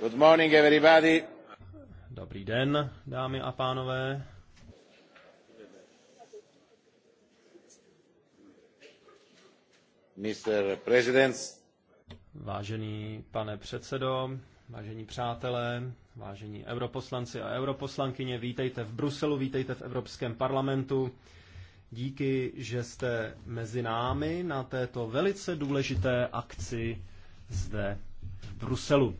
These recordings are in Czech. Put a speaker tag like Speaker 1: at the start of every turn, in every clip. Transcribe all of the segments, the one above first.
Speaker 1: Good morning, everybody. Dobrý den, dámy a pánové. Mr. President. Vážený pane předsedo, vážení přátelé, vážení europoslanci a europoslankyně, vítejte v Bruselu, vítejte v Evropském parlamentu. Díky, že jste mezi námi na této velice důležité akci zde v Bruselu.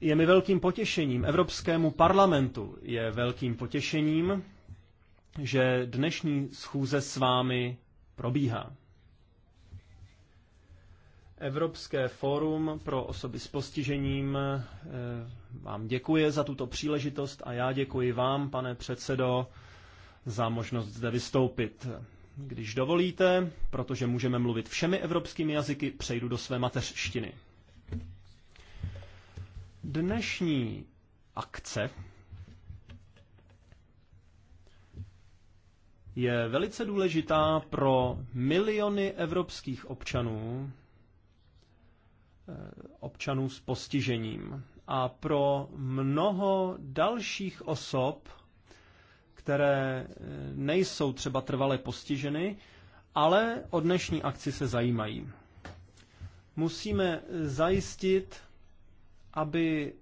Speaker 1: Je mi velkým potěšením, Evropskému parlamentu je velkým potěšením, že dnešní schůze s vámi probíhá. Evropské fórum pro osoby s postižením eh, vám děkuje za tuto příležitost a já děkuji vám, pane předsedo, za možnost zde vystoupit. Když dovolíte, protože můžeme mluvit všemi evropskými jazyky, přejdu do své mateřštiny. Dnešní akce je velice důležitá pro miliony evropských občanů, eh, občanů s postižením a pro mnoho dalších osob, které eh, nejsou třeba trvale postiženy, ale o dnešní akci se zajímají. Musíme zajistit, aby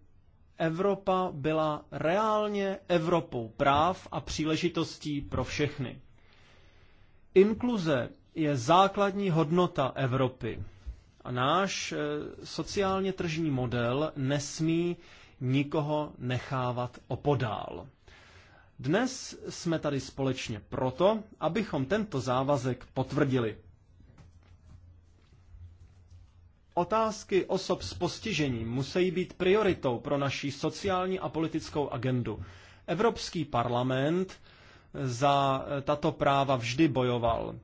Speaker 1: Evropa byla reálně Evropou práv a příležitostí pro všechny. Inkluze je základní hodnota Evropy a náš eh, sociálně tržní model nesmí nikoho nechávat opodál. Dnes jsme tady společně proto, abychom tento závazek potvrdili. Otázky osob s postižením musí být prioritou pro naší sociální a politickou agendu. Evropský parlament za tato práva vždy bojoval.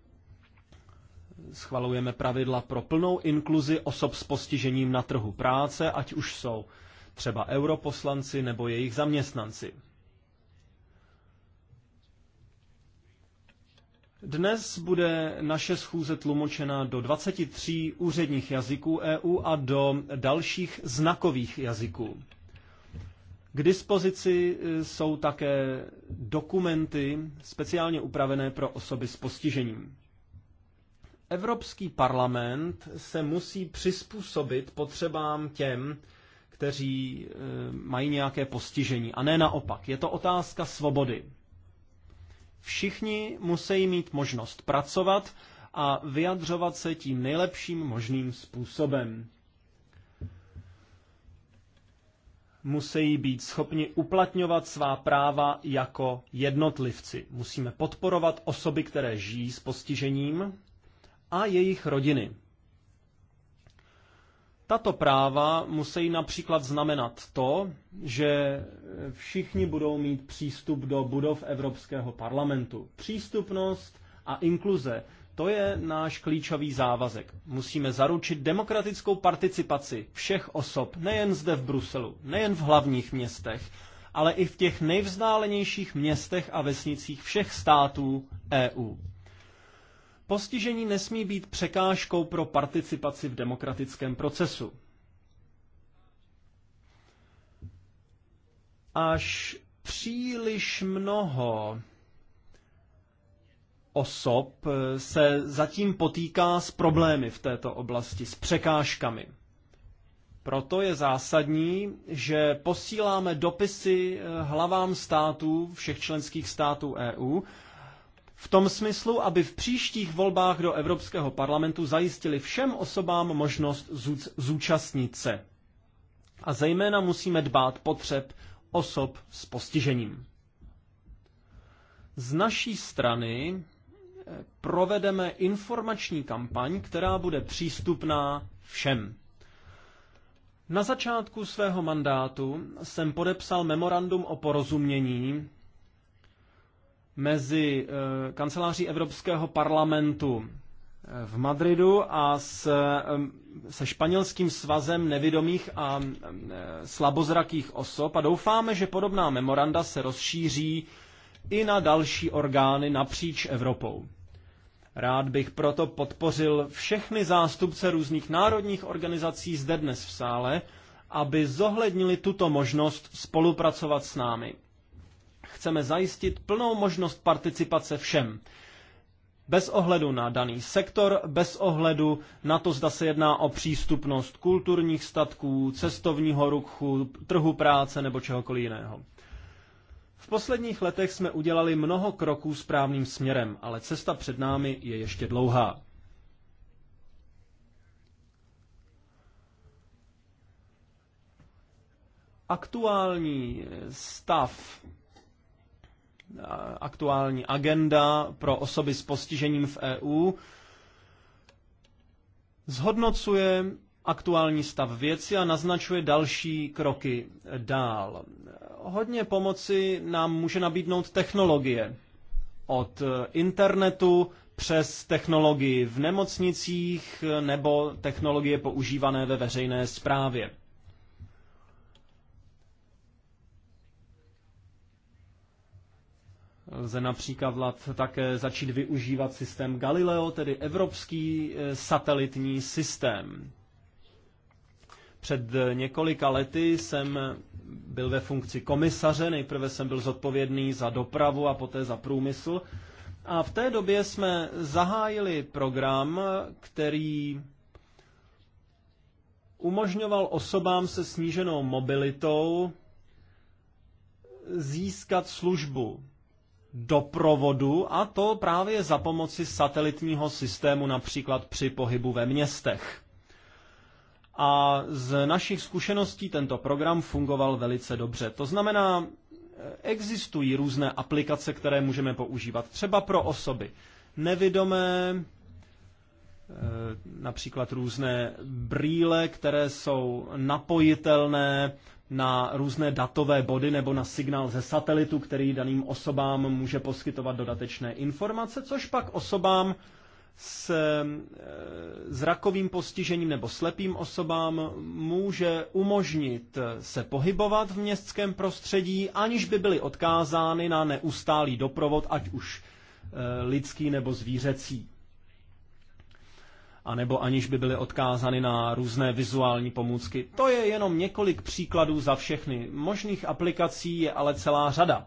Speaker 1: Schvalujeme pravidla pro plnou inkluzi osob s postižením na trhu práce, ať už jsou třeba europoslanci nebo jejich zaměstnanci. Dnes bude naše schůze tlumočena do 23 úředních jazyků EU a do dalších znakových jazyků. K dispozici e, jsou také dokumenty speciálně upravené pro osoby s postižením. Evropský parlament se musí přizpůsobit potřebám těm, kteří e, mají nějaké postižení, a ne naopak. Je to otázka svobody. Všichni musí mít možnost pracovat a vyjadřovat se tím nejlepším možným způsobem. Musí být schopni uplatňovat svá práva jako jednotlivci. Musíme podporovat osoby, které žijí s postižením a jejich rodiny. Tato práva musí například znamenat to, že všichni budou mít přístup do budov Evropského parlamentu. Přístupnost a inkluze, to je náš klíčový závazek. Musíme zaručit demokratickou participaci všech osob, nejen zde v Bruselu, nejen v hlavních městech, ale i v těch nejvzdálenějších městech a vesnicích všech států EU. Postižení nesmí být překážkou pro participaci v demokratickém procesu. Až příliš mnoho osob se zatím potýká s problémy v této oblasti, s překážkami. Proto je zásadní, že posíláme dopisy hlavám států všech členských států EU v tom smyslu, aby v příštích volbách do Evropského parlamentu zajistili všem osobám možnost zúčastnit se. A zejména musíme dbát potřeb osob s postižením. Z naší strany eh, provedeme informační kampaň, která bude přístupná všem. Na začátku svého mandátu jsem podepsal memorandum o porozumění mezi eh, kanceláří Evropského parlamentu eh, v Madridu a s, se španělským svazem nevidomých a eh, slabozrakých osob a doufáme, že podobná memoranda se rozšíří i na další orgány napříč Evropou. Rád bych proto podpořil všechny zástupce různých národních organizací zde dnes v sále, aby zohlednili tuto možnost spolupracovat s námi. Chceme zajistit plnou možnost participace všem. Bez ohledu na daný sektor, bez ohledu na to, zda se jedná o přístupnost kulturních statků, cestovního ruchu, trhu práce nebo čehokoliv jiného. V posledních letech jsme udělali mnoho kroků správným směrem, ale cesta před námi je ještě dlouhá. Aktuální stav Eh, aktuální agenda pro osoby s postižením v EU zhodnocuje aktuální stav věci a naznačuje další kroky dál. Hodně pomoci nám může nabídnout technologie. Od internetu přes technologii v nemocnicích nebo technologie používané ve veřejné správě. Lze například také začít využívat systém Galileo, tedy evropský e, satelitní systém. Před e, několika lety jsem byl ve funkci komisaře, nejprve jsem byl zodpovědný za dopravu a poté za průmysl. A v té době jsme zahájili program, který umožňoval osobám se sníženou mobilitou získat službu doprovodu a to právě za pomoci satelitního systému například při pohybu ve městech. A z našich zkušeností tento program fungoval velice dobře. To znamená, existují různé aplikace, které můžeme používat, třeba pro osoby nevidomé, eh, například různé brýle, které jsou napojitelné na různé datové body nebo na signál ze satelitu, který daným osobám může poskytovat dodatečné informace, což pak osobám s e, zrakovým postižením nebo slepým osobám může umožnit se pohybovat v městském prostředí, aniž by byly odkázány na neustálý doprovod, ať už e, lidský nebo zvířecí anebo aniž by byly odkázány na různé vizuální pomůcky. To je jenom několik příkladů za všechny. Možných aplikací je ale celá řada.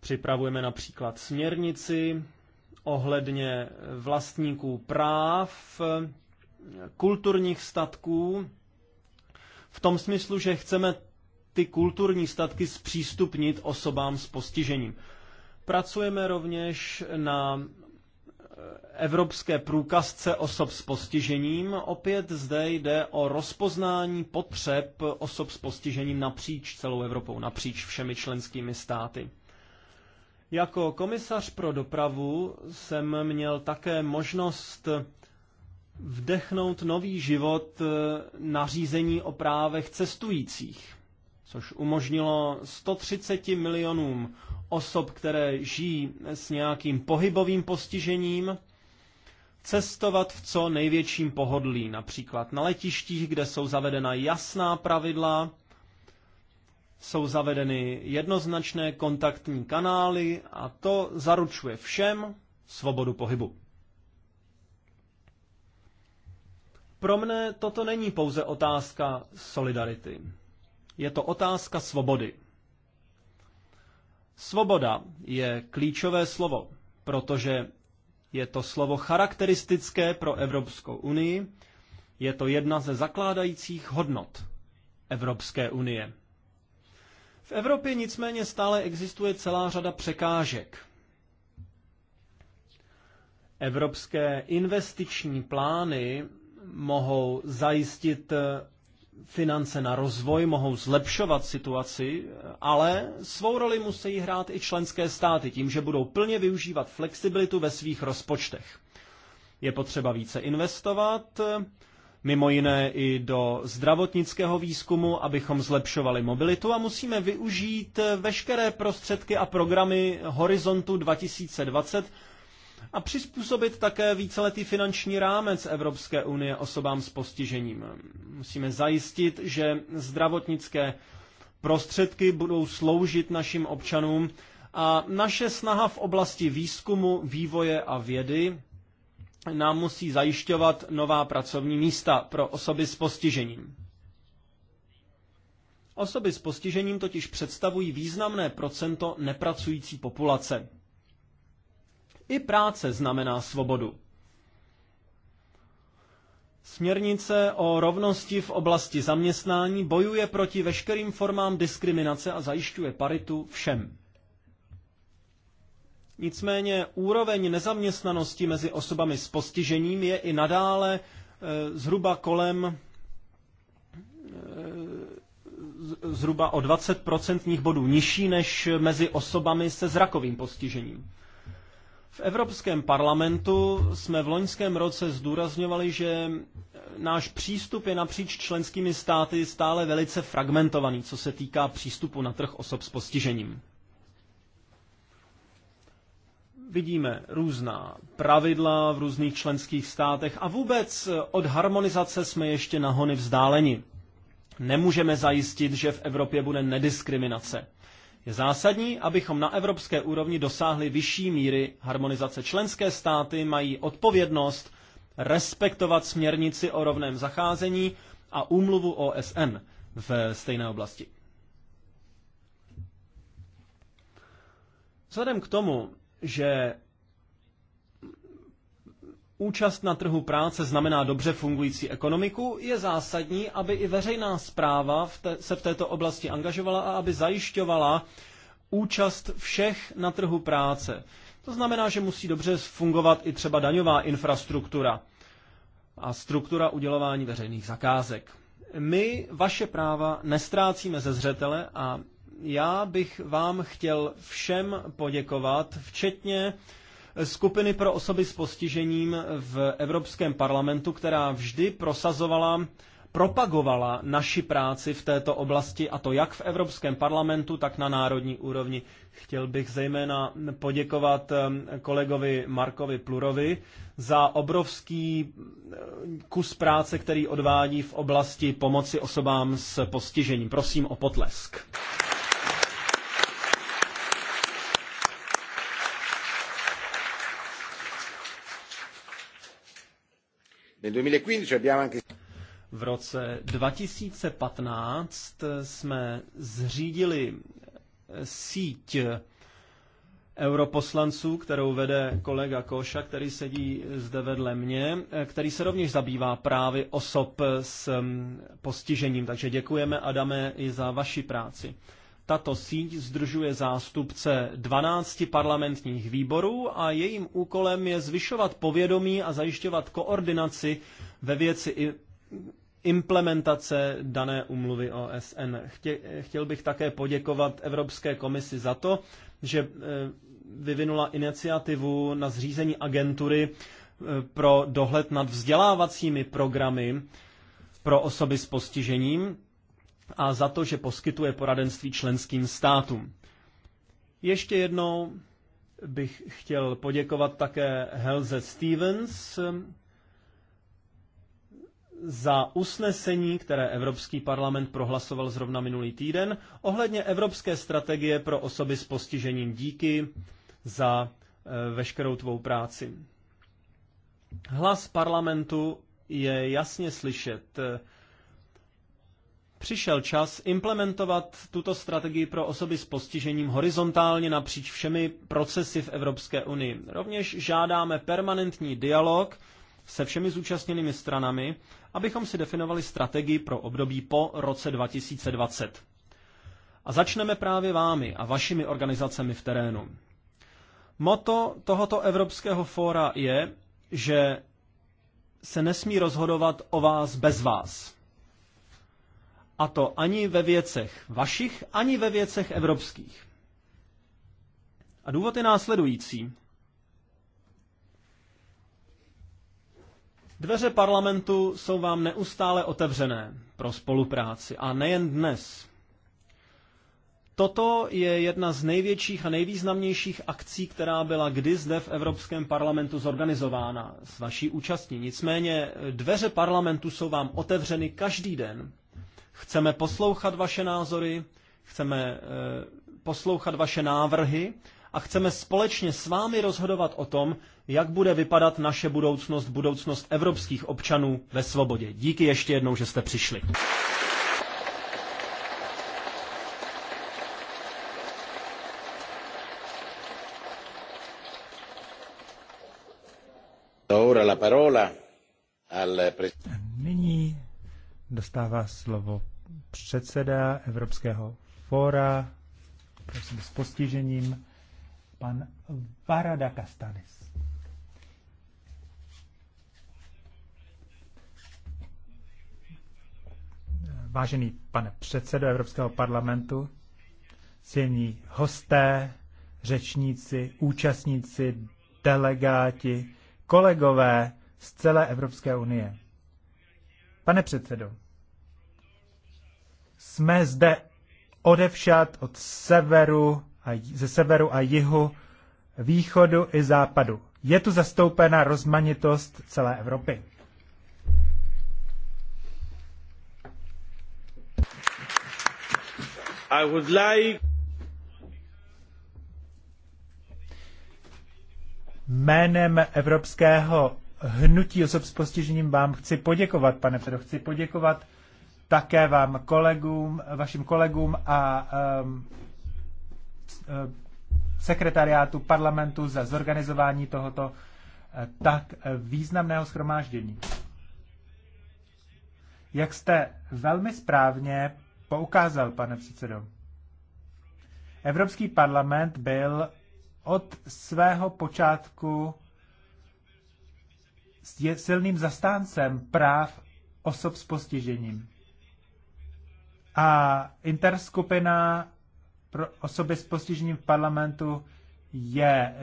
Speaker 1: Připravujeme například směrnici ohledně vlastníků práv, kulturních statků, v tom smyslu, že chceme ty kulturní statky zpřístupnit osobám s postižením. Pracujeme rovněž na evropské průkazce osob s postižením. Opět zde jde o rozpoznání potřeb osob s postižením napříč celou Evropou, napříč všemi členskými státy. Jako komisař pro dopravu jsem měl také možnost vdechnout nový život nařízení o právech cestujících, což umožnilo 130 milionům osob, které žijí s nějakým pohybovým postižením, cestovat v co největším pohodlí, například na letištích, kde jsou zavedena jasná pravidla, jsou zavedeny jednoznačné kontaktní kanály a to zaručuje všem svobodu pohybu. Pro mne toto není pouze otázka solidarity. Je to otázka svobody. Svoboda je klíčové slovo, protože je to slovo charakteristické pro Evropskou unii, je to jedna ze zakládajících hodnot Evropské unie. V Evropě nicméně stále existuje celá řada překážek. Evropské investiční plány mohou zajistit finance na rozvoj mohou zlepšovat situaci, ale svou roli musí hrát i členské státy tím, že budou plně využívat flexibilitu ve svých rozpočtech. Je potřeba více investovat, mimo jiné i do zdravotnického výzkumu, abychom zlepšovali mobilitu a musíme využít veškeré prostředky a programy Horizontu 2020, a přizpůsobit také víceletý finanční rámec Evropské unie osobám s postižením. Musíme zajistit, že zdravotnické prostředky budou sloužit našim občanům a naše snaha v oblasti výzkumu, vývoje a vědy nám musí zajišťovat nová pracovní místa pro osoby s postižením. Osoby s postižením totiž představují významné procento nepracující populace. I práce znamená svobodu. Směrnice o rovnosti v oblasti zaměstnání bojuje proti veškerým formám diskriminace a zajišťuje paritu všem. Nicméně úroveň nezaměstnanosti mezi osobami s postižením je i nadále e, zhruba kolem e, zhruba o 20 procentních bodů nižší než mezi osobami se zrakovým postižením. V Evropském parlamentu jsme v loňském roce zdůrazňovali, že náš přístup je napříč členskými státy stále velice fragmentovaný, co se týká přístupu na trh osob s postižením. Vidíme různá pravidla v různých členských státech a vůbec od harmonizace jsme ještě nahony vzdáleni. Nemůžeme zajistit, že v Evropě bude nediskriminace je zásadní, abychom na evropské úrovni dosáhli vyšší míry harmonizace. Členské státy mají odpovědnost respektovat směrnici o rovném zacházení a úmluvu OSN v stejné oblasti. Vzhledem k tomu, že Účast na trhu práce znamená dobře fungující ekonomiku. Je zásadní, aby i veřejná zpráva v te, se v této oblasti angažovala a aby zajišťovala účast všech na trhu práce. To znamená, že musí dobře fungovat i třeba daňová infrastruktura a struktura udělování veřejných zakázek. My vaše práva nestrácíme ze zřetele a já bych vám chtěl všem poděkovat, včetně skupiny pro osoby s postižením v Evropském parlamentu, která vždy prosazovala propagovala naši práci v této oblasti, a to jak v Evropském parlamentu, tak na národní úrovni. Chtěl bych zejména poděkovat um, kolegovi Markovi Plurovi za obrovský um, kus práce, který odvádí v oblasti pomoci osobám s postižením. Prosím o potlesk. V roce 2015 jsme zřídili eh, síť europoslanců, kterou vede kolega Koša, který sedí zde vedle mě, eh, který se rovněž zabývá právě osob s mm, postižením. Takže děkujeme, Adame, i za vaši práci. Tato síť združuje zástupce 12 parlamentních výborů a jejím úkolem je zvyšovat povědomí a zajišťovat koordinaci ve věci implementace dané umluvy OSN. Chtěl bych také poděkovat Evropské komisi za to, že eh, vyvinula iniciativu na zřízení agentury eh, pro dohled nad vzdělávacími programy pro osoby s postižením a za to, že poskytuje poradenství členským státům. Ještě jednou bych chtěl poděkovat také Helze Stevens za usnesení, které Evropský parlament prohlasoval zrovna minulý týden, ohledně Evropské strategie pro osoby s postižením. Díky za eh, veškerou tvou práci. Hlas parlamentu je jasně slyšet. Přišel čas implementovat tuto strategii pro osoby s postižením horizontálně napříč všemi procesy v Evropské unii. Rovněž žádáme permanentní dialog se všemi zúčastněnými stranami, abychom si definovali strategii pro období po roce 2020. A začneme právě vámi a vašimi organizacemi v terénu. Moto tohoto Evropského fóra je, že se nesmí rozhodovat o vás bez vás. A to ani ve věcech vašich, ani ve věcech evropských. A důvod je následující. Dveře parlamentu jsou vám neustále otevřené pro spolupráci a nejen dnes. Toto je jedna z největších a nejvýznamnějších akcí, která byla kdy zde v Evropském parlamentu zorganizována s vaší účastní. Nicméně dveře parlamentu jsou vám otevřeny každý den Chceme poslouchat vaše názory, chceme eh, poslouchat vaše návrhy a chceme společně s vámi rozhodovat o tom, jak bude vypadat naše budoucnost, budoucnost evropských občanů ve svobodě. Díky ještě jednou, že jste přišli.
Speaker 2: Nyní dostává slovo předseda Evropského fóra, prosím s postižením, pan Varada Kastanis. Vážený pane předsedo Evropského parlamentu, silní hosté, řečníci, účastníci, delegáti, kolegové z celé Evropské unie. Pane předsedo, jsme zde odevšat od severu a, ze severu a jihu, východu i západu. Je tu zastoupena rozmanitost celé Evropy. I would like... Jménem Evropského hnutí osob s postižením vám chci poděkovat, pane Fedo, Chci poděkovat také vám kolegům, vašim kolegům a um, sekretariátu parlamentu za zorganizování tohoto e, tak významného schromáždění. Jak jste velmi správně poukázal, pane předsedo, Evropský parlament byl od svého počátku je silným zastáncem práv osob s postižením. A interskupina pro osoby s postižením v parlamentu je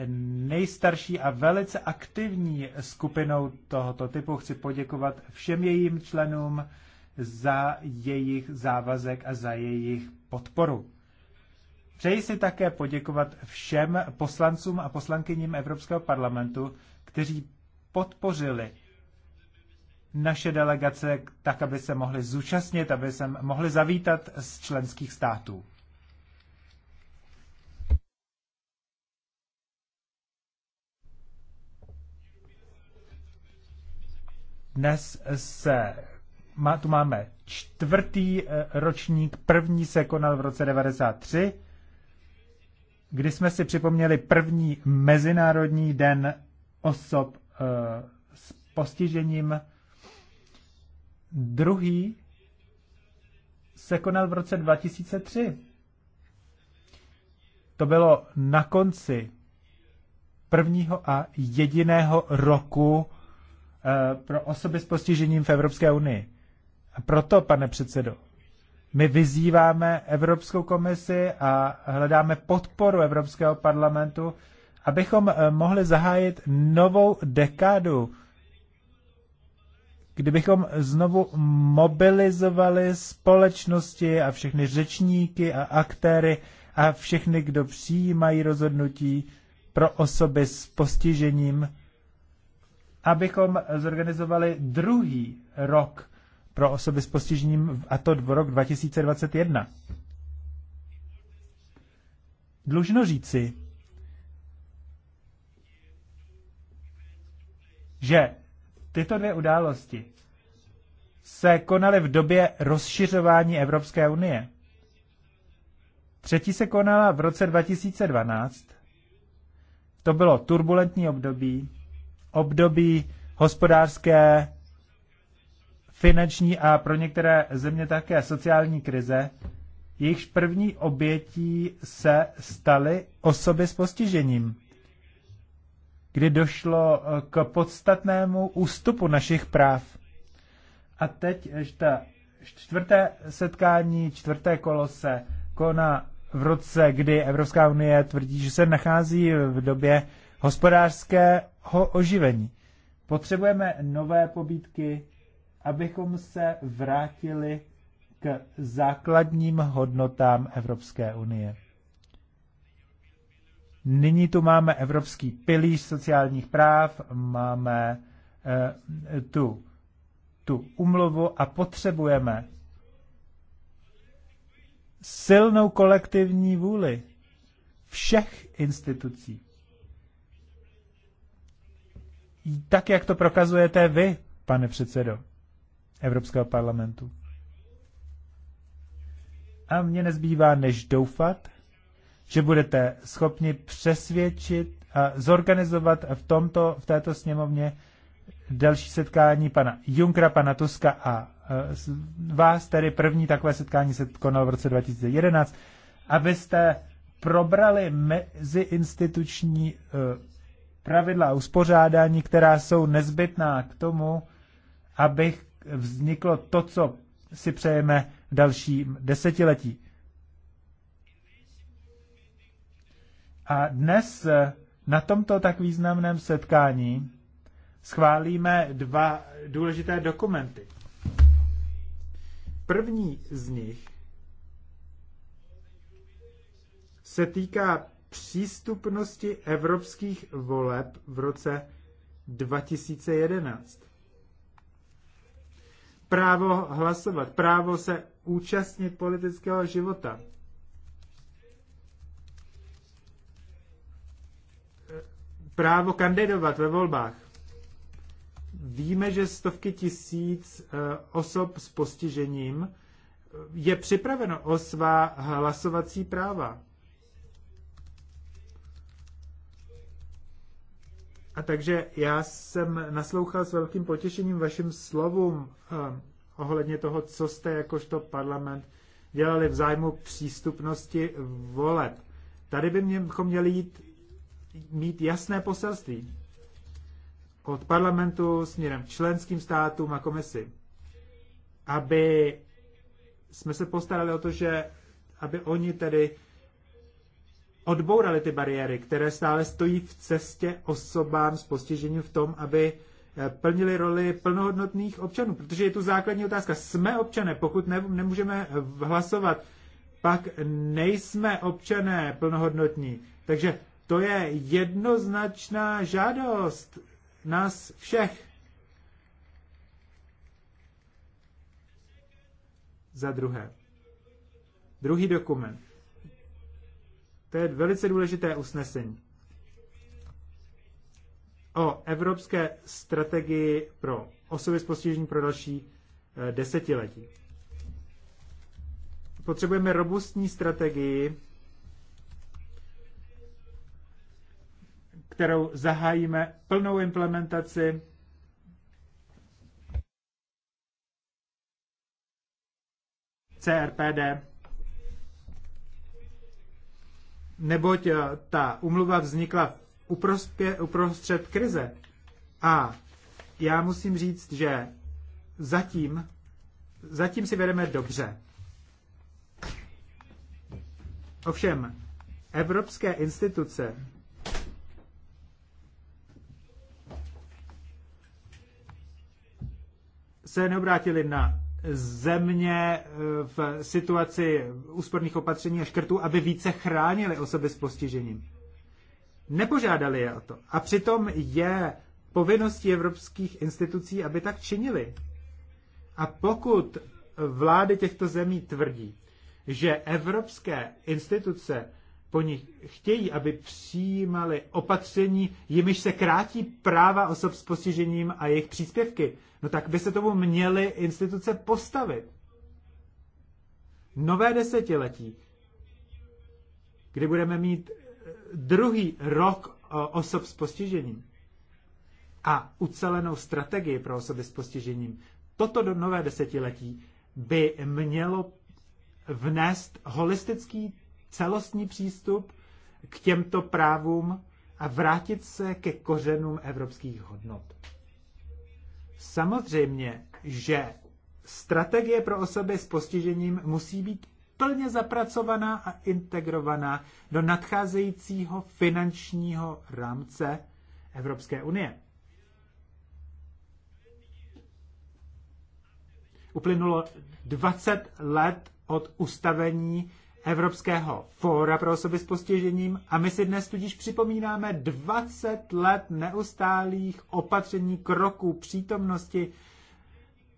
Speaker 2: nejstarší a velice aktivní skupinou tohoto typu. Chci poděkovat všem jejím členům za jejich závazek a za jejich podporu. Přeji si také poděkovat všem poslancům a poslankyním Evropského parlamentu, kteří podpořili naše delegace, tak aby se mohli zúčastnit, aby se mohli zavítat z členských států. Dnes se má, tu máme čtvrtý eh, ročník, první se konal v roce 93, kdy jsme si připomněli první Mezinárodní den osob Eh, s postižením. Druhý se konal v roce 2003. To bylo na konci prvního a jediného roku eh, pro osoby s postižením v Evropské unii. A proto, pane předsedo, my vyzýváme Evropskou komisi a hledáme podporu Evropského parlamentu, abychom eh, mohli zahájit novou dekádu, kdybychom znovu mobilizovali společnosti a všechny řečníky a aktéry a všechny, kdo přijímají rozhodnutí pro osoby s postižením, abychom zorganizovali druhý rok pro osoby s postižením, a to v rok 2021. Dlužno říci, že tyto dvě události se konaly v době rozšiřování Evropské unie. Třetí se konala v roce 2012. To bylo turbulentní období, období hospodářské, finanční a pro některé země také sociální krize, jejichž první obětí se staly osoby s postižením kdy došlo eh, k podstatnému ústupu našich práv. A teď eh, ta čtvrté setkání, čtvrté kolo se koná v roce, kdy Evropská unie tvrdí, že se nachází v době hospodářského oživení. Potřebujeme nové pobídky, abychom se vrátili k základním hodnotám Evropské unie. Nyní tu máme Evropský pilíř sociálních práv, máme eh, tu, tu umluvu a potřebujeme silnou kolektivní vůli všech institucí. Tak, jak to prokazujete vy, pane předsedo Evropského parlamentu. A mně nezbývá, než doufat, že budete schopni přesvědčit a zorganizovat v, tomto, v této sněmovně další setkání pana Junkra, pana Tuska a e, vás, tedy první takové setkání se konalo v roce 2011, abyste probrali meziinstituční e, pravidla a uspořádání, která jsou nezbytná k tomu, aby vzniklo to, co si přejeme v dalším desetiletí. A dnes eh, na tomto tak významném setkání schválíme dva důležité dokumenty. První z nich se týká přístupnosti evropských voleb v roce 2011. Právo hlasovat, právo se účastnit politického života, právo kandidovat ve volbách. Víme, že stovky tisíc eh, osob s postižením eh, je připraveno o svá hlasovací práva. A takže já jsem naslouchal s velkým potěšením vašim slovům eh, ohledně toho, co jste jakožto parlament dělali v zájmu přístupnosti voleb. Tady by mě, bychom měli jít mít jasné poselství od parlamentu směrem k členským státům a komisi, aby jsme se postarali o to, že aby oni tedy odbourali ty bariéry, které stále stojí v cestě osobám s postižením v tom, aby eh, plnili roli plnohodnotných občanů. Protože je tu základní otázka. Jsme občané, pokud ne, nemůžeme hlasovat, pak nejsme občané plnohodnotní. Takže to je jednoznačná žádost nás všech. Za druhé. Druhý dokument. To je velice důležité usnesení o evropské strategii pro osoby s postižením pro další eh, desetiletí. Potřebujeme robustní strategii kterou zahájíme plnou implementaci CRPD, neboť eh, ta umluva vznikla uprostřed krize. A já musím říct, že zatím, zatím si vedeme dobře. Ovšem, evropské instituce se neobrátili na země e, v situaci úsporných opatření a škrtů, aby více chránili osoby s postižením. Nepožádali je o to. A přitom je povinností evropských institucí, aby tak činili. A pokud vlády těchto zemí tvrdí, že evropské instituce po nich chtějí, aby přijímali opatření, jimiž se krátí práva osob s postižením a jejich příspěvky, no tak by se tomu měly instituce postavit. Nové desetiletí, kdy budeme mít eh, druhý rok eh, osob s postižením a ucelenou strategii pro osoby s postižením, toto do nové desetiletí by mělo vnést holistický celostní přístup k těmto právům a vrátit se ke kořenům evropských hodnot. Samozřejmě, že strategie pro osoby s postižením musí být plně zapracovaná a integrovaná do nadcházejícího finančního rámce Evropské unie. Uplynulo 20 let od ustavení Evropského fóra pro osoby s postižením a my si dnes tudíž připomínáme 20 let neustálých opatření, kroků, přítomnosti,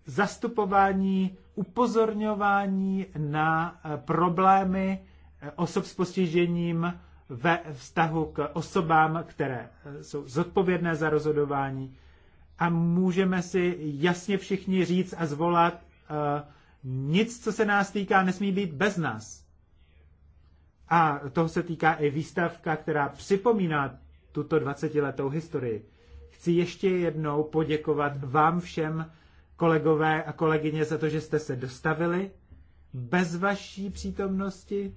Speaker 2: zastupování, upozorňování na eh, problémy eh, osob s postižením ve vztahu k osobám, které eh, jsou zodpovědné za rozhodování. A můžeme si jasně všichni říct a zvolat, nic, co se nás týká, nesmí být bez nás. A toho se týká i výstavka, která připomíná tuto 20-letou historii. Chci ještě jednou poděkovat vám všem, kolegové a kolegyně, za to, že jste se dostavili. Bez vaší přítomnosti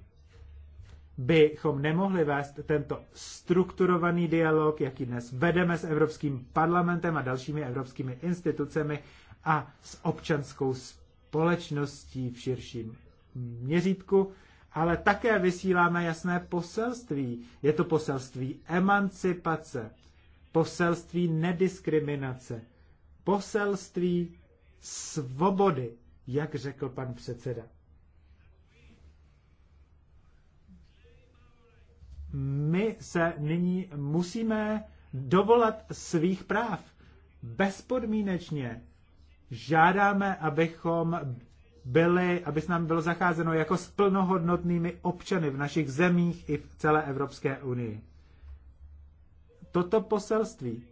Speaker 2: bychom nemohli vést tento strukturovaný dialog, jaký dnes vedeme s Evropským parlamentem a dalšími evropskými institucemi a s občanskou společností v širším měřítku ale také vysíláme jasné poselství. Je to poselství emancipace, poselství nediskriminace, poselství svobody, jak řekl pan předseda. My se nyní musíme dovolat svých práv. Bezpodmínečně žádáme, abychom byli, aby s námi bylo zacházeno jako s plnohodnotnými občany v našich zemích i v celé Evropské unii. Toto poselství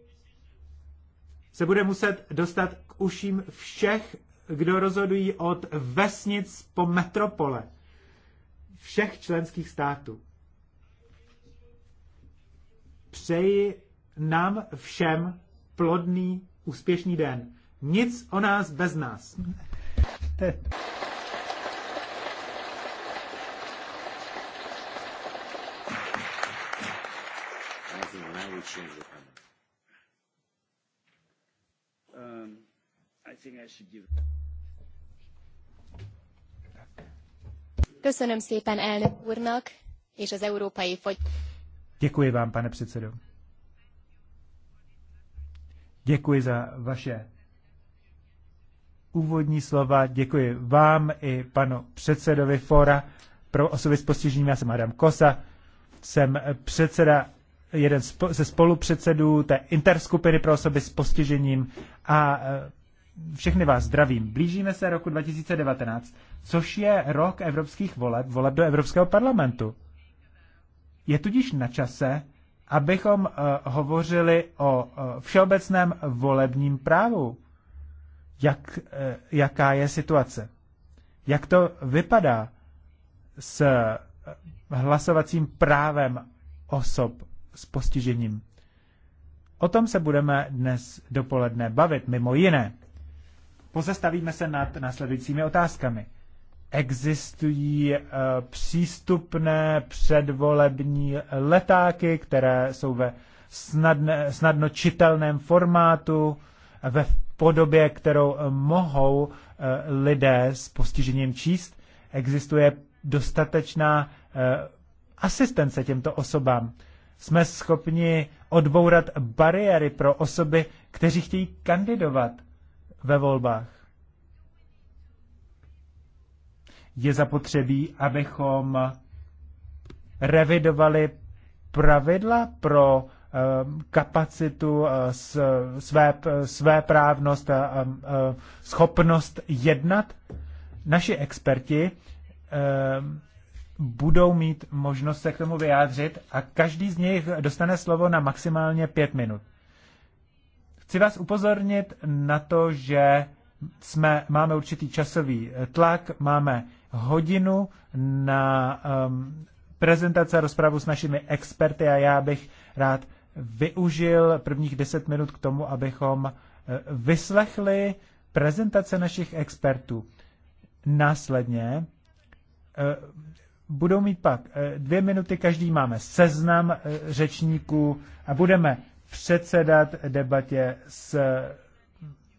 Speaker 2: se bude muset dostat k uším všech, kdo rozhodují od vesnic po metropole všech členských států. Přeji nám všem plodný, úspěšný den. Nic o nás bez nás chcete. Um, Köszönöm szépen elnök úrnak
Speaker 3: és az európai fogy...
Speaker 2: Děkuji vám, pane předsedo. Děkuji za vaše úvodní slova. Děkuji vám i panu předsedovi Fora pro osoby s postižením. Já jsem Adam Kosa, jsem předseda jeden ze spolupředsedů té interskupiny pro osoby s postižením a e, všechny vás zdravím. Blížíme se roku 2019, což je rok evropských voleb, voleb do Evropského parlamentu. Je tudíž na čase, abychom e, hovořili o e, všeobecném volebním právu, jak, eh, jaká je situace. Jak to vypadá s eh, hlasovacím právem osob s postižením. O tom se budeme dnes dopoledne bavit, mimo jiné. Pozastavíme se nad následujícími otázkami. Existují e, přístupné předvolební letáky, které jsou ve snadne, snadno čitelném formátu, ve podobě, kterou eh, mohou eh, lidé s postižením číst, existuje dostatečná eh, asistence těmto osobám. Jsme schopni odbourat bariéry pro osoby, kteří chtějí kandidovat ve volbách. Je zapotřebí, abychom revidovali pravidla pro Ehm, kapacitu, eh, své, své právnost a schopnost jednat, naši experti ehm, budou mít možnost se k tomu vyjádřit a každý z nich dostane slovo na maximálně pět minut. Chci vás upozornit na to, že jsme, máme určitý časový eh, tlak, máme hodinu na um, prezentace a rozpravu s našimi experty a já bych rád využil prvních deset minut k tomu, abychom eh, vyslechli prezentace našich expertů. Následně eh, budou mít pak eh, dvě minuty, každý máme seznam řečníků a budeme předsedat debatě s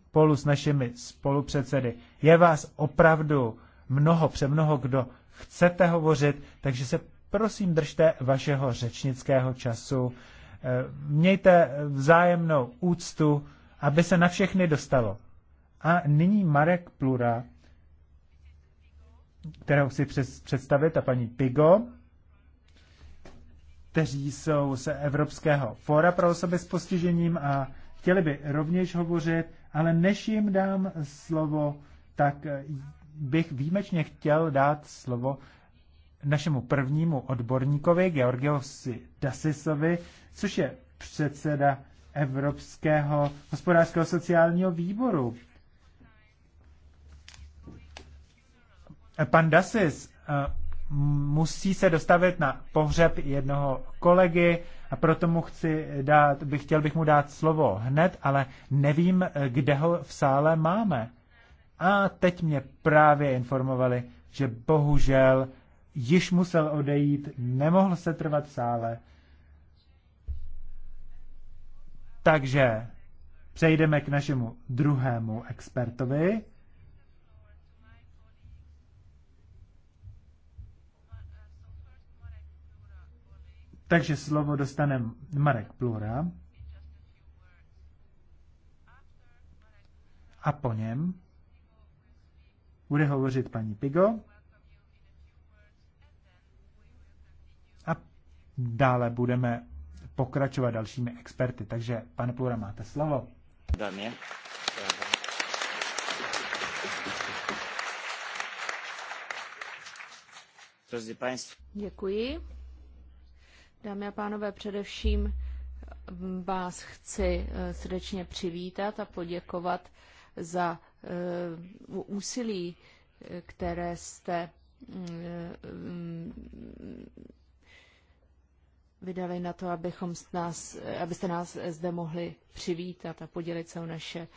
Speaker 2: spolu s našimi spolupředsedy. Je vás opravdu mnoho, přemnoho, kdo chcete hovořit, takže se prosím držte vašeho řečnického času Eh, mějte vzájemnou úctu, aby se na všechny dostalo. A nyní Marek Plura, kterého chci představit, a paní Pigo, kteří jsou z Evropského fóra pro osoby s postižením a chtěli by rovněž hovořit, ale než jim dám slovo, tak eh, bych výjimečně chtěl dát slovo našemu prvnímu odborníkovi, Georgiosi Dasisovi, což je předseda Evropského hospodářského sociálního výboru. Pan Dasis eh, musí se dostavit na pohřeb jednoho kolegy a proto mu chci dát, bych, chtěl bych mu dát slovo hned, ale nevím, kde ho v sále máme. A teď mě právě informovali, že bohužel již musel odejít, nemohl se trvat v sále. Takže přejdeme k našemu druhému expertovi. Takže slovo dostane Marek Plura. A po něm bude hovořit paní Pigo dále budeme pokračovat dalšími experty. Takže, pane Plura, máte slovo. Dámě.
Speaker 3: Děkuji. Dámy a pánové, především vás chci eh, srdečně přivítat a poděkovat za eh, úsilí, eh, které jste mm, mm, vydali na to, abychom nás, abyste nás zde mohli přivítat a podělit se o naše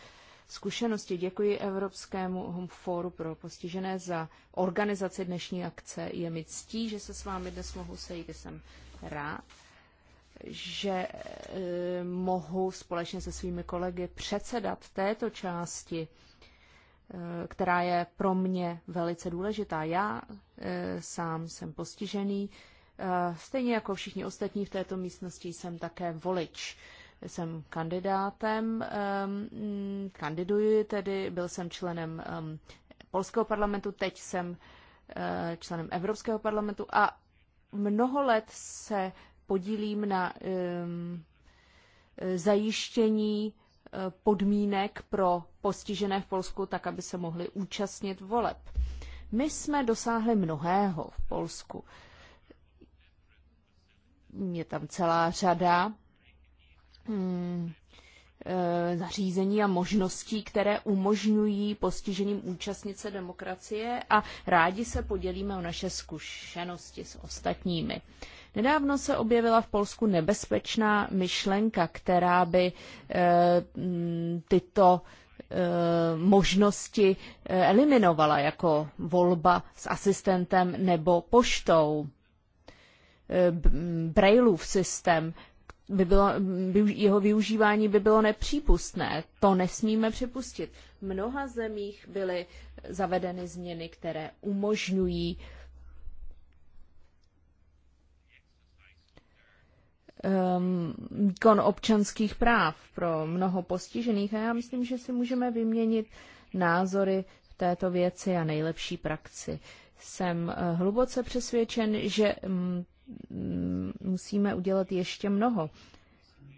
Speaker 3: zkušenosti. Děkuji Evropskému Home Foru pro postižené za organizaci dnešní akce. Je mi ctí, že se s vámi dnes mohu sejít. Jsem rád, že e, mohu společně se svými kolegy předsedat této části, e, která je pro mě velice důležitá. Já e, sám jsem postižený, e, Stejně jako všichni ostatní v této místnosti jsem také volič. Jsem kandidátem, ehm, kandiduji tedy, byl jsem členem ehm, polského parlamentu, teď jsem eh, členem Evropského parlamentu a mnoho let se podílím na ehm, zajištění eh, podmínek pro postižené v Polsku, tak aby se mohli účastnit voleb. My jsme dosáhli mnohého v Polsku je tam celá řada mm, e, zařízení a možností, které umožňují postiženým účastnit se demokracie a rádi se podělíme o naše zkušenosti s ostatními. Nedávno se objevila v Polsku nebezpečná myšlenka, která by e, mm, tyto e, možnosti eliminovala jako volba s asistentem nebo poštou. Eh, Brailleův systém, by bylo, jeho využívání by bylo nepřípustné. To nesmíme připustit. V mnoha zemích byly zavedeny změny, které umožňují ehm, výkon občanských práv pro mnoho postižených a já myslím, že si můžeme vyměnit názory v této věci a nejlepší praxi. Jsem eh, hluboce přesvědčen, že mm, Mm, musíme udělat ještě mnoho.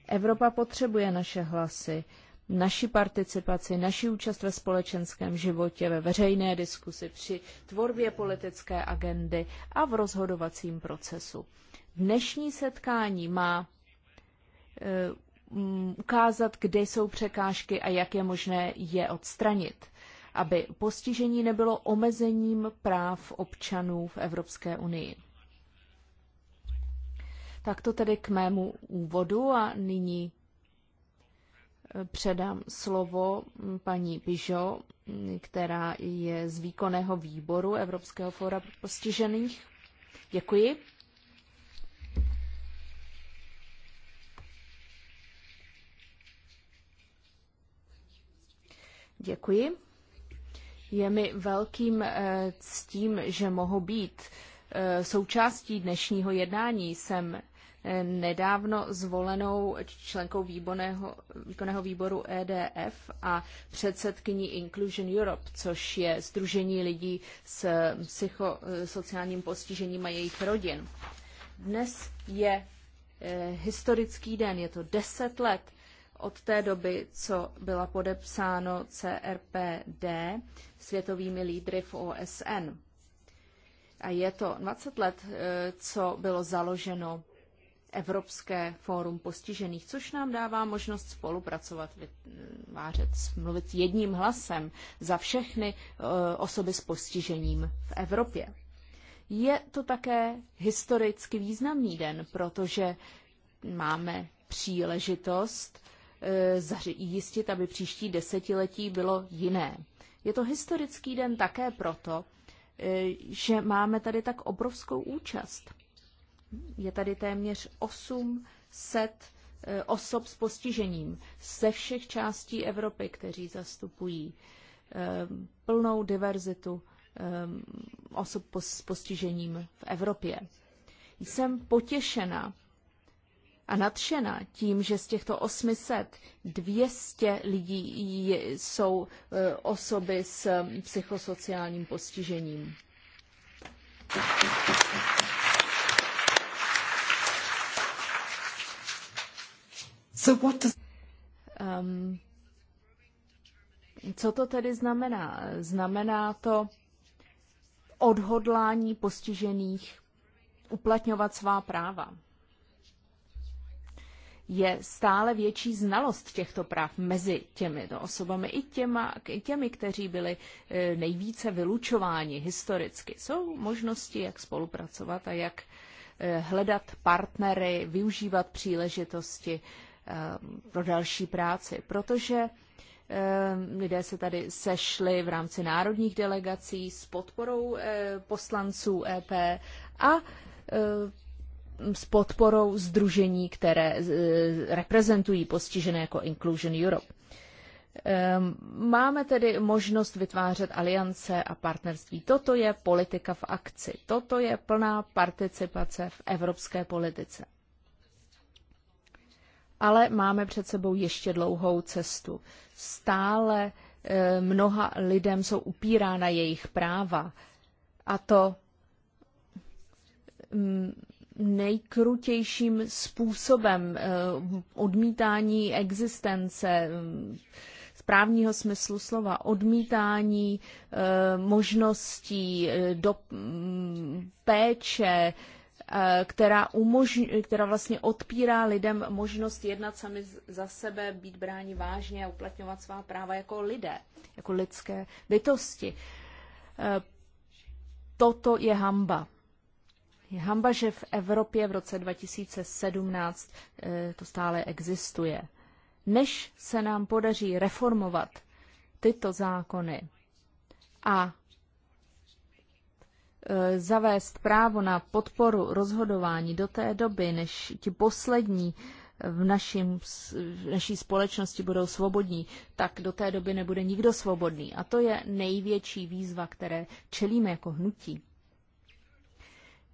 Speaker 3: Evropa potřebuje naše hlasy, naši participaci, naši účast ve společenském životě, ve veřejné diskusi, při tvorbě politické agendy a v rozhodovacím procesu. Dnešní setkání má eh, mm, ukázat, kde jsou překážky a jak je možné je odstranit, aby postižení nebylo omezením práv občanů v Evropské unii. Tak to tedy k mému úvodu a nyní eh, předám slovo mm, paní Pižo, mm, která je z výkonného výboru Evropského fóra pro postižených. Děkuji. Děkuji. Je mi velkým eh, ctím, že mohu být eh, součástí dnešního jednání. Jsem nedávno zvolenou členkou výborného, výkonného výboru EDF a předsedkyní Inclusion Europe, což je Združení lidí s psychosociálním postižením a jejich rodin. Dnes je eh, historický den, je to deset let od té doby, co byla podepsáno CRPD světovými lídry v OSN. A je to 20 let, eh, co bylo založeno Evropské fórum postižených, což nám dává možnost spolupracovat, vytvářet, mluvit jedním hlasem za všechny eh, osoby s postižením v Evropě. Je to také historicky významný den, protože máme příležitost eh, zajistit, aby příští desetiletí bylo jiné. Je to historický den také proto, eh, že máme tady tak obrovskou účast je tady téměř 800 eh, osob s postižením ze všech částí Evropy, kteří zastupují eh, plnou diverzitu eh, osob s postižením v Evropě. Jsem potěšena a nadšena tím, že z těchto 800 200 lidí jsou osoby s psychosociálním postižením. Thank you. So what does... um, co to tedy znamená? Znamená to odhodlání postižených uplatňovat svá práva. Je stále větší znalost těchto práv mezi těmito osobami i, těma, i těmi, kteří byli eh, nejvíce vylučováni historicky. Jsou možnosti, jak spolupracovat a jak eh, hledat partnery, využívat příležitosti, Eh, pro další práci, protože eh, lidé se tady sešli v rámci národních delegací s podporou eh, poslanců EP a s podporou združení, které reprezentují postižené jako Inclusion Europe. Máme tedy možnost vytvářet aliance a partnerství. Toto je politika v akci. Toto je plná participace v evropské politice ale máme před sebou ještě dlouhou cestu. Stále eh, mnoha lidem jsou upírána jejich práva a to mm, nejkrutějším způsobem eh, odmítání existence mm, správního smyslu slova, odmítání eh, možností do mm, péče, Eh, která, umožň, která vlastně odpírá lidem možnost jednat sami za sebe, být bráni vážně a uplatňovat svá práva jako lidé, jako lidské bytosti. Eh, toto je hamba. Je hamba, že v Evropě v roce 2017 eh, to stále existuje. Než se nám podaří reformovat tyto zákony a Eh, zavést právo na podporu rozhodování do té doby, než ti poslední v, našim, v naší společnosti budou svobodní, tak do té doby nebude nikdo svobodný. A to je největší výzva, které čelíme jako hnutí.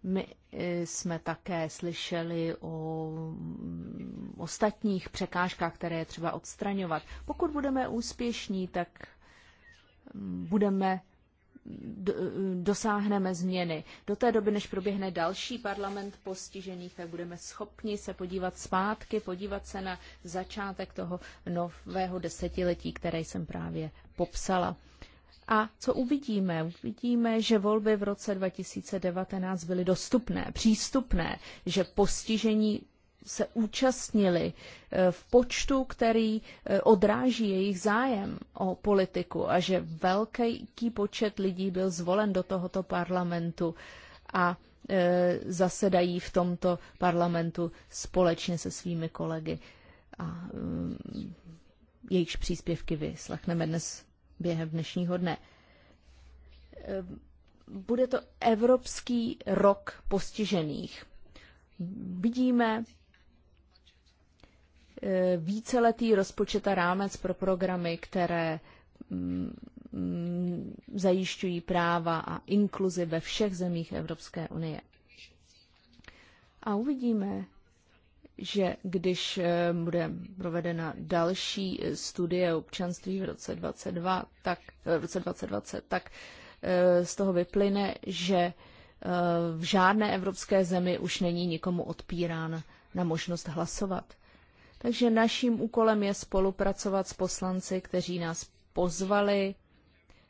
Speaker 3: My eh, jsme také slyšeli o mm, ostatních překážkách, které je třeba odstraňovat. Pokud budeme úspěšní, tak mm, budeme dosáhneme změny. Do té doby, než proběhne další parlament postižených, tak budeme schopni se podívat zpátky, podívat se na začátek toho nového desetiletí, které jsem právě popsala. A co uvidíme? Uvidíme, že volby v roce 2019 byly dostupné, přístupné, že postižení se účastnili eh, v počtu, který eh, odráží jejich zájem o politiku a že velký počet lidí byl zvolen do tohoto parlamentu a eh, zasedají v tomto parlamentu společně se svými kolegy. A jejichž příspěvky vyslechneme dnes během dnešního dne. Bude to Evropský rok postižených. Vidíme Eh, víceletý rozpočet a rámec pro programy, které mm, zajišťují práva a inkluzi ve všech zemích Evropské unie. A uvidíme, že když eh, bude provedena další eh, studie občanství v roce 2022, tak, v roce 2020, tak z toho vyplyne, že v žádné evropské zemi už není nikomu odpírán na možnost hlasovat. Takže naším úkolem je spolupracovat s poslanci, kteří nás pozvali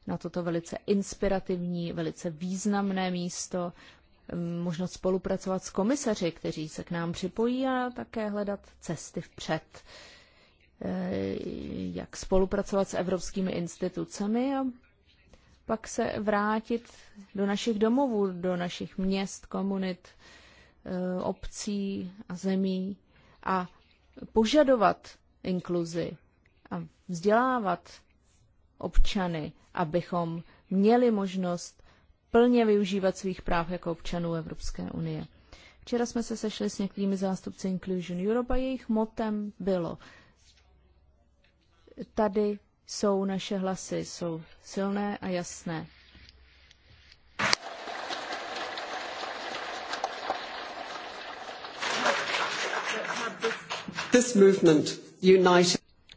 Speaker 3: na toto velice inspirativní, velice významné místo, možnost spolupracovat s komisaři, kteří se k nám připojí a také hledat cesty vpřed e, jak spolupracovat s evropskými institucemi a pak se vrátit do našich domovů, do našich měst, komunit, e, obcí a zemí a požadovat inkluzi a vzdělávat občany, abychom měli možnost plně využívat svých práv jako občanů Evropské unie. Včera jsme se sešli s některými zástupci Inclusion Europe a jejich motem bylo tady jsou naše hlasy, jsou silné a jasné.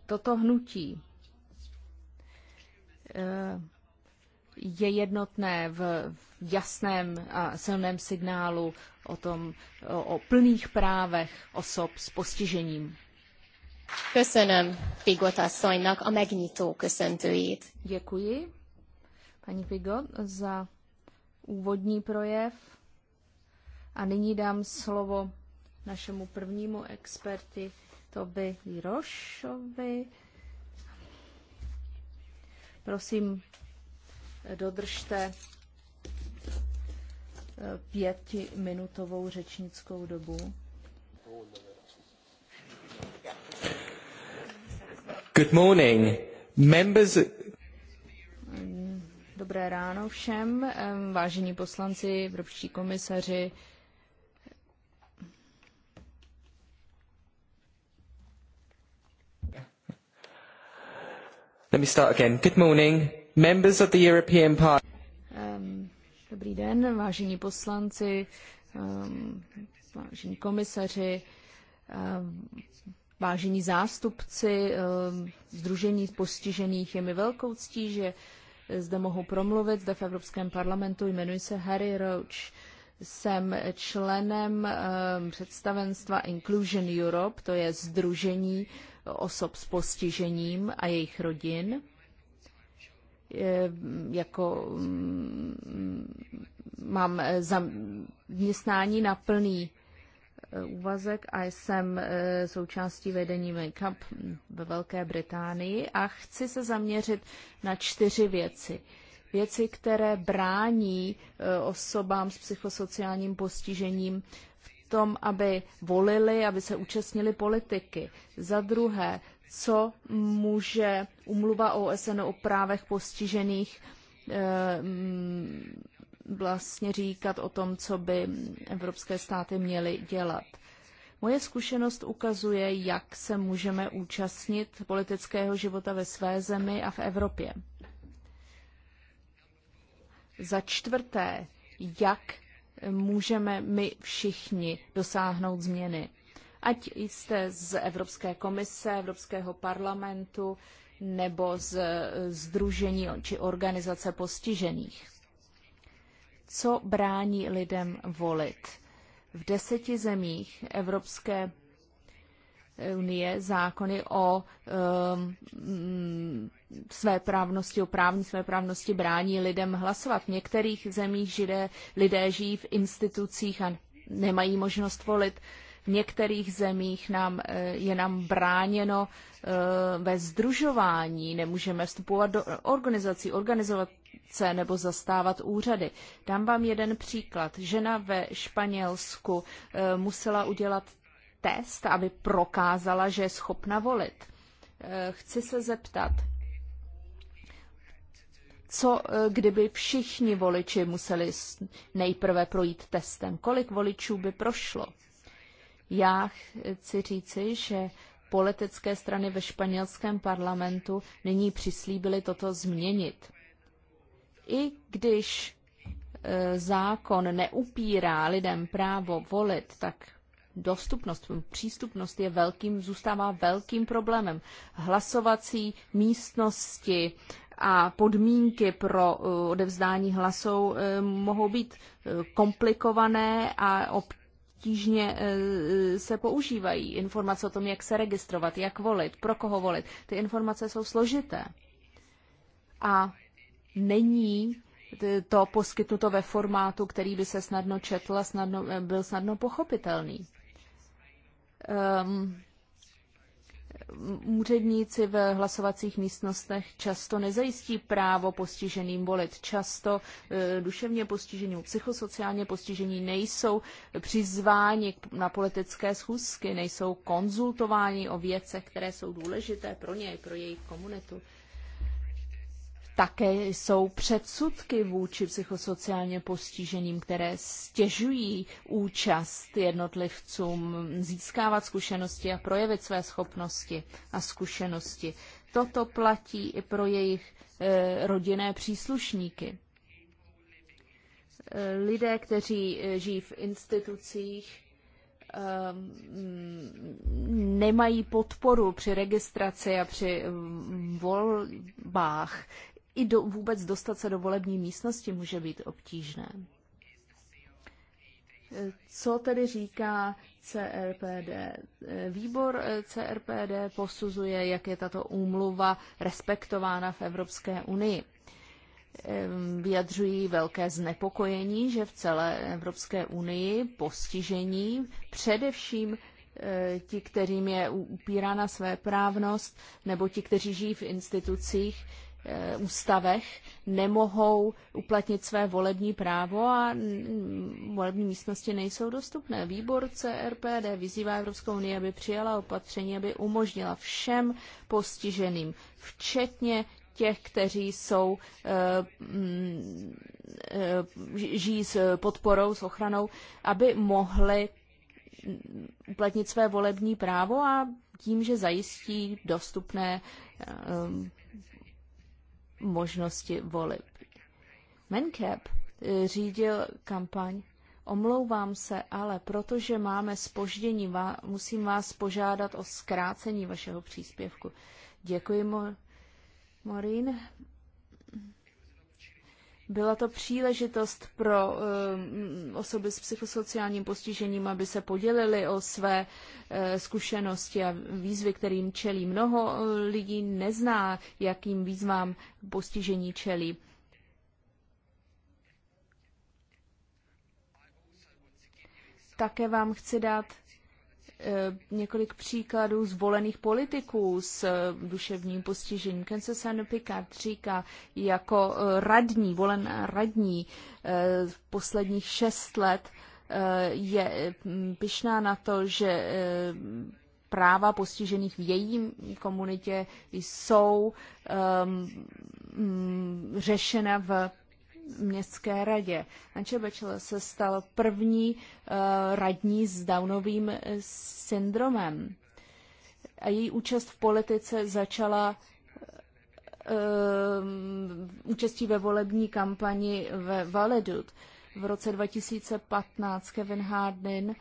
Speaker 3: Toto hnutí eh, je jednotné v jasném a silném signálu o tom, o plných právech osob s postižením. Köszönöm Pigot asszonynak a megnyitó köszöntőjét. Děkuji, paní Pigot, za úvodní projev. A nyní dám slovo našemu prvnímu experti Toby Rošovi. Prosím, dodržte eh, pětiminutovou řečnickou dobu.
Speaker 1: Good morning. Members...
Speaker 3: Dobré ráno všem, eh, vážení poslanci, evropští komisaři,
Speaker 1: Let me start again. Good morning, members of the European Parliament.
Speaker 3: Um, dobrý den, vážení poslanci, um, vážení komisaři, um, vážení zástupci um, Združení postižených. Je mi velkou ctí, že zde mohu promluvit, zde v Evropském parlamentu jmenuji se Harry Roach jsem členem eh, představenstva Inclusion Europe, to je Združení osob s postižením a jejich rodin. Jako mm, mám zaměstnání na plný eh, úvazek a jsem eh, součástí vedení Makeup ve Velké Británii a chci se zaměřit na čtyři věci věci, které brání e, osobám s psychosociálním postižením v tom, aby volili, aby se účastnili politiky. Za druhé, co může umluva OSN o právech postižených e, mm, vlastně říkat o tom, co by evropské státy měly dělat. Moje zkušenost ukazuje, jak se můžeme účastnit politického života ve své zemi a v Evropě. Za čtvrté, jak můžeme my všichni dosáhnout změny. Ať jste z Evropské komise, Evropského parlamentu nebo z Združení či organizace postižených. Co brání lidem volit? V deseti zemích Evropské unie zákony o um, mm, své právnosti, o právní své právnosti brání lidem hlasovat. V některých zemích židé, lidé žijí v institucích a nemají možnost volit. V některých zemích nám, eh, je nám bráněno eh, ve združování, nemůžeme vstupovat do organizací, organizovat nebo zastávat úřady. Dám vám jeden příklad. Žena ve Španělsku eh, musela udělat test, aby prokázala, že je schopna volit. Eh, chci se zeptat, co eh, kdyby všichni voliči museli nejprve projít testem? Kolik voličů by prošlo? Já chci říci, že politické strany ve španělském parlamentu nyní přislíbily toto změnit. I když eh, zákon neupírá lidem právo volit, tak dostupnost, přístupnost je velkým, zůstává velkým problémem. Hlasovací místnosti a podmínky pro eh, odevzdání hlasů eh, mohou být eh, komplikované a obtížně se používají. Informace o tom, jak se registrovat, jak volit, pro koho volit, ty informace jsou složité. A není to poskytnuto ve formátu, který by se snadno četl a snadno, byl snadno pochopitelný um, úředníci v hlasovacích místnostech často nezajistí právo postiženým volit. Často eh, duševně postižení, psychosociálně postižení nejsou přizváni na politické schůzky, nejsou konzultováni o věcech, které jsou důležité pro ně, pro jejich komunitu. Také jsou předsudky vůči psychosociálně postiženým, které stěžují účast jednotlivcům získávat zkušenosti a projevit své schopnosti a zkušenosti. Toto platí i pro jejich e, rodinné příslušníky. E, lidé, kteří e, žijí v institucích, ehm, nemají podporu při registraci a při mm, volbách i do, vůbec dostat se do volební místnosti může být obtížné. Co tedy říká CRPD? Výbor CRPD posuzuje, jak je tato úmluva respektována v Evropské unii. Ehm, vyjadřují velké znepokojení, že v celé Evropské unii postižení především e, ti, kterým je upírána své právnost, nebo ti, kteří žijí v institucích, Eh, ústavech nemohou uplatnit své volební právo a volební místnosti nejsou dostupné. Výbor CRPD vyzývá Evropskou unii, aby přijala opatření, aby umožnila všem postiženým, včetně těch, kteří jsou, eh, eh, žijí s podporou, s ochranou, aby mohli uplatnit své volební právo a tím, že zajistí dostupné možnosti volit. Mencap eh, řídil kampaň Omlouvám se, ale protože máme spoždění, musím vás požádat o zkrácení vašeho příspěvku. Děkuji, Morín. Byla to příležitost pro uh, osoby s psychosociálním postižením, aby se podělili o své uh, zkušenosti a výzvy, kterým čelí. Mnoho eh, lidí nezná, jakým výzvám postižení čelí. Také vám chci dát Eh, několik příkladů zvolených politiků s eh, duševním postižením. Kenzo Picard říká, jako eh, radní, volen radní v posledních šest let je mm, pyšná na to, že práva postižených v její komunitě jsou ehm, mm, řešena v městské radě. Anče Bečele se stal první uh, radní s Downovým eh, syndromem. A její účast v politice začala uh, účastí ve volební kampani ve Valedut. V roce 2015 Kevin Hardin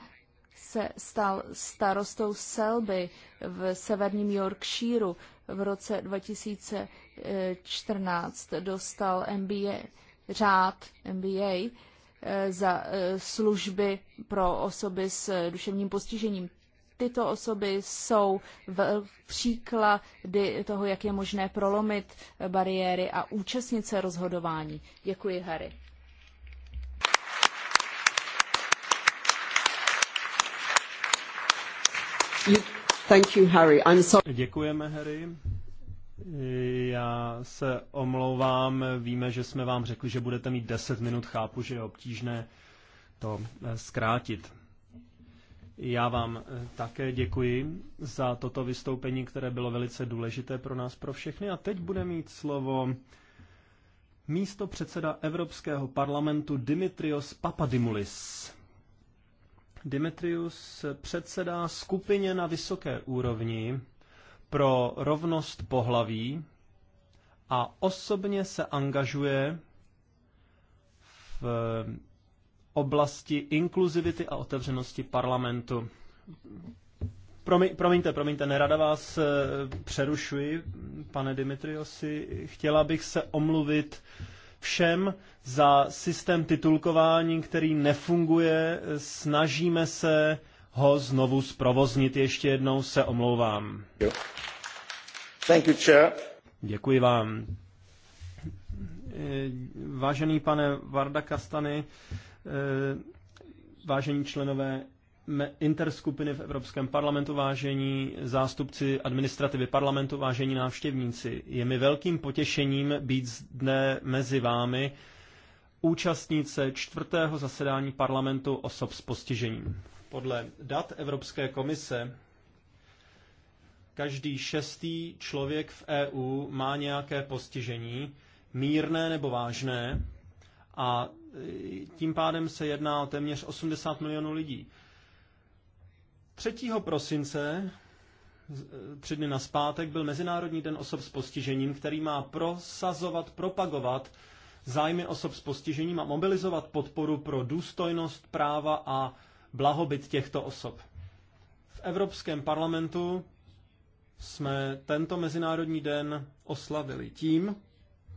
Speaker 3: se stal starostou Selby v severním Yorkshireu. V roce 2014 dostal MBA řád MBA eh, za eh, služby pro osoby s duševním postižením. Tyto osoby jsou v příklady toho, jak je možné prolomit bariéry a účastnit se rozhodování. Děkuji, Harry.
Speaker 1: Děkujeme, Harry. Já se omlouvám, víme, že jsme vám řekli, že budete mít 10 minut, chápu, že je obtížné to eh, zkrátit. Já vám eh, také děkuji za toto vystoupení, které bylo velice důležité pro nás, pro všechny. A teď bude mít slovo místo předseda Evropského parlamentu Dimitrios Papadimulis. Dimitrius předsedá skupině na vysoké úrovni pro rovnost pohlaví a osobně se angažuje v oblasti inkluzivity a otevřenosti parlamentu. Promi, promiňte, promiňte, nerada vás eh, přerušuji, pane Dimitriosi. Chtěla bych se omluvit všem za systém titulkování, který nefunguje. Snažíme se ho znovu zprovoznit. Ještě jednou se omlouvám. Thank you, chair. Děkuji vám. Eh, vážený pane Varda Kastany, eh, vážení členové interskupiny v Evropském parlamentu, vážení zástupci administrativy parlamentu, vážení návštěvníci. Je mi velkým potěšením být dne mezi vámi účastnice čtvrtého zasedání parlamentu osob s postižením. Podle dat Evropské komise každý šestý člověk v EU má nějaké postižení, mírné nebo vážné, a e, tím pádem se jedná o téměř 80 milionů lidí. 3. prosince, e, tři dny na zpátek, byl Mezinárodní den osob s postižením, který má prosazovat, propagovat zájmy osob s postižením a mobilizovat podporu pro důstojnost, práva a blahobyt těchto osob. V Evropském parlamentu jsme tento Mezinárodní den oslavili tím,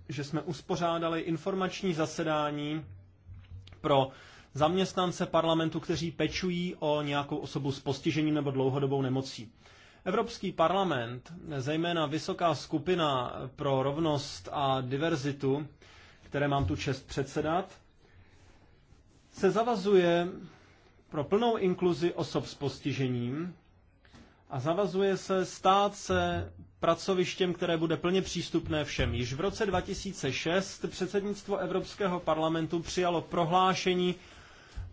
Speaker 1: že jsme uspořádali informační zasedání pro zaměstnance parlamentu, kteří pečují o nějakou osobu s postižením nebo dlouhodobou nemocí. Evropský parlament, zejména Vysoká skupina pro rovnost a diverzitu, které mám tu čest předsedat, se zavazuje pro plnou inkluzi osob s postižením a zavazuje se stát se pracovištěm, které bude plně přístupné všem. Již v roce 2006 předsednictvo Evropského parlamentu přijalo prohlášení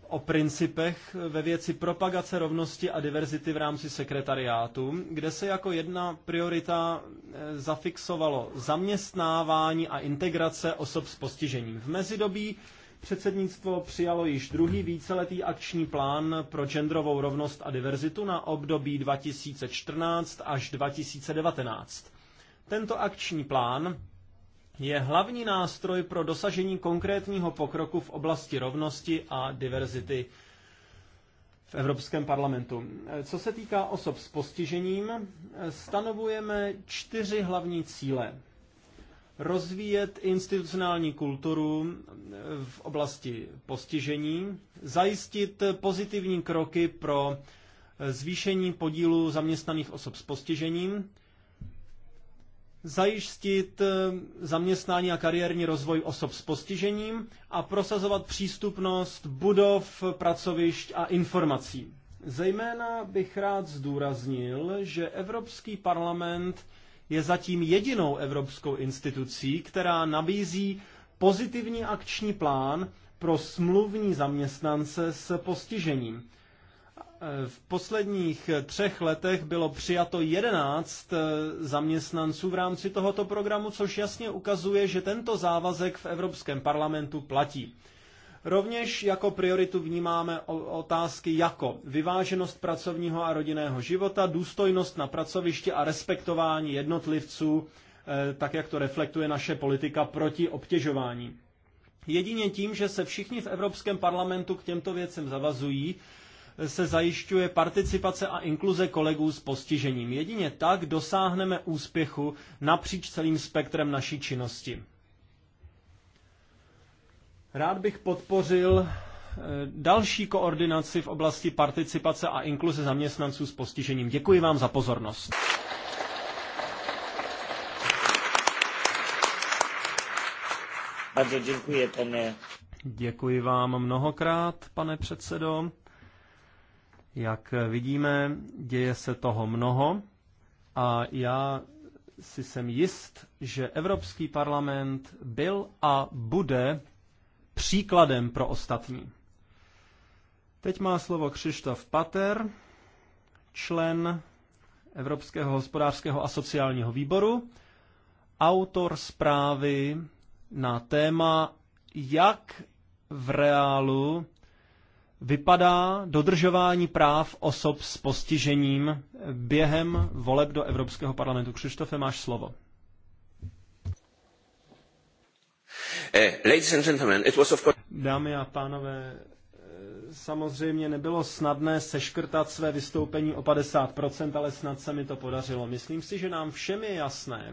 Speaker 1: o principech ve věci propagace rovnosti a diverzity v rámci sekretariátu, kde se jako jedna priorita eh, zafixovalo zaměstnávání a integrace osob s postižením. V mezidobí Předsednictvo přijalo již druhý víceletý akční plán pro genderovou rovnost a diverzitu na období 2014 až 2019. Tento akční plán je hlavní nástroj pro dosažení konkrétního pokroku v oblasti rovnosti a diverzity v Evropském parlamentu. Co se týká osob s postižením, stanovujeme čtyři hlavní cíle rozvíjet institucionální kulturu v oblasti postižení, zajistit pozitivní kroky pro zvýšení podílu zaměstnaných osob s postižením, zajistit zaměstnání a kariérní rozvoj osob s postižením a prosazovat přístupnost budov, pracovišť a informací. Zejména bych rád zdůraznil, že Evropský parlament je zatím jedinou evropskou institucí, která nabízí pozitivní akční plán pro smluvní zaměstnance s postižením. V posledních třech letech bylo přijato 11 eh, zaměstnanců v rámci tohoto programu, což jasně ukazuje, že tento závazek v Evropském parlamentu platí. Rovněž jako prioritu vnímáme otázky jako vyváženost pracovního a rodinného života, důstojnost na pracovišti a respektování jednotlivců, eh, tak jak to reflektuje naše politika proti obtěžování. Jedině tím, že se všichni v Evropském parlamentu k těmto věcem zavazují, eh, se zajišťuje participace a inkluze kolegů s postižením. Jedině tak dosáhneme úspěchu napříč celým spektrem naší činnosti. Rád bych podpořil eh, další koordinaci v oblasti participace a inkluze zaměstnanců s postižením. Děkuji vám za pozornost.
Speaker 2: Bardzo děkuji,
Speaker 1: Děkuji vám mnohokrát, pane předsedo. Jak vidíme, děje se toho mnoho a já si jsem jist, že Evropský parlament byl a bude příkladem pro ostatní. Teď má slovo Křištof Pater, člen Evropského hospodářského a sociálního výboru, autor zprávy na téma, jak v reálu vypadá dodržování práv osob s postižením během voleb do Evropského parlamentu. Křištofe, máš slovo. Eh, ladies and gentlemen, it was of course... Dámy a pánové, eh, samozřejmě nebylo snadné seškrtat své vystoupení o 50%, ale snad se mi to podařilo. Myslím si, že nám všem je jasné,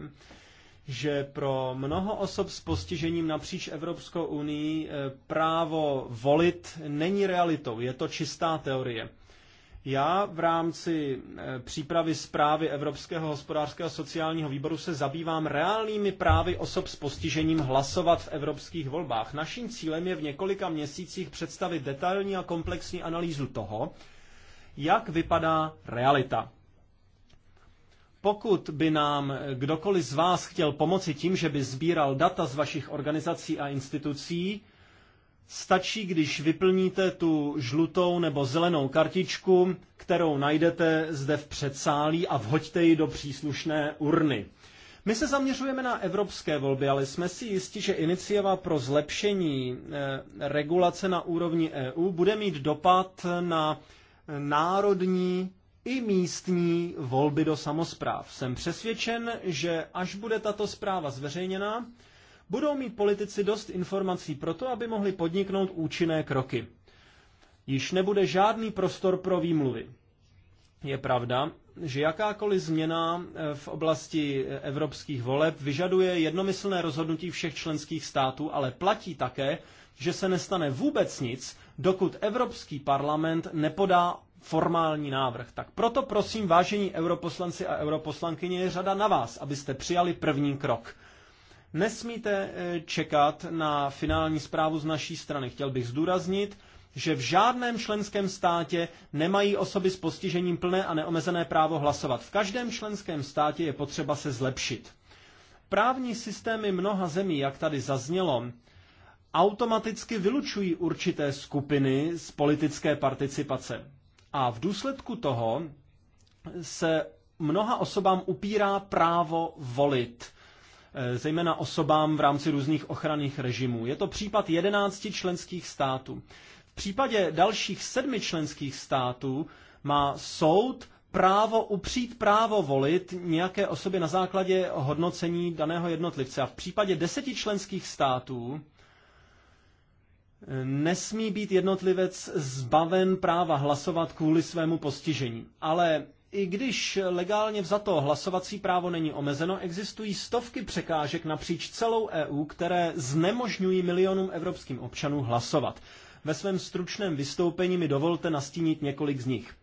Speaker 1: že pro mnoho osob s postižením napříč Evropskou unii eh, právo volit není realitou, je to čistá teorie. Já v rámci eh, přípravy zprávy Evropského hospodářského a sociálního výboru se zabývám reálnými právy osob s postižením hlasovat v evropských volbách. Naším cílem je v několika měsících představit detailní a komplexní analýzu toho, jak vypadá realita. Pokud by nám eh, kdokoliv z vás chtěl pomoci tím, že by sbíral data z vašich organizací a institucí, Stačí, když vyplníte tu žlutou nebo zelenou kartičku, kterou najdete zde v předsálí a vhoďte ji do příslušné urny. My se zaměřujeme na evropské volby, ale jsme si jisti, že iniciativa pro zlepšení eh, regulace na úrovni EU bude mít dopad na eh, národní i místní volby do samozpráv. Jsem přesvědčen, že až bude tato zpráva zveřejněna, budou mít politici dost informací pro to, aby mohli podniknout účinné kroky. Již nebude žádný prostor pro výmluvy. Je pravda, že jakákoliv změna eh, v oblasti eh, evropských voleb vyžaduje jednomyslné rozhodnutí všech členských států, ale platí také, že se nestane vůbec nic, dokud Evropský parlament nepodá formální návrh. Tak proto prosím, vážení europoslanci a europoslankyně, je řada na vás, abyste přijali první krok – Nesmíte eh, čekat na finální zprávu z naší strany. Chtěl bych zdůraznit, že v žádném členském státě nemají osoby s postižením plné a neomezené právo hlasovat. V každém členském státě je potřeba se zlepšit. Právní systémy mnoha zemí, jak tady zaznělo, automaticky vylučují určité skupiny z politické participace. A v důsledku toho se mnoha osobám upírá právo volit Eh, zejména osobám v rámci různých ochranných režimů. Je to případ 11 členských států. V případě dalších sedmi členských států má soud právo upřít právo volit nějaké osobě na základě hodnocení daného jednotlivce. A v případě deseti členských států eh, nesmí být jednotlivec zbaven práva hlasovat kvůli svému postižení. Ale i když legálně vzato hlasovací právo není omezeno, existují stovky překážek napříč celou EU, které znemožňují milionům evropským občanů hlasovat. Ve svém stručném vystoupení mi dovolte nastínit několik z nich.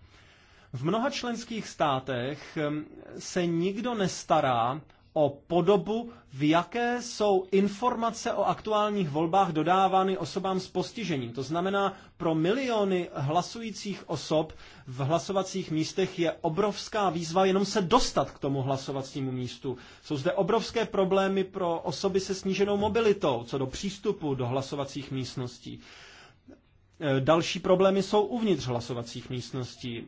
Speaker 1: V mnoha členských státech um, se nikdo nestará o podobu, v jaké jsou informace o aktuálních volbách dodávány osobám s postižením. To znamená, pro miliony hlasujících osob v hlasovacích místech je obrovská výzva jenom se dostat k tomu hlasovacímu místu. Jsou zde obrovské problémy pro osoby se sníženou mobilitou, co do přístupu do hlasovacích místností. E, další problémy jsou uvnitř hlasovacích místností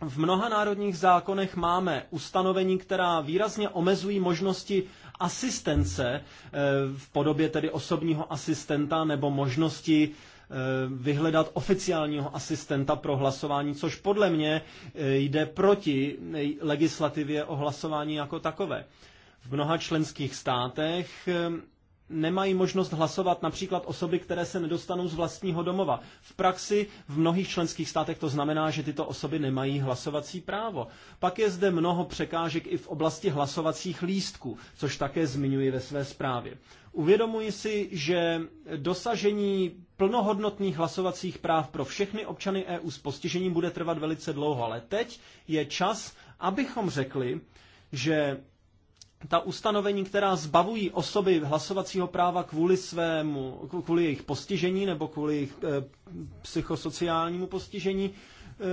Speaker 1: v mnoha národních zákonech máme ustanovení, která výrazně omezují možnosti asistence eh, v podobě tedy osobního asistenta nebo možnosti eh, vyhledat oficiálního asistenta pro hlasování, což podle mě eh, jde proti legislativě o hlasování jako takové. V mnoha členských státech nemají možnost hlasovat například osoby, které se nedostanou z vlastního domova. V praxi v mnohých členských státech to znamená, že tyto osoby nemají hlasovací právo. Pak je zde mnoho překážek i v oblasti hlasovacích lístků, což také zmiňuji ve své zprávě. Uvědomuji si, že dosažení plnohodnotných hlasovacích práv pro všechny občany EU s postižením bude trvat velice dlouho, ale teď je čas, abychom řekli, že ta ustanovení, která zbavují osoby hlasovacího práva kvůli svému, kvůli jejich postižení nebo kvůli jejich e, psychosociálnímu postižení,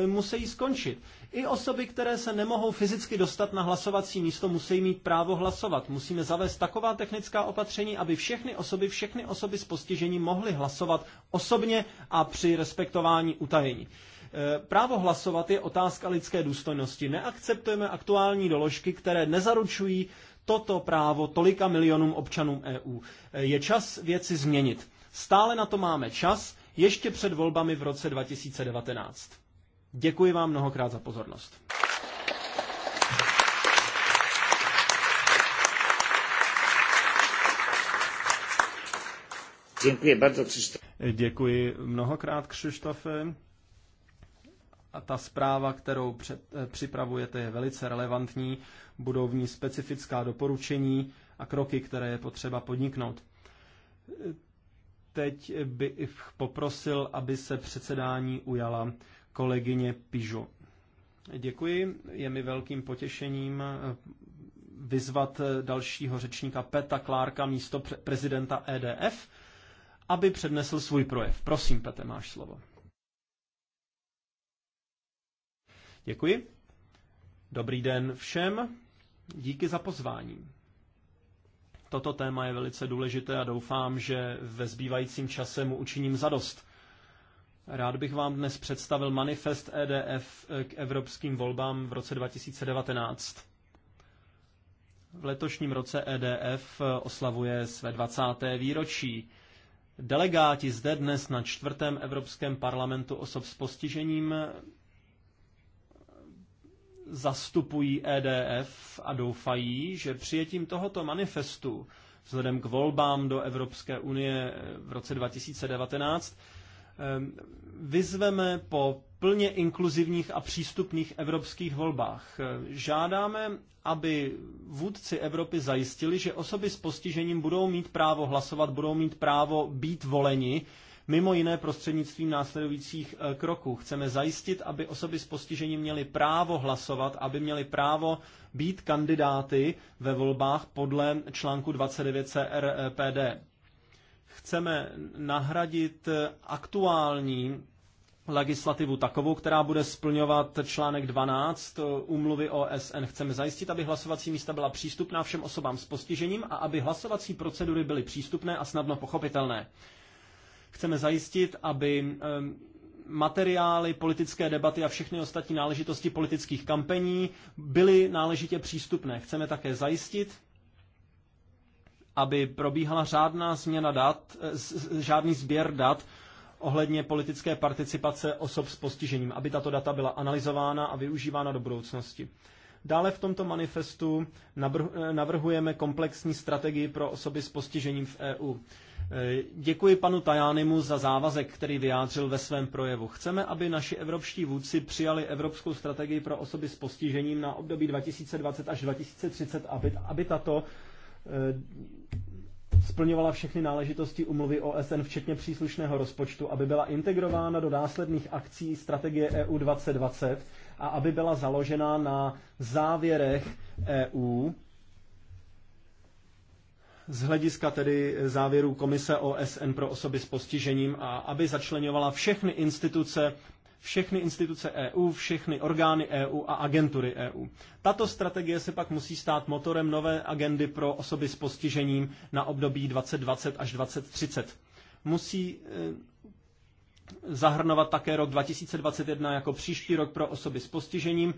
Speaker 1: e, musí skončit. I osoby, které se nemohou fyzicky dostat na hlasovací místo, musí mít právo hlasovat. Musíme zavést taková technická opatření, aby všechny osoby, všechny osoby s postižením mohly hlasovat osobně a při respektování utajení. Eh, právo hlasovat je otázka lidské důstojnosti. Neakceptujeme aktuální doložky, které nezaručují toto právo tolika milionům občanům EU. E, je čas věci změnit. Stále na to máme čas, ještě před volbami v roce 2019. Děkuji vám mnohokrát za pozornost. Děkuji bardzo, Krzysztof. Děkuji mnohokrát, Krzysztofe a ta zpráva, kterou před, eh, připravujete, je velice relevantní. Budou v ní specifická doporučení a kroky, které je potřeba podniknout. Teď bych poprosil, aby se předsedání ujala kolegyně Pižo. Děkuji, je mi velkým potěšením eh, vyzvat eh, dalšího řečníka Peta Klárka, místo prezidenta EDF, aby přednesl svůj projev. Prosím, Pete, máš slovo. Děkuji. Dobrý den všem. Díky za pozvání. Toto téma je velice důležité a doufám, že ve zbývajícím čase mu učiním zadost. Rád bych vám dnes představil manifest EDF k evropským volbám v roce 2019. V letošním roce EDF oslavuje své 20. výročí. Delegáti zde dnes na čtvrtém Evropském parlamentu osob s postižením zastupují EDF a doufají, že přijetím tohoto manifestu vzhledem k volbám do Evropské unie eh, v roce 2019 eh, vyzveme po plně inkluzivních a přístupných evropských volbách. Eh, žádáme, aby vůdci Evropy zajistili, že osoby s postižením budou mít právo hlasovat, budou mít právo být voleni mimo jiné prostřednictvím následujících eh, kroků. Chceme zajistit, aby osoby s postižením měly právo hlasovat, aby měly právo být kandidáty ve volbách podle článku 29 CRPD. E Chceme nahradit eh, aktuální legislativu takovou, která bude splňovat článek 12 umluvy eh, OSN. Chceme zajistit, aby hlasovací místa byla přístupná všem osobám s postižením a aby hlasovací procedury byly přístupné a snadno pochopitelné. Chceme zajistit, aby ehm, materiály, politické debaty a všechny ostatní náležitosti politických kampaní byly náležitě přístupné. Chceme také zajistit, aby probíhala řádná změna dat, eh, žádný sběr dat ohledně politické participace osob s postižením, aby tato data byla analyzována a využívána do budoucnosti. Dále v tomto manifestu navrhujeme komplexní strategii pro osoby s postižením v EU. E, děkuji panu Tajánimu za závazek, který vyjádřil ve svém projevu. Chceme, aby naši evropští vůdci přijali evropskou strategii pro osoby s postižením na období 2020 až 2030, aby, aby tato e, splňovala všechny náležitosti umluvy OSN, včetně příslušného rozpočtu, aby byla integrována do následných akcí strategie EU 2020 a aby byla založena na závěrech EU, z hlediska tedy závěrů Komise OSN pro osoby s postižením a aby začlenovala všechny instituce, všechny instituce EU, všechny orgány EU a agentury EU. Tato strategie se pak musí stát motorem nové agendy pro osoby s postižením na období 2020 až 2030. Musí eh, zahrnovat také rok 2021 jako příští rok pro osoby s postižením,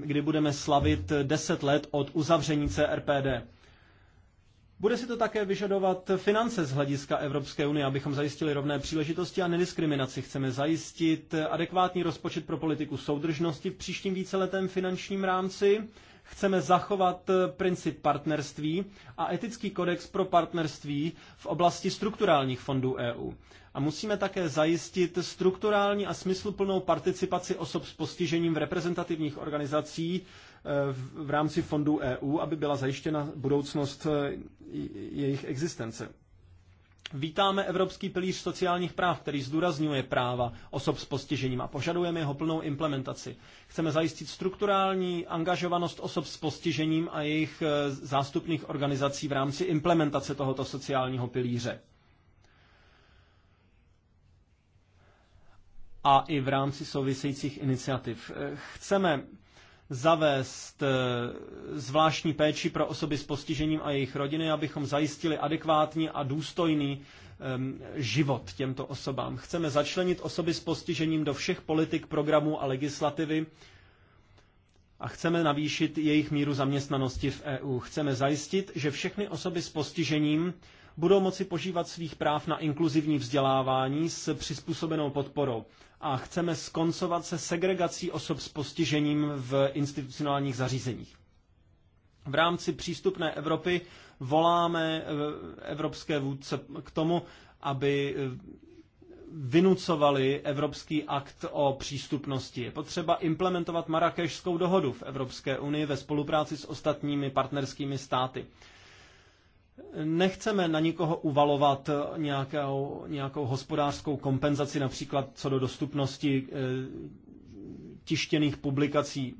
Speaker 1: kdy budeme slavit 10 let od uzavření CRPD. Bude si to také vyžadovat finance z hlediska Evropské unie, abychom zajistili rovné příležitosti a nediskriminaci. Chceme zajistit adekvátní rozpočet pro politiku soudržnosti v příštím víceletém finančním rámci. Chceme zachovat princip partnerství a etický kodex pro partnerství v oblasti strukturálních fondů EU. A musíme také zajistit strukturální a smysluplnou participaci osob s postižením v reprezentativních organizacích eh, v rámci fondů EU, aby byla zajištěna budoucnost eh, jejich existence. Vítáme Evropský pilíř sociálních práv, který zdůrazňuje práva osob s postižením a požadujeme jeho plnou implementaci. Chceme zajistit strukturální angažovanost osob s postižením a jejich eh, zástupných organizací v rámci implementace tohoto sociálního pilíře. a i v rámci souvisejících iniciativ. Eh, chceme zavést eh, zvláštní péči pro osoby s postižením a jejich rodiny, abychom zajistili adekvátní a důstojný ehm, život těmto osobám. Chceme začlenit osoby s postižením do všech politik, programů a legislativy a chceme navýšit jejich míru zaměstnanosti v EU. Chceme zajistit, že všechny osoby s postižením budou moci požívat svých práv na inkluzivní vzdělávání s přizpůsobenou podporou. A chceme skoncovat se segregací osob s postižením v institucionálních zařízeních. V rámci přístupné Evropy voláme eh, evropské vůdce k tomu, aby eh, vynucovali Evropský akt o přístupnosti. Je potřeba implementovat Marrakešskou dohodu v Evropské unii ve spolupráci s ostatními partnerskými státy. Nechceme na nikoho uvalovat nějakou, nějakou hospodářskou kompenzaci, například co do dostupnosti eh, tištěných publikací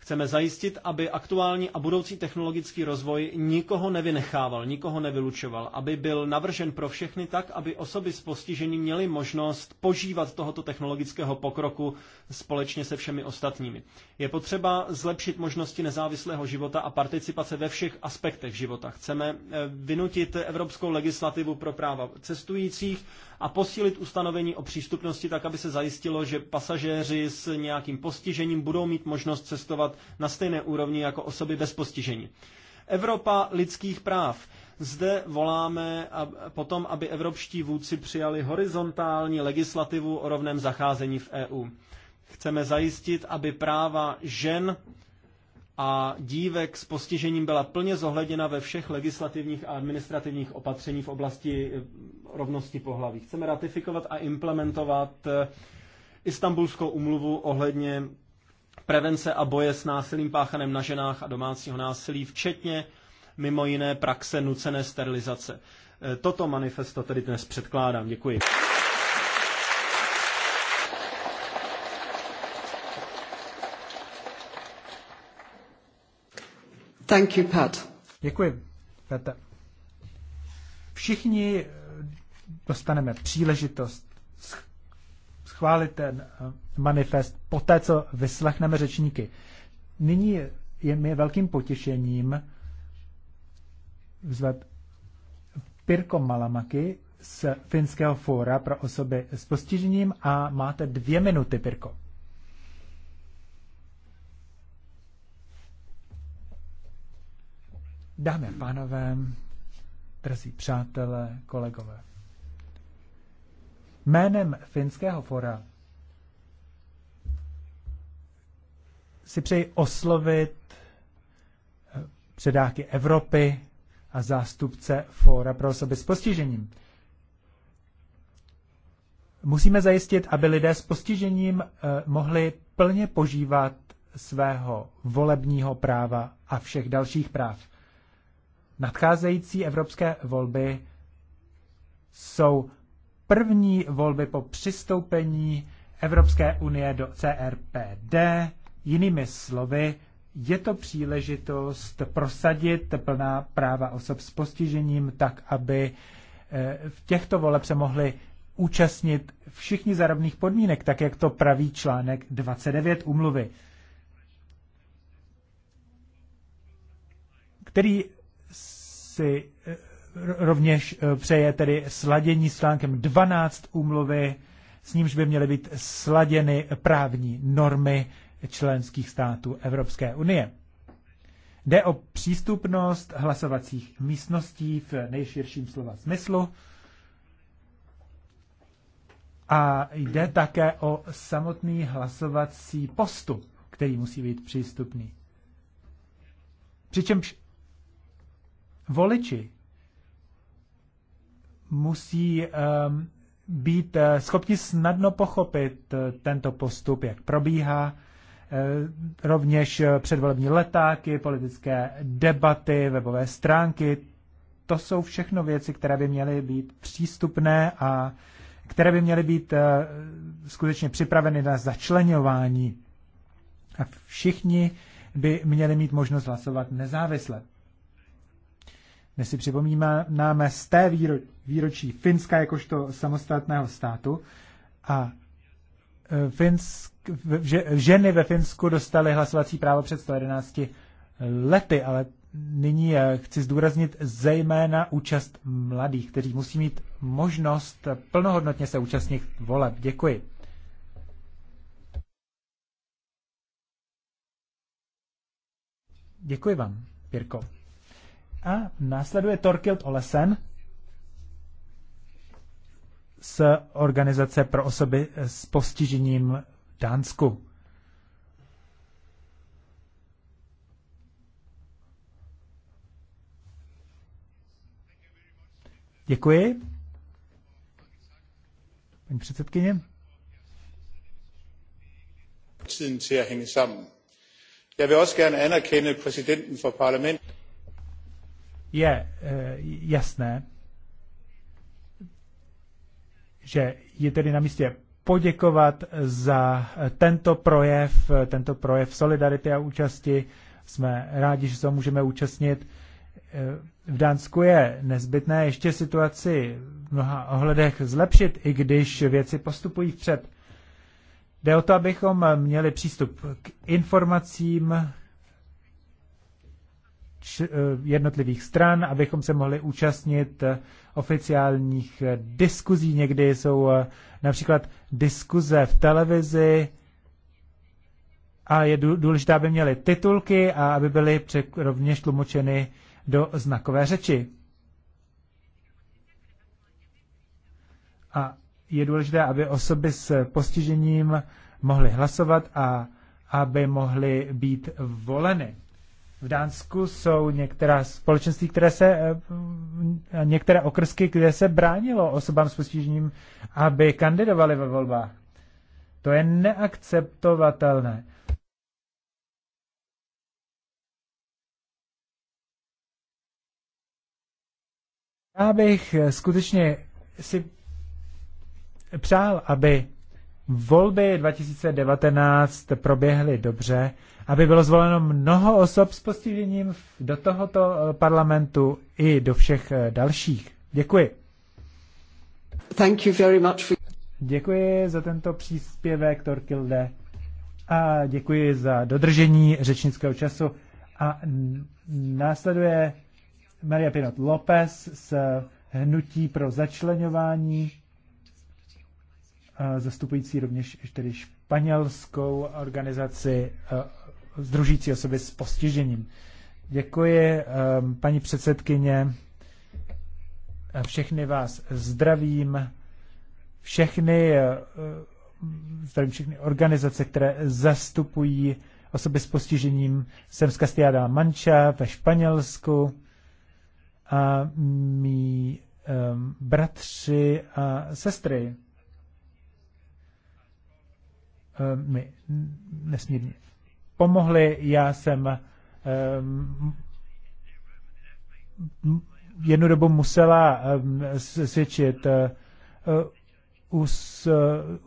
Speaker 1: Chceme zajistit, aby aktuální a budoucí technologický rozvoj nikoho nevynechával, nikoho nevylučoval, aby byl navržen pro všechny tak, aby osoby s postižením měly možnost požívat tohoto technologického pokroku společně se všemi ostatními. Je potřeba zlepšit možnosti nezávislého života a participace ve všech aspektech života. Chceme eh, vynutit evropskou legislativu pro práva cestujících, a posílit ustanovení o přístupnosti tak, aby se zajistilo, že pasažéři s nějakým postižením budou mít možnost cestovat na stejné úrovni jako osoby bez postižení. Evropa lidských práv. Zde voláme a potom, aby evropští vůdci přijali horizontální legislativu o rovném zacházení v EU. Chceme zajistit, aby práva žen a dívek s postižením byla plně zohledněna ve všech legislativních a administrativních opatřeních v oblasti eh, rovnosti pohlaví. Chceme ratifikovat a implementovat eh, Istanbulskou umluvu ohledně prevence a boje s násilím páchaným na ženách a domácího násilí, včetně mimo jiné praxe nucené sterilizace. Eh, toto manifesto tedy dnes předkládám. Děkuji. Thank you, Pat. Děkuji,
Speaker 2: Petr. Všichni eh, dostaneme příležitost schválit ten eh, manifest poté, co vyslechneme řečníky. Nyní je mi velkým potěšením vzvat Pirko Malamaky z Finského fóra pro osoby s postižením a máte dvě minuty, Pirko. Dámy a pánové, drzí přátelé, kolegové. Jménem Finského fora si přeji oslovit eh, předáky Evropy a zástupce fora pro osoby s postižením. Musíme zajistit, aby lidé s postižením eh, mohli plně požívat svého volebního práva a všech dalších práv. Nadcházející evropské volby jsou první volby po přistoupení Evropské unie do CRPD. Jinými slovy, je to příležitost prosadit plná práva osob s postižením tak, aby eh, v těchto voleb se mohli účastnit všichni za rovných podmínek, tak jak to praví článek 29 umluvy, který si eh, rovněž eh, přeje tedy sladění s článkem 12 úmluvy, s nímž by měly být sladěny právní normy členských států Evropské unie. Jde o přístupnost hlasovacích místností v nejširším slova smyslu a jde také o samotný hlasovací postup, který musí být přístupný. Přičemž voliči musí um, být uh, schopni snadno pochopit uh, tento postup, jak probíhá, eh, rovněž předvolební letáky, politické debaty, webové stránky. To jsou všechno věci, které by měly být přístupné a které by měly být skutečně připraveny na začlenování. A všichni by měli mít možnost hlasovat nezávisle. My si připomínáme z té výro, výročí Finska jakožto samostatného státu a e, Finsk, že, ženy ve Finsku dostaly hlasovací právo před 111 lety, ale nyní e, chci zdůraznit zejména účast mladých, kteří musí mít možnost plnohodnotně se účastnit voleb. Děkuji. Děkuji vám, Pirko. A následuje Torkild Olesen z Organizace pro osoby s postižením v Dánsku. Děkuji. Paní předsedkyně. Tiden til at hænge sammen. Jeg vil også gerne anerkende præsidenten for parlamentet je eh, jasné, že je tedy na místě poděkovat za tento projev, tento projev solidarity a účasti. Jsme rádi, že se můžeme účastnit. Eh, v Dánsku je nezbytné ještě situaci v mnoha ohledech zlepšit, i když věci postupují vpřed. Jde o to, abychom měli přístup k informacím, Eh, jednotlivých stran, abychom se mohli účastnit eh, oficiálních eh, diskuzí. Někdy jsou například diskuze v televizi a je důležité, aby měly titulky a aby byly rovněž tlumočeny do znakové řeči. A je důležité, aby osoby s postižením mohly hlasovat a aby mohly být voleny. V Dánsku jsou některá společenství, které se, eh, některé okrsky, kde se bránilo osobám s postižením, aby kandidovali ve volbách. To je neakceptovatelné. Já bych eh, skutečně si přál, aby Volby 2019 proběhly dobře, aby bylo zvoleno mnoho osob s postižením do tohoto eh, parlamentu i do všech eh, dalších. Děkuji. Thank you very much for... Děkuji za tento příspěvek, Torkilde, a děkuji za dodržení řečnického času. A následuje Maria Pinot López z Hnutí pro začlenování zastupující rovněž tedy španělskou organizaci združící osoby s postižením. Děkuji, paní předsedkyně. Všechny vás zdravím. Všechny, zdravím všechny organizace, které zastupují osoby s postižením. Jsem z Castiada Mancha ve Španělsku a mý bratři a sestry Eh, mi nesmírně pomohli. Já jsem eh, jednu dobu musela eh, svědčit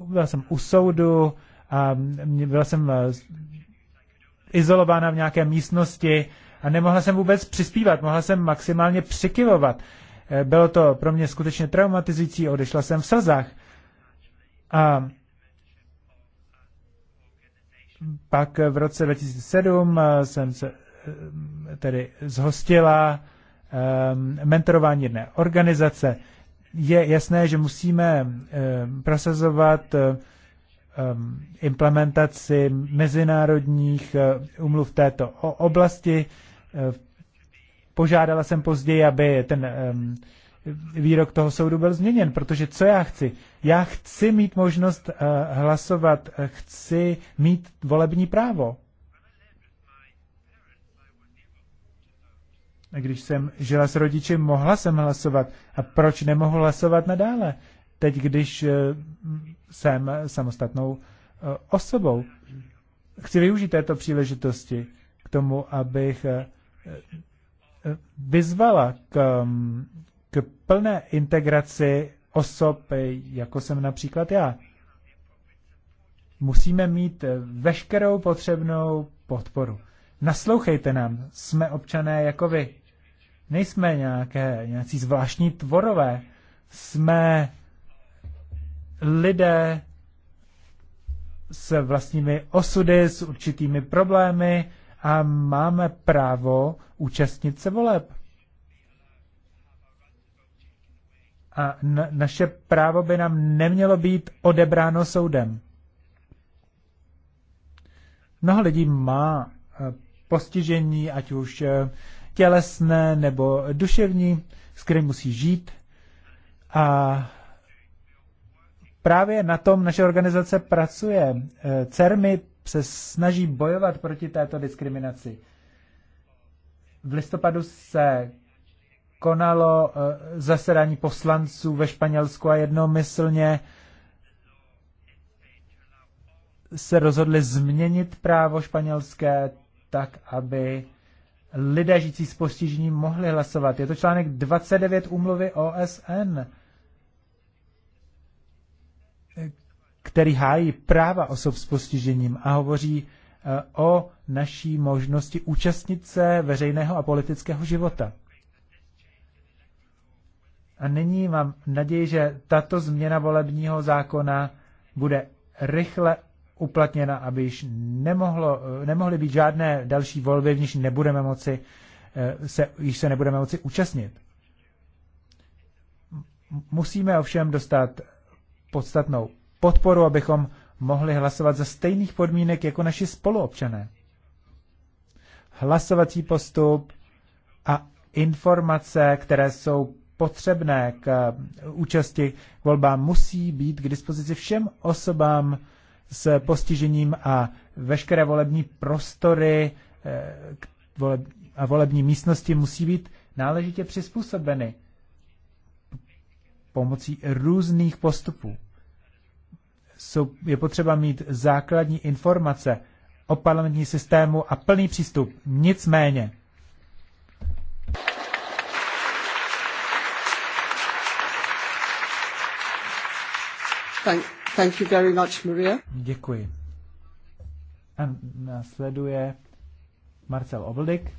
Speaker 2: byla jsem u soudu a byla jsem izolována v nějaké místnosti a nemohla jsem vůbec přispívat, mohla jsem maximálně přikyvovat. Bylo to pro mě skutečně traumatizující, odešla jsem v slzách. A pak v roce 2007 eh, jsem se eh, tedy zhostila ehm, mentorování jedné organizace. Je jasné, že musíme ehm, prosazovat ehm, implementaci mezinárodních eh, umluv této oblasti. Požádala jsem později, aby ten výrok toho soudu byl změněn, protože co já chci? Já chci mít možnost eh, hlasovat, eh, chci mít volební právo. Když jsem žila s rodiči, mohla jsem hlasovat. A proč nemohu hlasovat nadále? Teď, když eh, jsem samostatnou osobou. Chci využít této příležitosti k tomu, abych vyzvala k mm, k plné integraci osob, jako jsem například já. Musíme mít veškerou potřebnou podporu. Naslouchejte nám, jsme občané jako vy. Nejsme nějaké, nějací zvláštní tvorové, jsme lidé s vlastními osudy, s určitými problémy a máme právo účastnit se voleb. a na, naše právo by nám nemělo být odebráno soudem. Mnoho lidí má eh, postižení, ať už eh, tělesné nebo duševní, s kterým musí žít. A právě na tom naše organizace pracuje. Eh, CERMI se snaží bojovat proti této diskriminaci. V listopadu se konalo eh, zasedání poslanců ve Španělsku a jednomyslně se rozhodli změnit právo španělské tak, aby lidé žijící s postižením mohli hlasovat. Je to článek 29 úmluvy OSN, který hájí práva osob s postižením a hovoří eh, o naší možnosti účastnit se veřejného a politického života. A nyní mám naději, že tato změna volebního zákona bude rychle uplatněna, aby již nemohlo, eh, nemohly být žádné další volby, v níž nebudeme moci, eh, se, již se nebudeme moci účastnit. Musíme ovšem dostat podstatnou podporu, abychom mohli hlasovat za stejných podmínek jako naši spoluobčané. Hlasovací postup a informace, které jsou potřebné k eh, účasti k volbám musí být k dispozici všem osobám s postižením a veškeré volební prostory eh, a volební místnosti musí být náležitě přizpůsobeny pomocí různých postupů. je potřeba mít základní informace o parlamentní systému a plný přístup. Nicméně,
Speaker 1: Thank, thank you very much, Maria.
Speaker 2: Děkuji. A následuje Marcel Oblik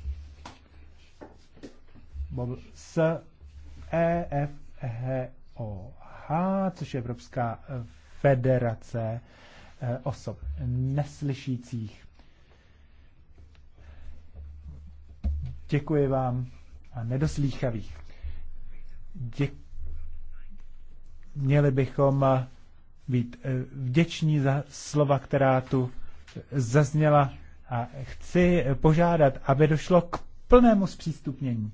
Speaker 2: s EFHOH, což je Evropská federace eh, osob neslyšících. Děkuji vám a nedoslýchavých. Děkuji. Měli bychom eh, být eh, vděční za slova, která tu zazněla a chci eh, požádat, aby došlo k plnému zpřístupnění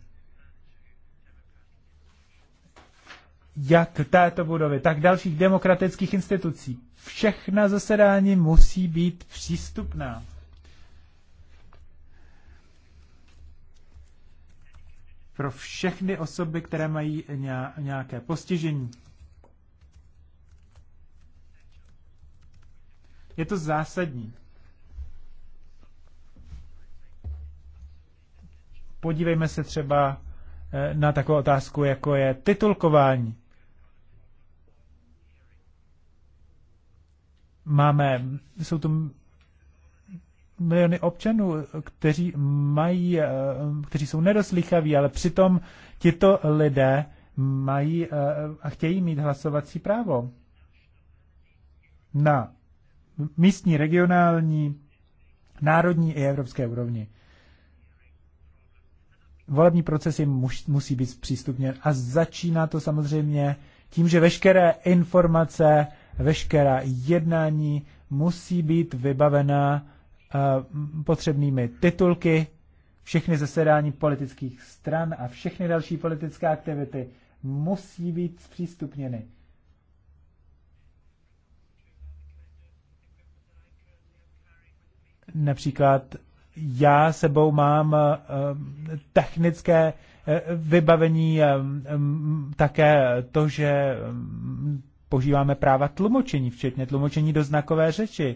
Speaker 2: jak této budovy, tak dalších demokratických institucí. Všechna zasedání musí být přístupná. Pro všechny osoby, které mají nějaké postižení. Je to zásadní. Podívejme se třeba eh, na takovou otázku, jako je titulkování. Máme, jsou tu miliony občanů, kteří mají, eh, kteří jsou nedoslýchaví, ale přitom tito lidé mají eh, a chtějí mít hlasovací právo na místní, regionální, národní i evropské úrovni. Volební procesy musí být přístupněn a začíná to samozřejmě tím, že veškeré informace, veškerá jednání musí být vybavena eh, potřebnými titulky, všechny zasedání politických stran a všechny další politické aktivity musí být zpřístupněny. například já sebou mám eh, technické eh, vybavení, eh, mm, také to, že mm, požíváme práva tlumočení, včetně tlumočení do znakové řeči,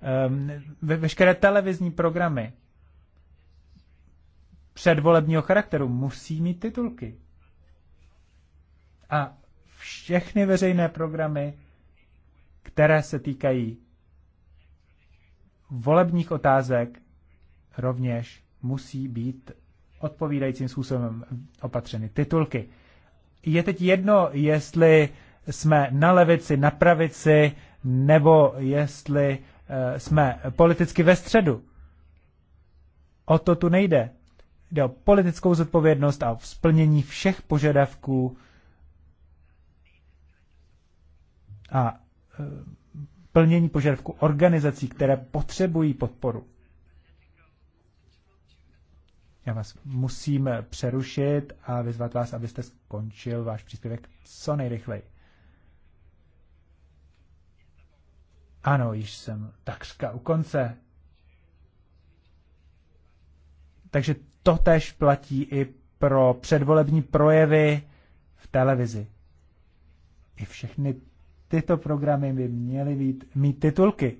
Speaker 2: ehm, veškeré televizní programy předvolebního charakteru musí mít titulky. A všechny veřejné programy, které se týkají volebních otázek rovněž musí být odpovídajícím způsobem opatřeny titulky. Je teď jedno, jestli jsme na levici, na pravici, nebo jestli eh, jsme politicky ve středu. O to tu nejde. Jde o politickou zodpovědnost a o splnění všech požadavků a eh, plnění požadavku organizací, které potřebují podporu. Já vás musím přerušit a vyzvat vás, abyste skončil váš příspěvek co nejrychleji. Ano, již jsem takřka u konce. Takže to tež platí i pro předvolební projevy v televizi. I všechny tyto programy by měly být, mít titulky.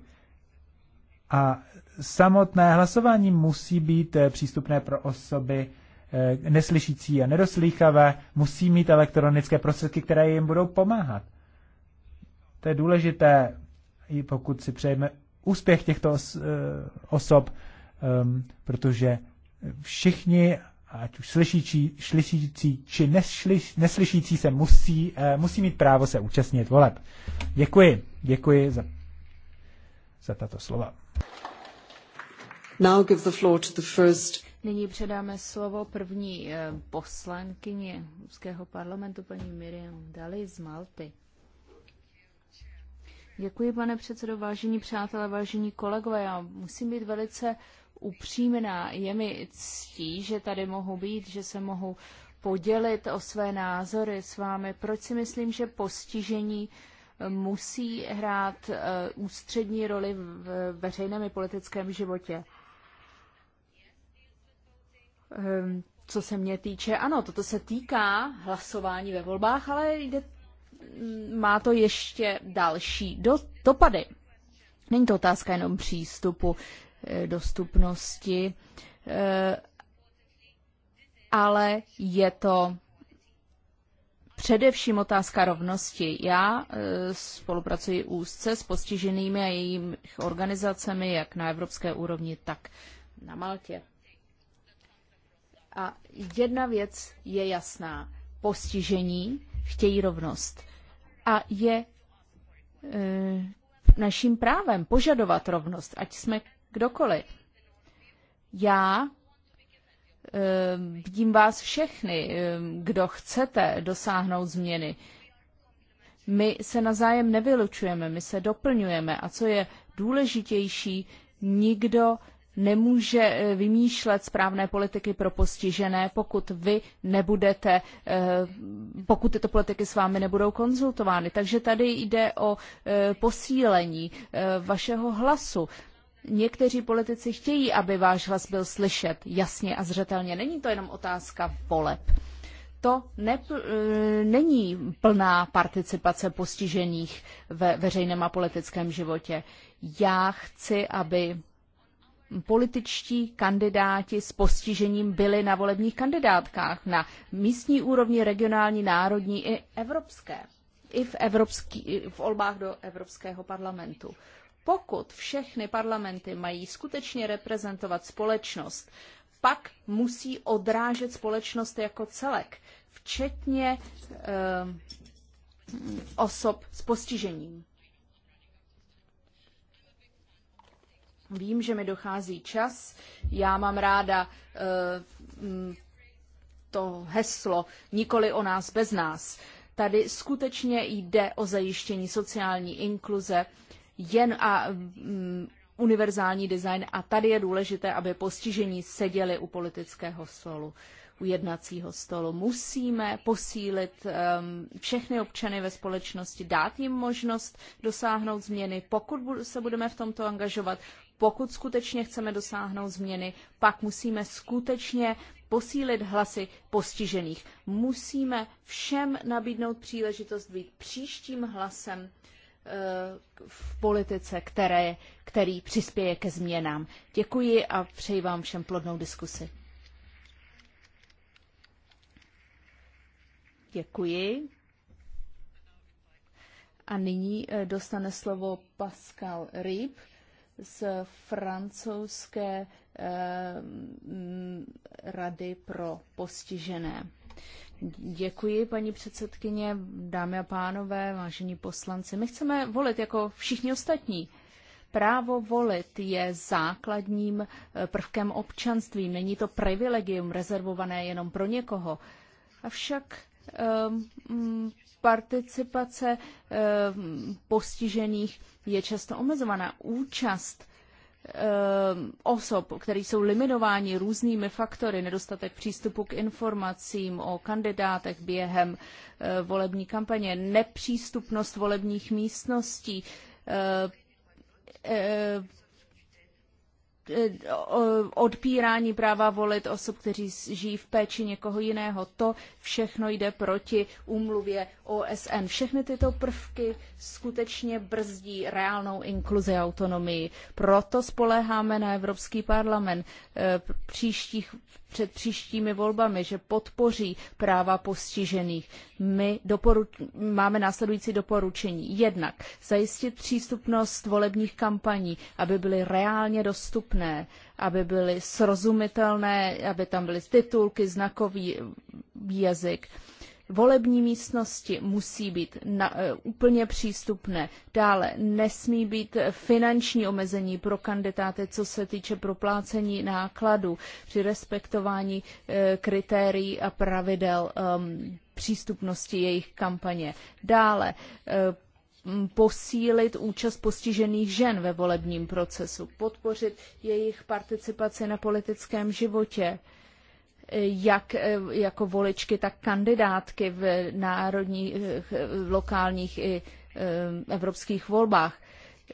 Speaker 2: A samotné hlasování musí být eh, přístupné pro osoby eh, neslyšící a nedoslýchavé, musí mít elektronické prostředky, které jim budou pomáhat. To je důležité, i pokud si přejeme úspěch těchto eh, osob, ehm, protože všichni ať už slyšící, slyšící či neslyš, neslyšící se musí, eh, musí mít právo se účastnit voleb. Děkuji, děkuji za, za tato slova. Now give the floor to the first.
Speaker 3: Nyní předáme slovo první eh, poslankyni Ruského parlamentu, paní Miriam Dali z Malty. Děkuji, pane předsedo, vážení přátelé, vážení kolegové. Já musím být velice upřímná. Je mi ctí, že tady mohu být, že se mohu podělit o své názory s vámi. Proč si myslím, že postižení eh, musí hrát eh, ústřední roli v veřejném i politickém životě? Ehm, co se mě týče, ano, toto se týká hlasování ve volbách, ale jde, mm, má to ještě další dopady. Není to otázka jenom přístupu dostupnosti, eh, ale je to především otázka rovnosti. Já eh, spolupracuji úzce s postiženými a jejich organizacemi, jak na evropské úrovni, tak na Maltě. A jedna věc je jasná. Postižení chtějí rovnost. A je e, naším právem požadovat rovnost, ať jsme kdokoliv. Já eh, vidím vás všechny, eh, kdo chcete dosáhnout změny. My se nazájem nevylučujeme, my se doplňujeme a co je důležitější, nikdo nemůže eh, vymýšlet správné politiky pro postižené, pokud vy nebudete, pokud tyto politiky s vámi nebudou konzultovány. Takže tady jde o posílení vašeho hlasu někteří politici chtějí, aby váš hlas byl slyšet jasně a zřetelně. Není to jenom otázka voleb. To ne, eh, není plná participace postižených ve veřejném a politickém životě. Já chci, aby političtí kandidáti s postižením byli na volebních kandidátkách na místní úrovni, regionální, národní i evropské. I v, evropský, v volbách do Evropského parlamentu. Pokud všechny parlamenty mají skutečně reprezentovat společnost, pak musí odrážet společnost jako celek, včetně eh, osob s postižením. Vím, že mi dochází čas. Já mám ráda eh, mm, to heslo nikoli o nás bez nás. Tady skutečně jde o zajištění sociální inkluze, jen a mm, univerzální design a tady je důležité, aby postižení seděli u politického stolu, u jednacího stolu. Musíme posílit um, všechny občany ve společnosti, dát jim možnost dosáhnout změny. Pokud se budeme v tomto angažovat, pokud skutečně chceme dosáhnout změny, pak musíme skutečně posílit hlasy postižených. Musíme všem nabídnout příležitost být příštím hlasem v politice, které, který přispěje ke změnám. Děkuji a přeji vám všem plodnou diskusi. Děkuji. A nyní eh, dostane slovo Pascal Ryb z francouzské eh, rady pro postižené. Děkuji, paní předsedkyně, dámy a pánové, vážení poslanci. My chceme volit jako všichni ostatní. Právo volit je základním eh, prvkem občanství. Není to privilegium rezervované jenom pro někoho. Avšak um, participace um, postižených je často omezovaná. Účast Ehm, osob, které jsou limitováni různými faktory, nedostatek přístupu k informacím o kandidátech během eh, volební kampaně, nepřístupnost volebních místností, eh, eh, Eh, odpírání práva volit osob, kteří žijí v péči někoho jiného. To všechno jde proti úmluvě OSN. Všechny tyto prvky skutečně brzdí reálnou inkluzi a autonomii. Proto spoléháme na Evropský parlament eh, příštích, před příštími volbami, že podpoří práva postižených. My doporuč- máme následující doporučení. Jednak zajistit přístupnost volebních kampaní, aby byly reálně dostupné dostupné, aby byly srozumitelné, aby tam byly titulky, znakový jazyk. Volební místnosti musí být na, e, úplně přístupné. Dále nesmí být finanční omezení pro kandidáty, co se týče proplácení nákladů při respektování e, kritérií a pravidel e, přístupnosti jejich kampaně. Dále e, Mm, posílit účast postižených žen ve volebním procesu, podpořit jejich participaci na politickém životě, eh, jak eh, jako voličky, tak kandidátky v národních, eh, lokálních i evropských volbách.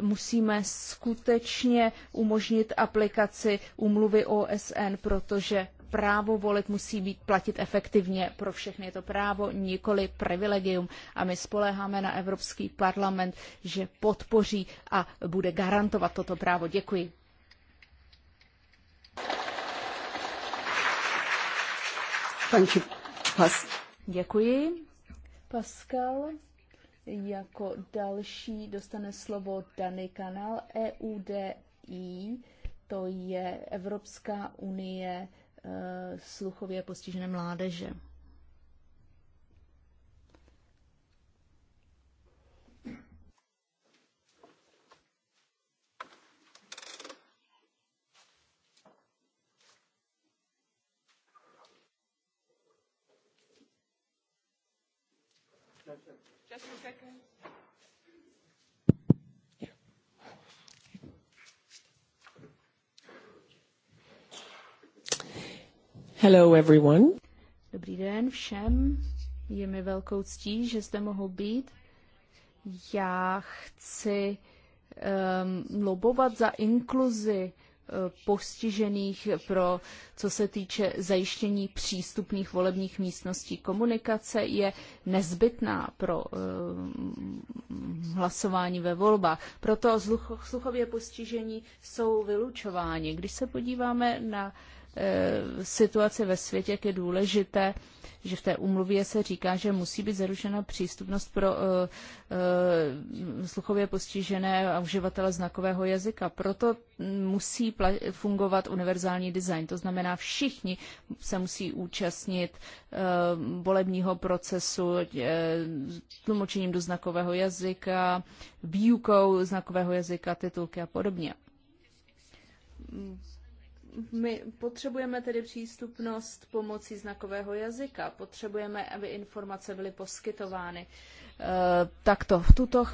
Speaker 3: Musíme skutečně umožnit aplikaci umluvy OSN, protože právo volit musí být platit efektivně pro všechny. Je to právo, nikoli privilegium. A my spoléháme na Evropský parlament, že podpoří a bude garantovat toto právo. Děkuji. Pas. Děkuji. Pascal. Jako další dostane slovo daný kanál EUDI, to je Evropská unie Eh, sluchově postižené mládeže.
Speaker 2: Thank you. Hello everyone.
Speaker 3: Dobrý den všem. Je mi velkou ctí, že zde mohu být. Já chci um, ehm, lobovat za inkluzi eh, postižených pro, co se týče zajištění přístupných volebních místností. Komunikace je nezbytná pro uh, hlasování ve volbách. Proto sluchově postižení jsou vylučováni. Když se podíváme na uh, E, situace ve světě, jak je důležité, že v té umluvě se říká, že musí být zaručena přístupnost pro uh, uh, sluchově postižené a uživatele znakového jazyka. Proto musí fungovat univerzální design. To znamená, všichni se musí účastnit uh, volebního procesu uh, tlumočením do znakového jazyka, výukou znakového jazyka, titulky a podobně my potřebujeme tedy přístupnost pomocí znakového jazyka, potřebujeme, aby informace byly poskytovány. E, takto v tuto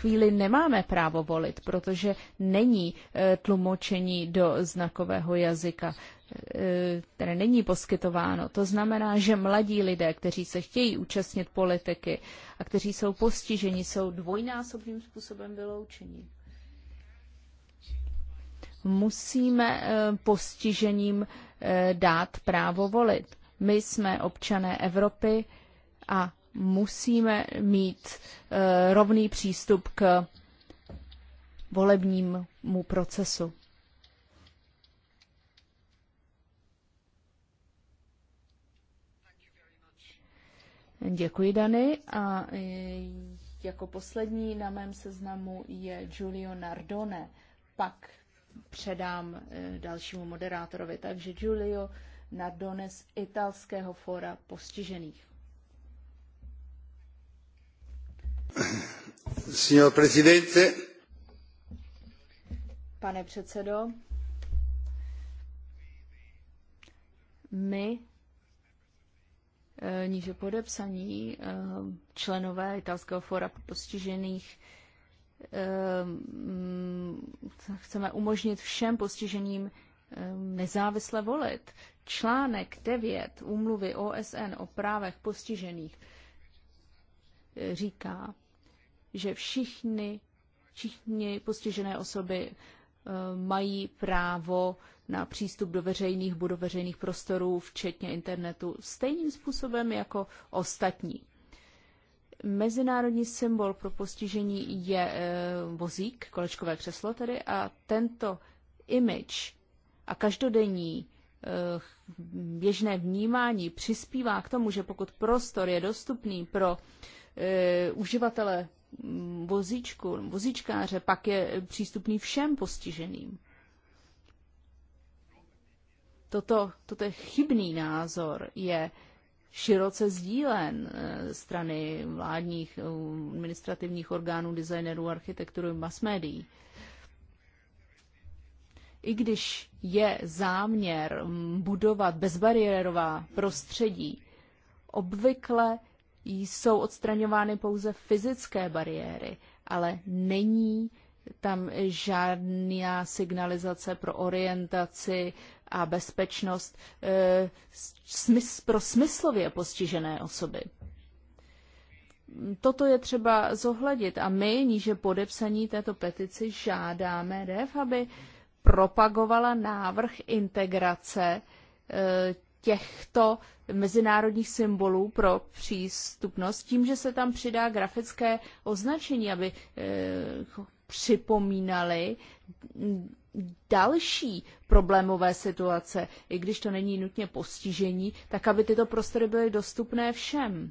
Speaker 3: chvíli nemáme právo volit, protože není e, tlumočení do znakového jazyka, e, které není poskytováno. To znamená, že mladí lidé, kteří se chtějí účastnit politiky a kteří jsou postiženi, jsou dvojnásobným způsobem vyloučeni musíme eh, postižením eh, dát právo volit. My jsme občané Evropy a musíme mít eh, rovný přístup k volebnímu procesu. Děkuji, Dany. A jako poslední na mém seznamu je Giulio Nardone. Pak předám eh, dalšímu moderátorovi. Takže Giulio Nardone z Italského fóra postižených.
Speaker 2: Signor Presidente.
Speaker 3: Pane předsedo, my eh, níže podepsaní eh, členové Italského fóra postižených Ehm, mm, chceme umožnit všem postiženým ehm, nezávisle volit. Článek 9 úmluvy OSN o právech postižených e, říká, že všichni, všichni postižené osoby e, mají právo na přístup do veřejných budov, veřejných prostorů, včetně internetu, stejným způsobem jako ostatní. Mezinárodní symbol pro postižení je e, vozík, kolečkové křeslo tedy, a tento image a každodenní e, běžné vnímání přispívá k tomu, že pokud prostor je dostupný pro e, uživatele mm, vozíčku, vozíčkáře, pak je přístupný všem postiženým. Toto, toto je chybný názor, je široce sdílen eh, strany vládních eh, administrativních orgánů, designerů, architektury, mass médií. I když je záměr mm, budovat bezbariérová prostředí, obvykle jsou odstraňovány pouze fyzické bariéry, ale není tam žádná signalizace pro orientaci, a bezpečnost e, pro smyslově postižené osoby. Toto je třeba zohledit a my, níže podepsaní této petici, žádáme REF, aby propagovala návrh integrace e, těchto mezinárodních symbolů pro přístupnost tím, že se tam přidá grafické označení, aby e, připomínali další problémové situace, i když to není nutně postižení, tak aby tyto prostory byly dostupné všem.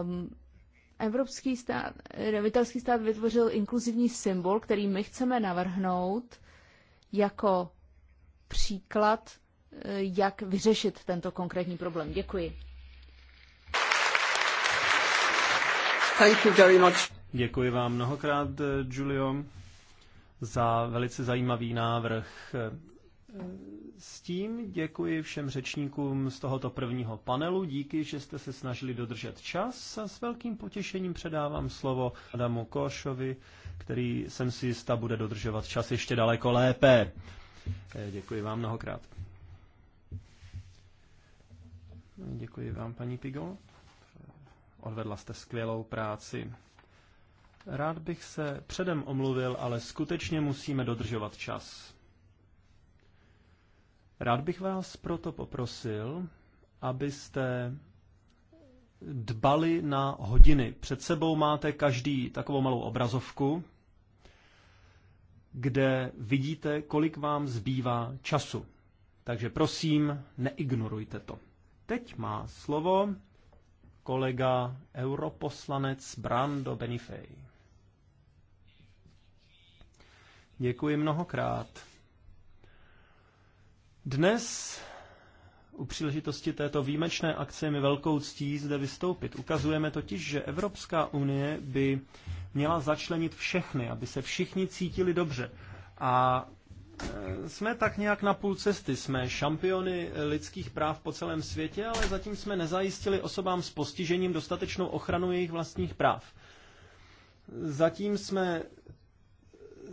Speaker 3: Um, Evropský stát, italský stát vytvořil inkluzivní symbol, který my chceme navrhnout jako příklad, eh, jak vyřešit tento konkrétní problém. Děkuji.
Speaker 1: Thank you very much. Děkuji vám mnohokrát, Julio. Eh, za velice zajímavý návrh. S tím děkuji všem řečníkům z tohoto prvního panelu. Díky, že jste se snažili dodržet čas a s velkým potěšením předávám slovo Adamu Košovi, který jsem si jistá bude dodržovat čas ještě daleko lépe. Eh, děkuji vám mnohokrát. Děkuji vám, paní Pigol. Odvedla jste skvělou práci. Rád bych se předem omluvil, ale skutečně musíme dodržovat čas. Rád bych vás proto poprosil, abyste dbali na hodiny. Před sebou máte každý takovou malou obrazovku, kde vidíte, kolik vám zbývá času. Takže prosím, neignorujte to. Teď má slovo kolega europoslanec Brando Benifej. Děkuji mnohokrát. Dnes u příležitosti této výjimečné akce je mi velkou ctí zde vystoupit. Ukazujeme totiž, že Evropská unie by měla začlenit všechny, aby se všichni cítili dobře. A e, jsme tak nějak na půl cesty. Jsme šampiony lidských práv po celém světě, ale zatím jsme nezajistili osobám s postižením dostatečnou ochranu jejich vlastních práv. Zatím jsme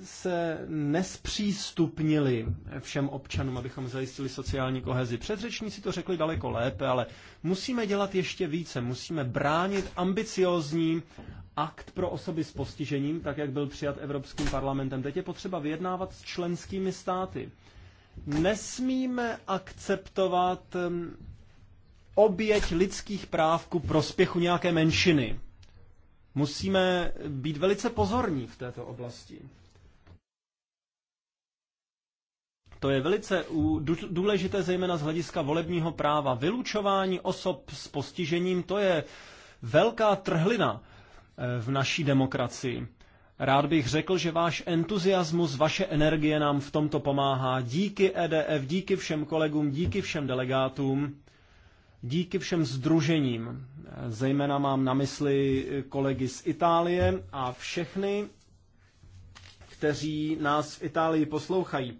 Speaker 1: se nespřístupnili všem občanům, abychom zajistili sociální kohezi. Předřečníci to řekli daleko lépe, ale musíme dělat ještě více. Musíme bránit ambiciozní akt pro osoby s postižením, tak jak byl přijat Evropským parlamentem. Teď je potřeba vyjednávat s členskými státy. Nesmíme akceptovat um, oběť lidských práv ku prospěchu nějaké menšiny. Musíme být velice pozorní v této oblasti. To je velice důležité, zejména z hlediska volebního práva. Vylučování osob s postižením, to je velká trhlina eh, v naší demokracii. Rád bych řekl, že váš entuziasmus, vaše energie nám v tomto pomáhá. Díky EDF, díky všem kolegům, díky všem delegátům, díky všem združením. Eh, zejména mám na mysli eh, kolegy z Itálie a všechny, kteří nás v Itálii poslouchají.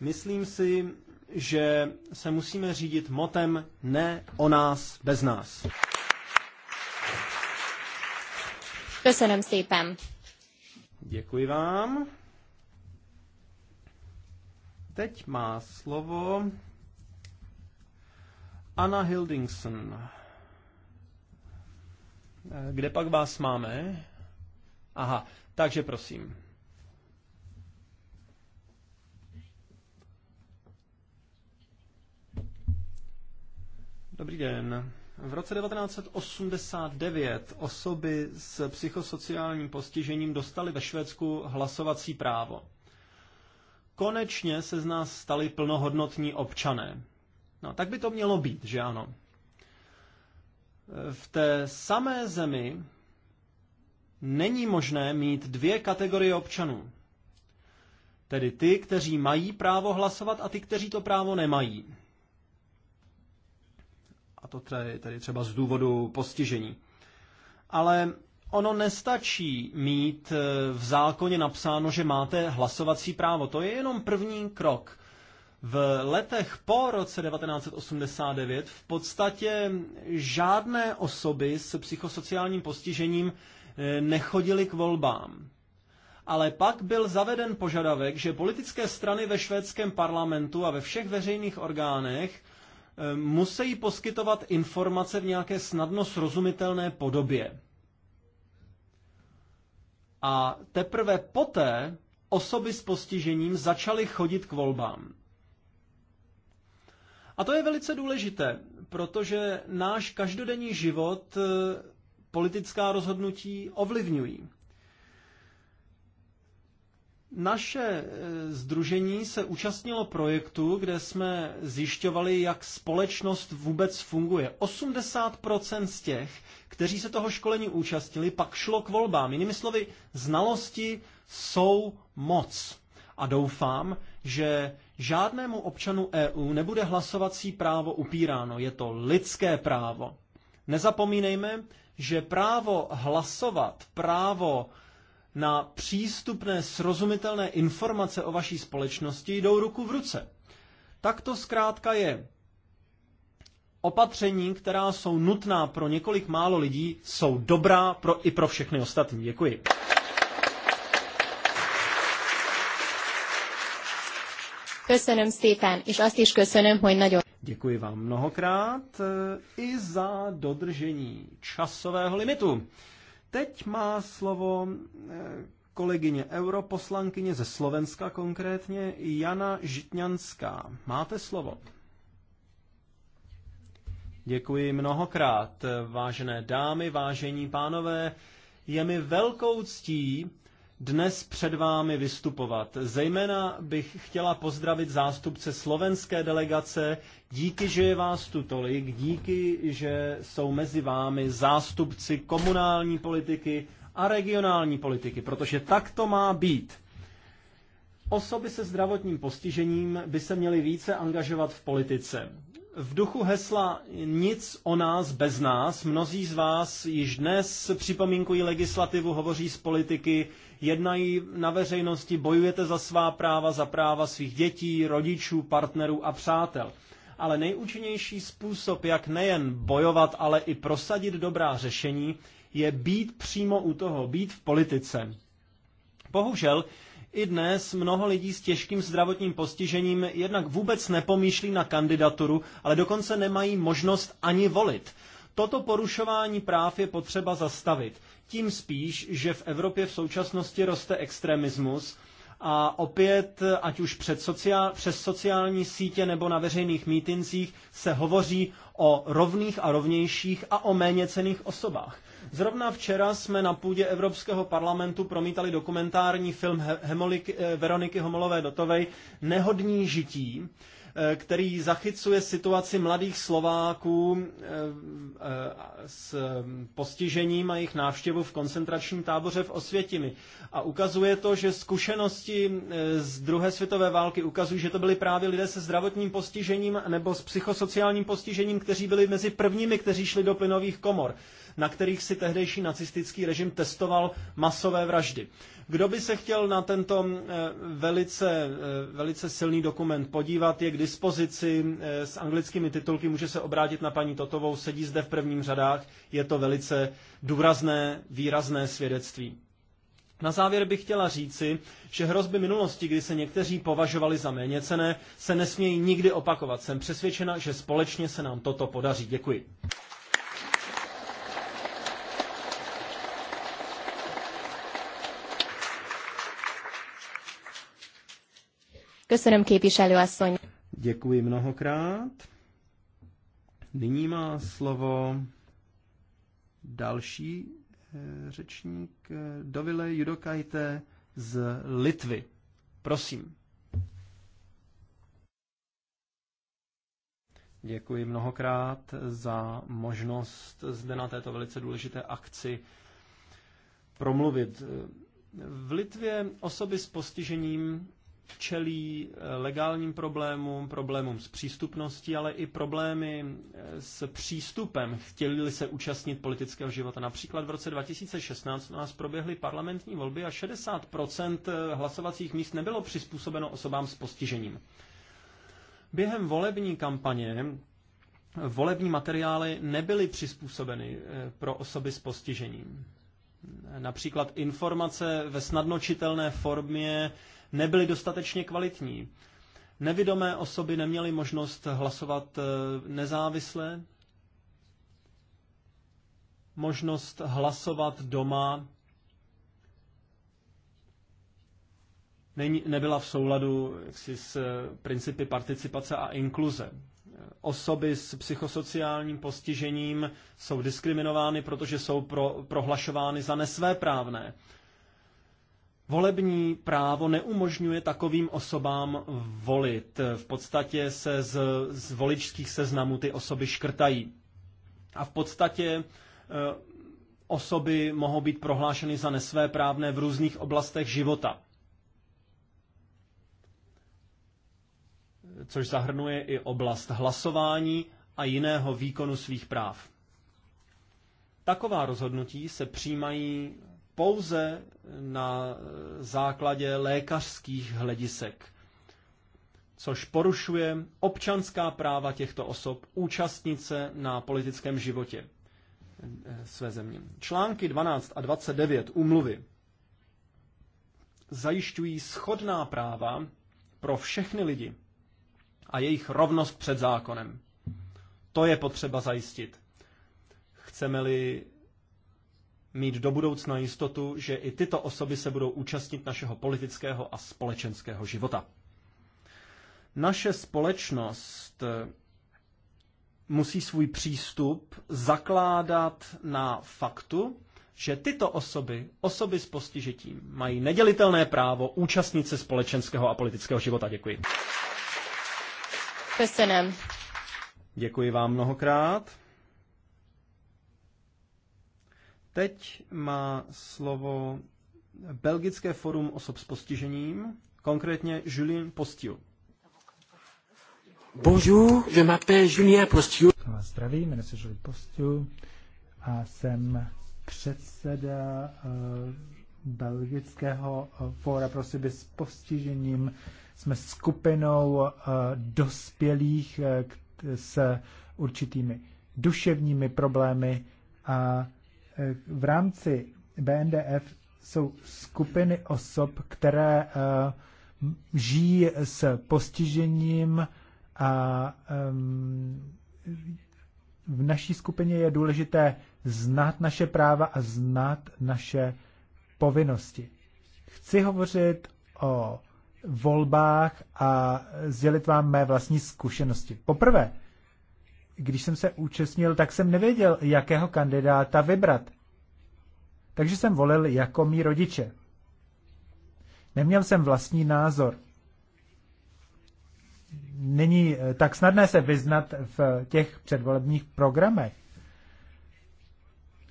Speaker 1: Myslím si, že se musíme řídit motem ne o nás bez nás. Děkuji vám. Teď má slovo Anna Hildingson. Kde pak vás máme? Aha, takže prosím. Dobrý den. V roce 1989 osoby s psychosociálním postižením dostaly ve Švédsku hlasovací právo. Konečně se z nás stali plnohodnotní občané. No, tak by to mělo být, že ano. V té samé zemi není možné mít dvě kategorie občanů. Tedy ty, kteří mají právo hlasovat a ty, kteří to právo nemají. A to tady, třeba z důvodu postižení. Ale ono nestačí mít e, v zákoně napsáno, že máte hlasovací právo. To je jenom první krok. V letech po roce 1989 v podstatě žádné osoby s psychosociálním postižením e, nechodily k volbám. Ale pak byl zaveden požadavek, že politické strany ve švédském parlamentu a ve všech veřejných orgánech Eh, musí poskytovat informace v nějaké snadno srozumitelné podobě. A teprve poté osoby s postižením začaly chodit k volbám. A to je velice důležité, protože náš každodenní život eh, politická rozhodnutí ovlivňují. Naše eh, združení se účastnilo projektu, kde jsme zjišťovali, jak společnost vůbec funguje. 80% z těch, kteří se toho školení účastnili, pak šlo k volbám. Jinými slovy, znalosti jsou moc. A doufám, že žádnému občanu EU nebude hlasovací právo upíráno. Je to lidské právo. Nezapomínejme, že právo hlasovat, právo na přístupné srozumitelné informace o vaší společnosti jdou ruku v ruce. Tak to zkrátka je. Opatření, která jsou nutná pro několik málo lidí, jsou dobrá pro, i pro všechny ostatní. Děkuji.
Speaker 3: Köszönöm szépen, és azt is köszönöm, hogy nagyon...
Speaker 1: Děkuji vám mnohokrát eh, i za dodržení časového limitu. Teď má slovo eh, kolegyně europoslankyně ze Slovenska konkrétně, Jana Žitňanská. Máte slovo. Děkuji mnohokrát, eh, vážené dámy, vážení pánové. Je mi velkou ctí dnes před vámi vystupovat. Zejména bych chtěla pozdravit zástupce slovenské delegace. Díky, že je vás tu tolik, díky, že jsou mezi vámi zástupci komunální politiky a regionální politiky, protože tak to má být. Osoby se zdravotním postižením by se měly více angažovat v politice. V duchu hesla nic o nás bez nás, mnozí z vás již dnes připomínkují legislativu, hovoří z politiky, jednají na veřejnosti, bojujete za svá práva, za práva svých dětí, rodičů, partnerů a přátel. Ale nejúčinnější způsob, jak nejen bojovat, ale i prosadit dobrá řešení, je být přímo u toho, být v politice. Bohužel, i dnes mnoho lidí s těžkým zdravotním postižením jednak vůbec nepomýšlí na kandidaturu, ale dokonce nemají možnost ani volit. Toto porušování práv je potřeba zastavit. Tím spíš, že v Evropě v současnosti roste extremismus a opět, ať už před sociál, přes sociální sítě nebo na veřejných mítincích, se hovoří o rovných a rovnějších a o méně cených osobách. Zrovna včera jsme na půdě Evropského parlamentu promítali dokumentární film Hemoliky, eh, Veroniky Homolové Dotovej Nehodní žití, eh, který zachycuje situaci mladých Slováků eh, s postižením a jejich návštěvu v koncentračním táboře v Osvětimi. A ukazuje to, že zkušenosti z druhé světové války ukazují, že to byli právě lidé se zdravotním postižením nebo s psychosociálním postižením, kteří byli mezi prvními, kteří šli do plynových komor na kterých si tehdejší nacistický režim testoval masové vraždy. Kdo by se chtěl na tento eh, velice, eh, velice silný dokument podívat, je k dispozici eh, s anglickými titulky, může se obrátit na paní Totovou, sedí zde v prvním řadách, je to velice důrazné, výrazné svědectví. Na závěr bych chtěla říci, že hrozby minulosti, kdy se někteří považovali za méněcené, se nesmějí nikdy opakovat. Jsem přesvědčena, že společně se nám toto podaří. Děkuji. Köszönöm asszony. Děkuji mnohokrát. Nyní má slovo další eh, řečník eh, Dovile Judokajte z Litvy. Prosím. Děkuji mnohokrát za možnost zde na této velice důležité akci promluvit. V Litvě osoby s postižením čelí eh, legálním problémům, problémům s přístupností, ale i problémy eh, s přístupem, chtěli se účastnit politického života. Například v roce 2016 u nás proběhly parlamentní volby a 60% eh, hlasovacích míst nebylo přizpůsobeno osobám s postižením. Během volební kampaně volební materiály nebyly přizpůsobeny pro osoby s postižením. Například informace ve snadnočitelné formě nebyly dostatečně kvalitní. Nevidomé osoby neměly možnost hlasovat eh, nezávisle, možnost hlasovat doma nebyla v souladu jaksi, s eh, principy participace a inkluze. Osoby s psychosociálním postižením jsou diskriminovány, protože jsou pro, prohlašovány za nesvéprávné. Volební právo neumožňuje takovým osobám volit. V podstatě se z, z voličských seznamů ty osoby škrtají. A v podstatě e, osoby mohou být prohlášeny za právné v různých oblastech života. Což zahrnuje i oblast hlasování a jiného výkonu svých práv. Taková rozhodnutí se přijímají pouze na základě lékařských hledisek, což porušuje občanská práva těchto osob účastnice na politickém životě své země. Články 12 a 29 úmluvy zajišťují schodná práva pro všechny lidi a jejich rovnost před zákonem. To je potřeba zajistit. Chceme-li mít do budoucna jistotu, že i tyto osoby se budou účastnit našeho politického a společenského života. Naše společnost eh, musí svůj přístup zakládat na faktu, že tyto osoby, osoby s postižitím, mají nedělitelné právo účastnit se společenského a politického života. Děkuji. Děkuji vám mnohokrát. Teď má slovo Belgické forum osob s postižením, konkrétně Julien Postil.
Speaker 2: Bonjour, je m'appelle Julien Postiu. Zdravím, jmenuji se Julien Postil a jsem předseda uh, Belgického uh, fóra pro osoby s postižením. Jsme skupinou uh, dospělých uh, s určitými duševními problémy a v rámci BNDF jsou skupiny osob, které eh, žijí s postižením a ehm, v naší skupině je důležité znát naše práva a znát naše povinnosti. Chci hovořit o volbách a sdělit vám mé vlastní zkušenosti. Poprvé, když jsem se účastnil, tak jsem nevěděl, jakého kandidáta vybrat. Takže jsem volil jako mý rodiče. Neměl jsem vlastní názor. Není eh, tak snadné se vyznat v těch předvolebních programech.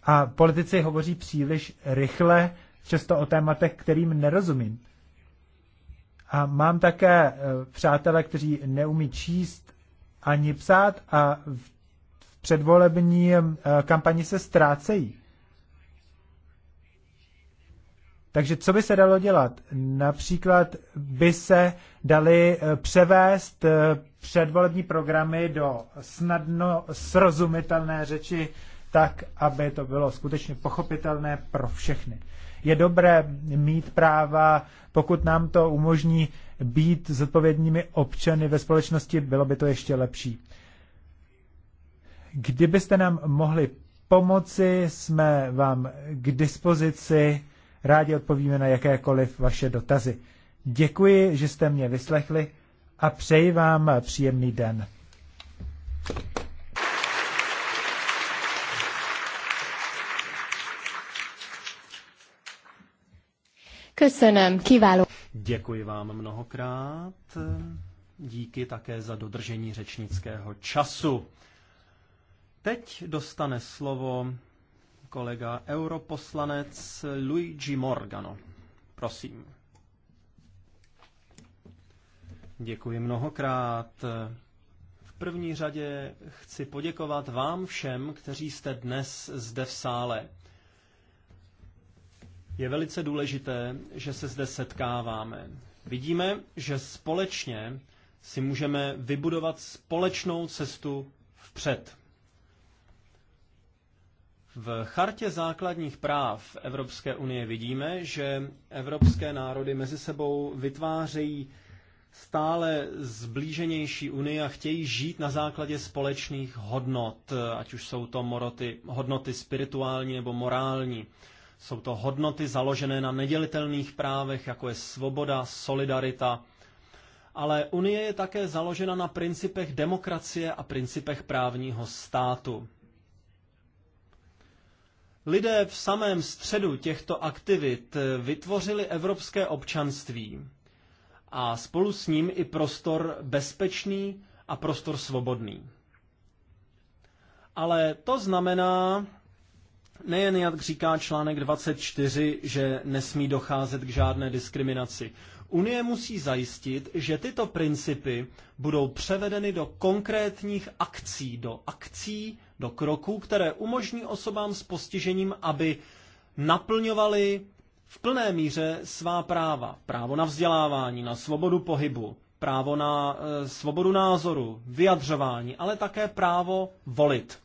Speaker 2: A politici hovoří příliš rychle, často o tématech, kterým nerozumím. A mám také eh, přátele, kteří neumí číst ani psát a v předvolební eh, kampani se ztrácejí. Takže co by se dalo dělat? Například by se dali eh, převést eh, předvolební programy do snadno srozumitelné řeči, tak, aby to bylo skutečně pochopitelné pro všechny. Je dobré mít práva, pokud nám to umožní být zodpovědními občany ve společnosti, bylo by to ještě lepší. Kdybyste nám mohli pomoci, jsme vám k dispozici. Rádi odpovíme na jakékoliv vaše dotazy. Děkuji, že jste mě vyslechli a přeji vám příjemný den.
Speaker 3: Köszönöm, kiváló.
Speaker 1: Děkuji vám mnohokrát. Díky také za dodržení řečnického času. Teď dostane slovo kolega europoslanec Luigi Morgano. Prosím. Děkuji mnohokrát. V první řadě chci poděkovat vám všem, kteří jste dnes zde v sále. Je velice důležité, že se zde setkáváme. Vidíme, že společně si můžeme vybudovat společnou cestu vpřed. V chartě základních práv Evropské unie vidíme, že evropské národy mezi sebou vytvářejí stále zblíženější unie a chtějí žít na základě společných hodnot, ať už jsou to moroty, hodnoty spirituální nebo morální. Jsou to hodnoty založené na nedělitelných právech, jako je svoboda, solidarita. Ale Unie je také založena na principech demokracie a principech právního státu. Lidé v samém středu těchto aktivit vytvořili evropské občanství a spolu s ním i prostor bezpečný a prostor svobodný. Ale to znamená, Nejen jak říká článek 24, že nesmí docházet k žádné diskriminaci. Unie musí zajistit, že tyto principy budou převedeny do konkrétních akcí, do akcí, do kroků, které umožní osobám s postižením, aby naplňovali v plné míře svá práva. Právo na vzdělávání, na svobodu pohybu, právo na e, svobodu názoru, vyjadřování, ale také právo volit.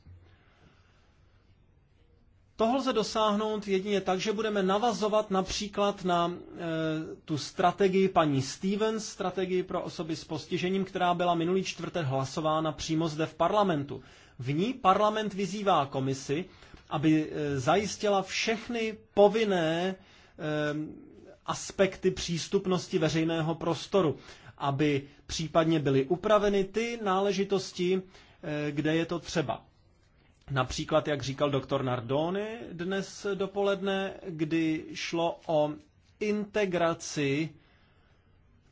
Speaker 1: Toho lze dosáhnout jedině tak, že budeme navazovat například na e, tu strategii paní Stevens, strategii pro osoby s postižením, která byla minulý čtvrtek hlasována přímo zde v parlamentu. V ní parlament vyzývá komisi, aby e, zajistila všechny povinné e, aspekty přístupnosti veřejného prostoru, aby případně byly upraveny ty náležitosti, e, kde je to třeba. Například, jak říkal doktor Nardone dnes dopoledne, kdy šlo o integraci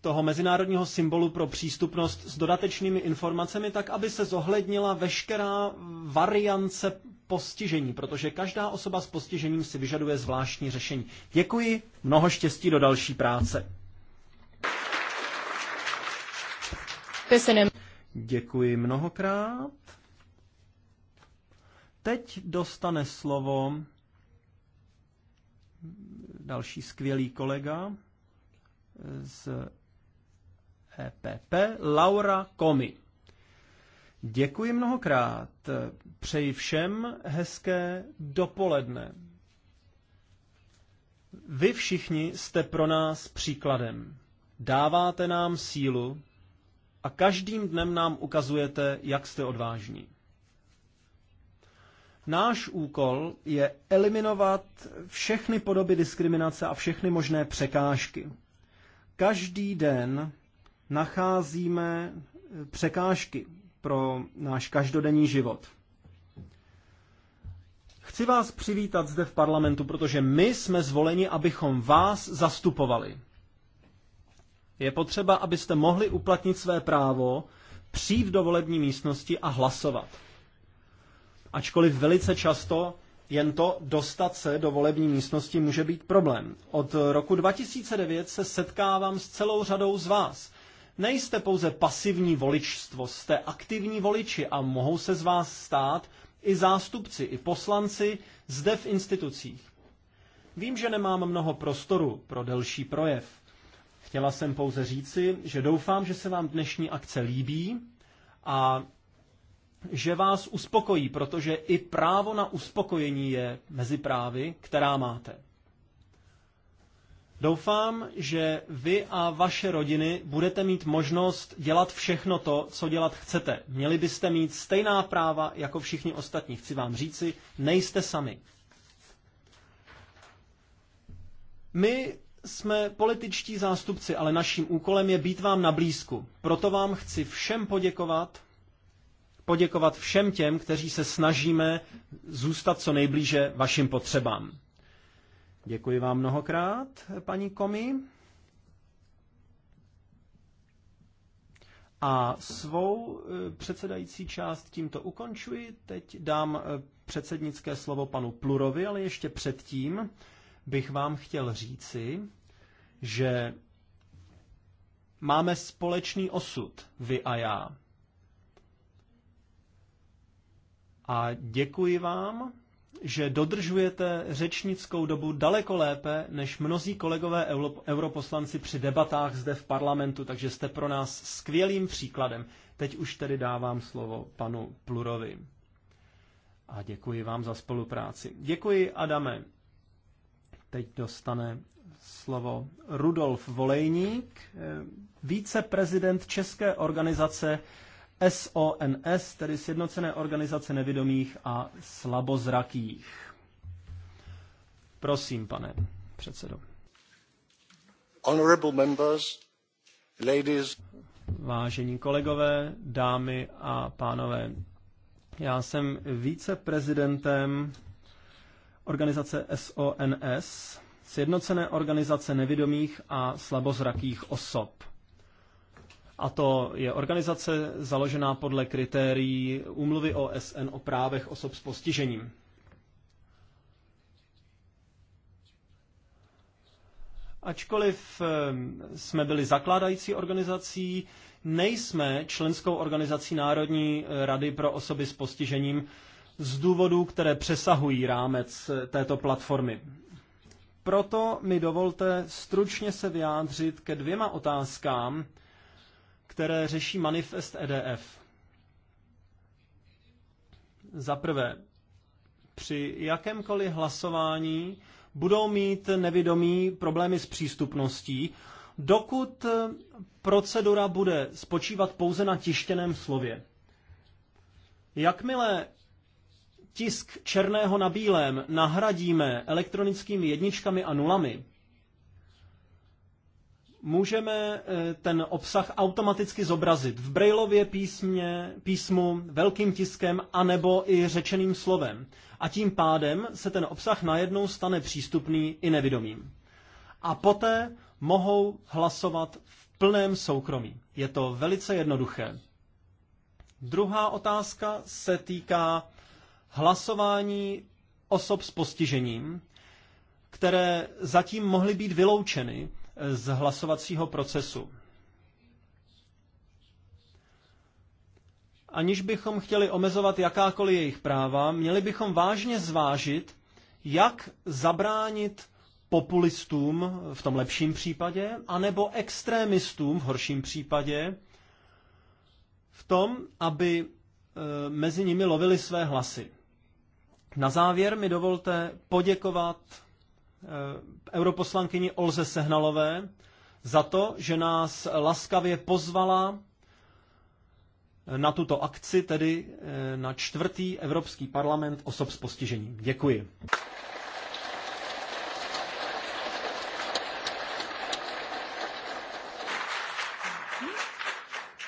Speaker 1: toho mezinárodního symbolu pro přístupnost s dodatečnými informacemi, tak aby se zohlednila veškerá variance postižení, protože každá osoba s postižením si vyžaduje zvláštní řešení. Děkuji, mnoho štěstí do další práce. Děkuji mnohokrát. Teď dostane slovo další skvělý kolega z EPP, Laura Komi. Děkuji mnohokrát. Přeji všem hezké dopoledne. Vy všichni jste pro nás příkladem. Dáváte nám sílu a každým dnem nám ukazujete, jak jste odvážní. Náš úkol je eliminovat všechny podoby diskriminace a všechny možné překážky. Každý den nacházíme eh, překážky pro náš každodenní život. Chci vás přivítat zde v parlamentu, protože my jsme zvoleni, abychom vás zastupovali. Je potřeba, abyste mohli uplatnit své právo, přijít do volební místnosti a hlasovat. Ačkoliv velice často jen to dostat se do volební místnosti může být problém. Od roku 2009 se setkávám s celou řadou z vás. Nejste pouze pasivní voličstvo, jste aktivní voliči a mohou se z vás stát i zástupci, i poslanci zde v institucích. Vím, že nemám mnoho prostoru pro delší projev. Chtěla jsem pouze říci, že doufám, že se vám dnešní akce líbí a že vás uspokojí, protože i právo na uspokojení je mezi právy, která máte. Doufám, že vy a vaše rodiny budete mít možnost dělat všechno to, co dělat chcete. Měli byste mít stejná práva jako všichni ostatní. Chci vám říci, nejste sami. My jsme političtí zástupci, ale naším úkolem je být vám na blízku. Proto vám chci všem poděkovat poděkovat všem těm, kteří se snažíme zůstat co nejblíže vašim potřebám. Děkuji vám mnohokrát, paní Komi. A svou eh, předsedající část tímto ukončuji. Teď dám eh, předsednické slovo panu Plurovi, ale ještě předtím bych vám chtěl říci, že máme společný osud, vy a já. a děkuji vám, že dodržujete řečnickou dobu daleko lépe než mnozí kolegové europoslanci při debatách zde v parlamentu, takže jste pro nás skvělým příkladem. Teď už tedy dávám slovo panu Plurovi. A děkuji vám za spolupráci. Děkuji, Adame. Teď dostane slovo Rudolf Volejník, eh, víceprezident České organizace SONS, tedy Sjednocené organizace nevidomých a slabozrakých. Prosím, pane předsedo.
Speaker 2: Honorable members, ladies.
Speaker 1: Vážení kolegové, dámy a pánové, já jsem víceprezidentem organizace SONS, Sjednocené organizace nevidomých a slabozrakých osob a to je organizace založená podle kritérií úmluvy OSN o právech osob s postižením. Ačkoliv eh, jsme byli zakládající organizací, nejsme členskou organizací Národní eh, rady pro osoby s postižením z důvodů, které přesahují rámec eh, této platformy. Proto mi dovolte stručně se vyjádřit ke dvěma otázkám, které řeší manifest EDF. Za prvé, při jakémkoliv hlasování budou mít nevědomí problémy s přístupností, dokud procedura bude spočívat pouze na tištěném slově. Jakmile tisk černého na bílém nahradíme elektronickými jedničkami a nulami, můžeme eh, ten obsah automaticky zobrazit v brailově písmě, písmu, velkým tiskem anebo i řečeným slovem. A tím pádem se ten obsah najednou stane přístupný i nevidomým. A poté mohou hlasovat v plném soukromí. Je to velice jednoduché. Druhá otázka se týká hlasování osob s postižením, které zatím mohly být vyloučeny z hlasovacího procesu. Aniž bychom chtěli omezovat jakákoliv jejich práva, měli bychom vážně zvážit, jak zabránit populistům v tom lepším případě, anebo extrémistům v horším případě, v tom, aby e, mezi nimi lovili své hlasy. Na závěr mi dovolte poděkovat Eh, europoslankyni Olze Sehnalové za to, že nás laskavě pozvala na tuto akci, tedy eh, na čtvrtý Evropský parlament osob s postižením. Děkuji.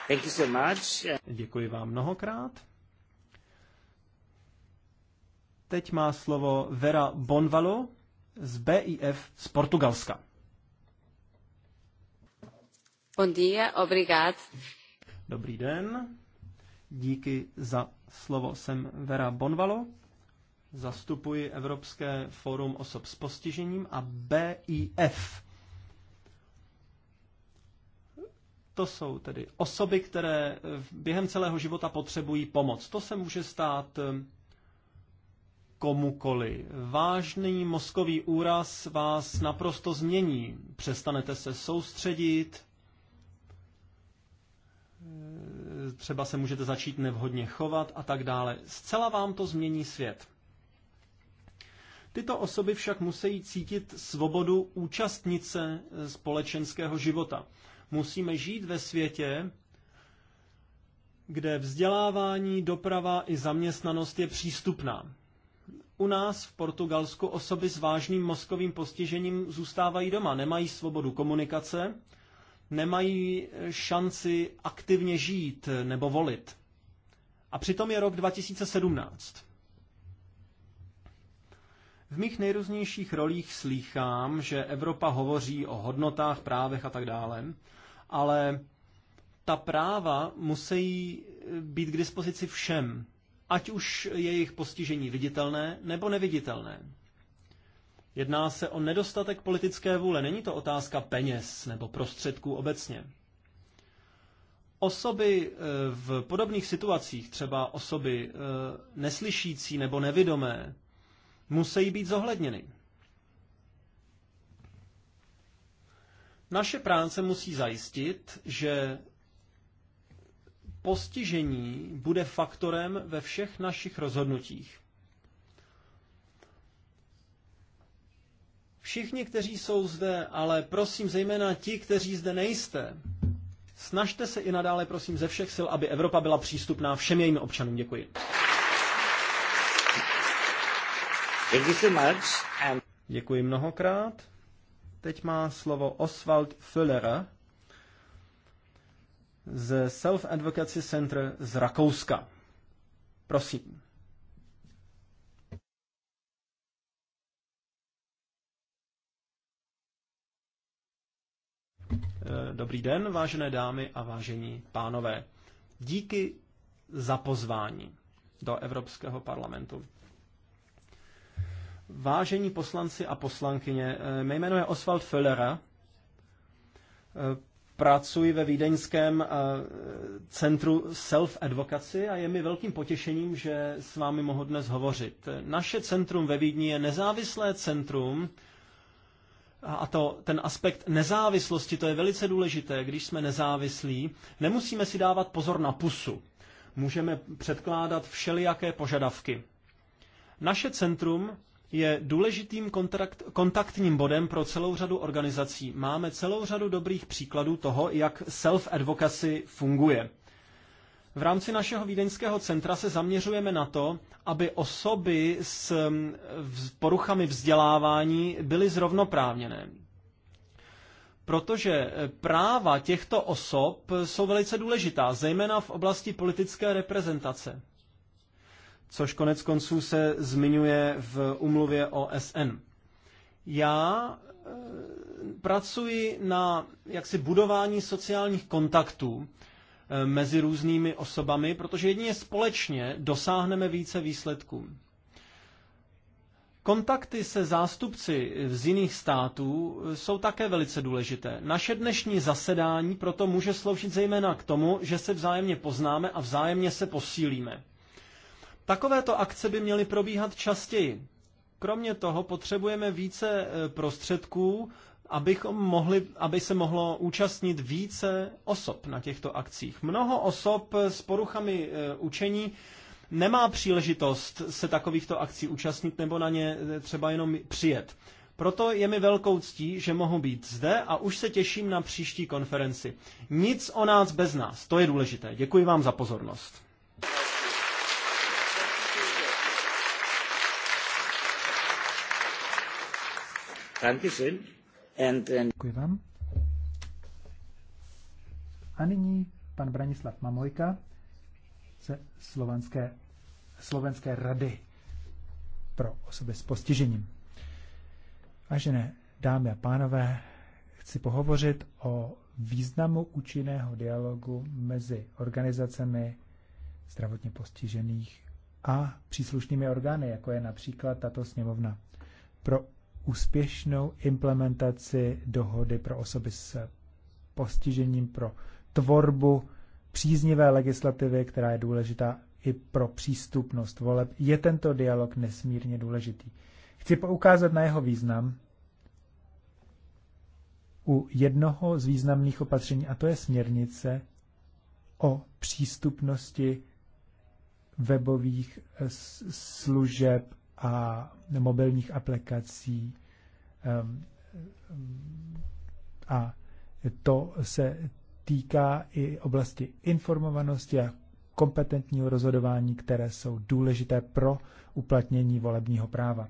Speaker 1: Thank you so much. Děkuji vám mnohokrát. Teď má slovo Vera Bonvalo, z BIF z Portugalska.
Speaker 3: Bom dia, obrigado.
Speaker 1: Dobrý den. Díky za slovo. Jsem Vera Bonvalo. Zastupuji Evropské fórum osob s postižením a BIF. To jsou tedy osoby, které během celého života potřebují pomoc. To se může stát komukoli. Vážný mozkový úraz vás naprosto změní. Přestanete se soustředit, třeba se můžete začít nevhodně chovat a tak dále. Zcela vám to změní svět. Tyto osoby však musí cítit svobodu účastnice společenského života. Musíme žít ve světě, kde vzdělávání, doprava i zaměstnanost je přístupná u nás v Portugalsku osoby s vážným mozkovým postižením zůstávají doma, nemají svobodu komunikace, nemají eh, šanci aktivně žít eh, nebo volit. A přitom je rok 2017. V mých nejrůznějších rolích slýchám, že Evropa hovoří o hodnotách, právech a tak dále, ale ta práva musí eh, být k dispozici všem ať už je jejich postižení viditelné nebo neviditelné. Jedná se o nedostatek politické vůle, není to otázka peněz nebo prostředků obecně. Osoby e, v podobných situacích, třeba osoby e, neslyšící nebo nevidomé, musí být zohledněny. Naše práce musí zajistit, že postižení bude faktorem ve všech našich rozhodnutích. Všichni, kteří jsou zde, ale prosím zejména ti, kteří zde nejste, snažte se i nadále, prosím, ze všech sil, aby Evropa byla přístupná všem jejím občanům. Děkuji. Děkuji mnohokrát. Teď má slovo Oswald Füller ze Self Advocacy Center z Rakouska. Prosím. Eh, dobrý den, vážené dámy a vážení pánové. Díky za pozvání do Evropského parlamentu. Vážení poslanci a poslankyně, eh, mé jméno je Oswald Föllera. Eh, Pracuji ve vídeňském eh, centru self-advocacy a je mi velkým potěšením, že s vámi mohu dnes hovořit. Naše centrum ve Vídni je nezávislé centrum, a to ten aspekt nezávislosti, to je velice důležité, když jsme nezávislí, nemusíme si dávat pozor na pusu. Můžeme předkládat všelijaké požadavky. Naše centrum je důležitým kontrakt, kontaktním bodem pro celou řadu organizací. Máme celou řadu dobrých příkladů toho, jak self-advocacy funguje. V rámci našeho vídeňského centra se zaměřujeme na to, aby osoby s poruchami vzdělávání byly zrovnoprávněné. Protože eh, práva těchto osob jsou velice důležitá, zejména v oblasti politické reprezentace což konec konců se zmiňuje v umluvě OSN. Já eh, pracuji na jaksi budování sociálních kontaktů eh, mezi různými osobami, protože jedině společně dosáhneme více výsledků. Kontakty se zástupci z jiných států eh, jsou také velice důležité. Naše dnešní zasedání proto může sloužit zejména k tomu, že se vzájemně poznáme a vzájemně se posílíme. Takovéto akce by měly probíhat častěji. Kromě toho potřebujeme více e, prostředků, abychom mohli, aby se mohlo účastnit více osob na těchto akcích. Mnoho osob e, s poruchami e, učení nemá příležitost se takovýchto akcí účastnit nebo na ně třeba jenom přijet. Proto je mi velkou ctí, že mohu být zde a už se těším na příští konferenci. Nic o nás bez nás, to je důležité. Děkuji vám za pozornost.
Speaker 2: Děkuji vám. A nyní pan Branislav Mamojka ze Slovenské, Slovenské rady pro osoby s postižením. Vážené dámy a pánové, chci pohovořit o významu účinného dialogu mezi organizacemi zdravotně postižených a příslušnými orgány, jako je například tato sněmovna. Pro úspěšnou implementaci dohody pro osoby s postižením pro tvorbu příznivé legislativy, která je důležitá i pro přístupnost voleb, je tento dialog nesmírně důležitý. Chci poukázat na jeho význam u jednoho z významných opatření, a to je směrnice o přístupnosti webových služeb a mobilních aplikací. A to se týká i oblasti informovanosti a kompetentního rozhodování, které jsou důležité pro uplatnění volebního práva.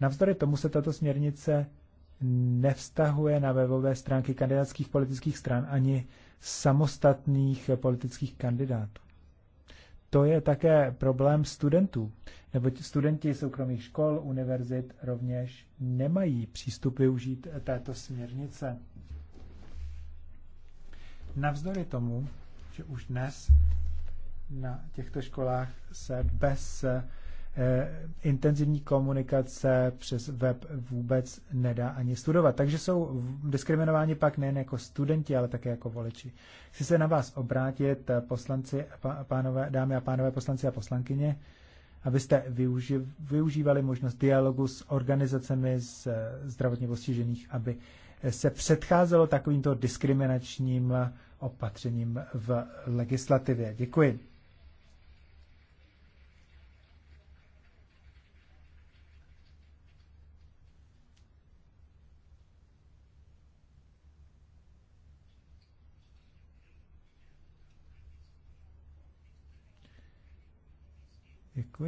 Speaker 2: Navzdory tomu se tato směrnice nevztahuje na webové stránky kandidátských politických stran ani samostatných politických kandidátů to je také problém studentů, neboť studenti soukromých škol, univerzit rovněž nemají přístup využít této směrnice. Navzdory tomu, že už dnes na těchto školách se bez Eh, intenzivní komunikace přes web vůbec nedá ani studovat. Takže jsou diskriminováni pak nejen jako studenti, ale také jako voliči. Chci se na vás obrátit, eh, poslanci, pánové, dámy a pánové, poslanci a poslankyně, abyste využívali možnost dialogu s organizacemi z eh, zdravotně postižených, aby se předcházelo takovýmto diskriminačním opatřením v legislativě. Děkuji.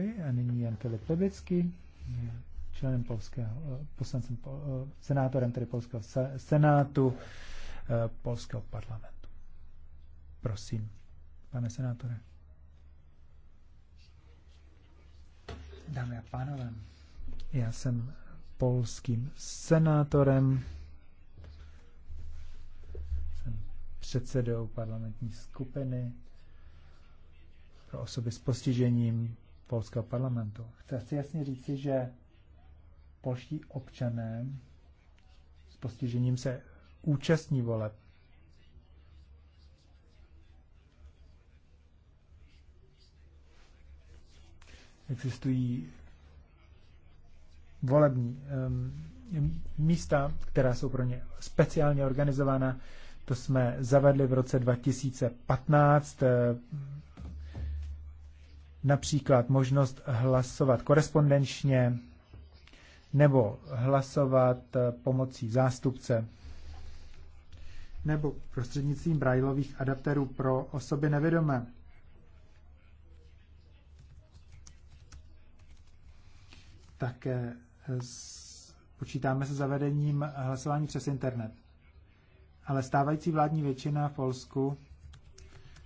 Speaker 2: Děkuji. A nyní Jan Filip Lebický, členem polského, eh, poslancem, eh, senátorem tedy polského senátu, eh, polského parlamentu. Prosím, pane senátore. Dámy a pánové, já jsem polským senátorem, jsem předsedou parlamentní skupiny pro osoby s postižením polského parlamentu. Chci jasně říci, že polští občané s postižením se účastní voleb. Existují volební um, místa, která jsou pro ně speciálně organizována. To jsme zavedli v roce 2015 například možnost hlasovat korespondenčně nebo hlasovat eh, pomocí zástupce nebo prostřednictvím brajlových adapterů pro osoby nevědomé. Také eh, počítáme se zavedením hlasování přes internet. Ale stávající vládní většina v Polsku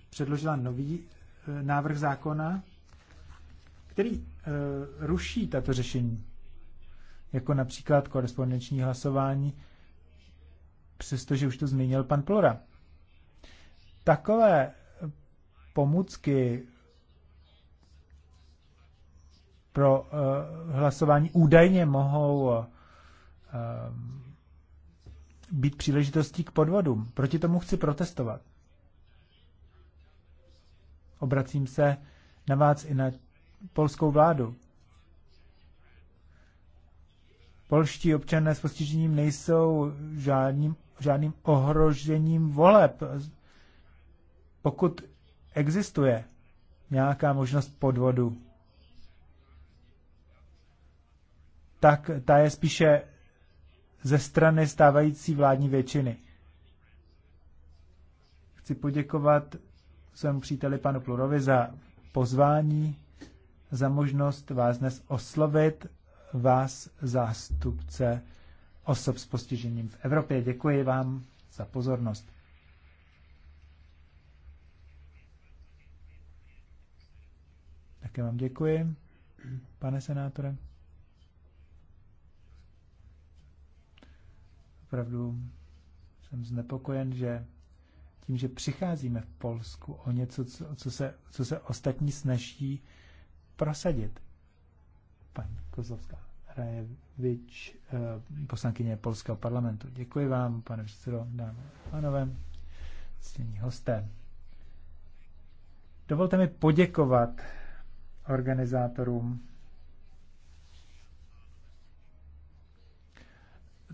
Speaker 2: předložila nový eh, návrh zákona, který uh, ruší tato řešení, jako například korespondenční hlasování, přestože už to zmínil pan Plora. Takové pomůcky pro uh, hlasování údajně mohou uh, být příležitostí k podvodům. Proti tomu chci protestovat. Obracím se na vás i na polskou vládu. Polští občané s postižením nejsou žádným, žádným ohrožením voleb. Pokud existuje nějaká možnost podvodu, tak ta je spíše ze strany stávající vládní většiny. Chci poděkovat svému příteli panu Plurovi za pozvání za možnost vás dnes oslovit, vás zástupce osob s postižením v Evropě. Děkuji vám za pozornost. Také vám děkuji, pane senátore. Opravdu jsem znepokojen, že tím, že přicházíme v Polsku o něco, co, co, se, co se ostatní snaží prosadit. Paní Kozlovská Hrajevič, eh, poslankyně Polského parlamentu. Děkuji vám, pane předsedo, dámy a pánové, ctění hosté. Dovolte mi poděkovat organizátorům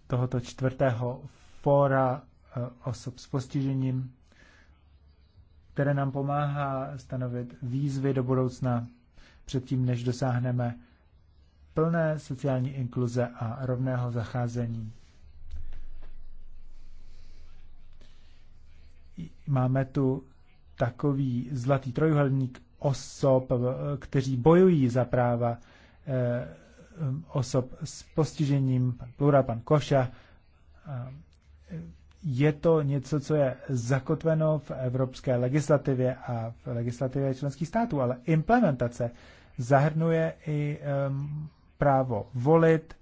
Speaker 2: tohoto čtvrtého fóra eh, osob s postižením, které nám pomáhá stanovit výzvy do budoucna předtím, než dosáhneme plné sociální inkluze a rovného zacházení. Máme tu takový zlatý trojuhelník osob, kteří bojují za práva eh, osob s postižením, plura pan Koša, je to něco, co je zakotveno v evropské legislativě a v legislativě členských států, ale implementace zahrnuje i um, právo volit,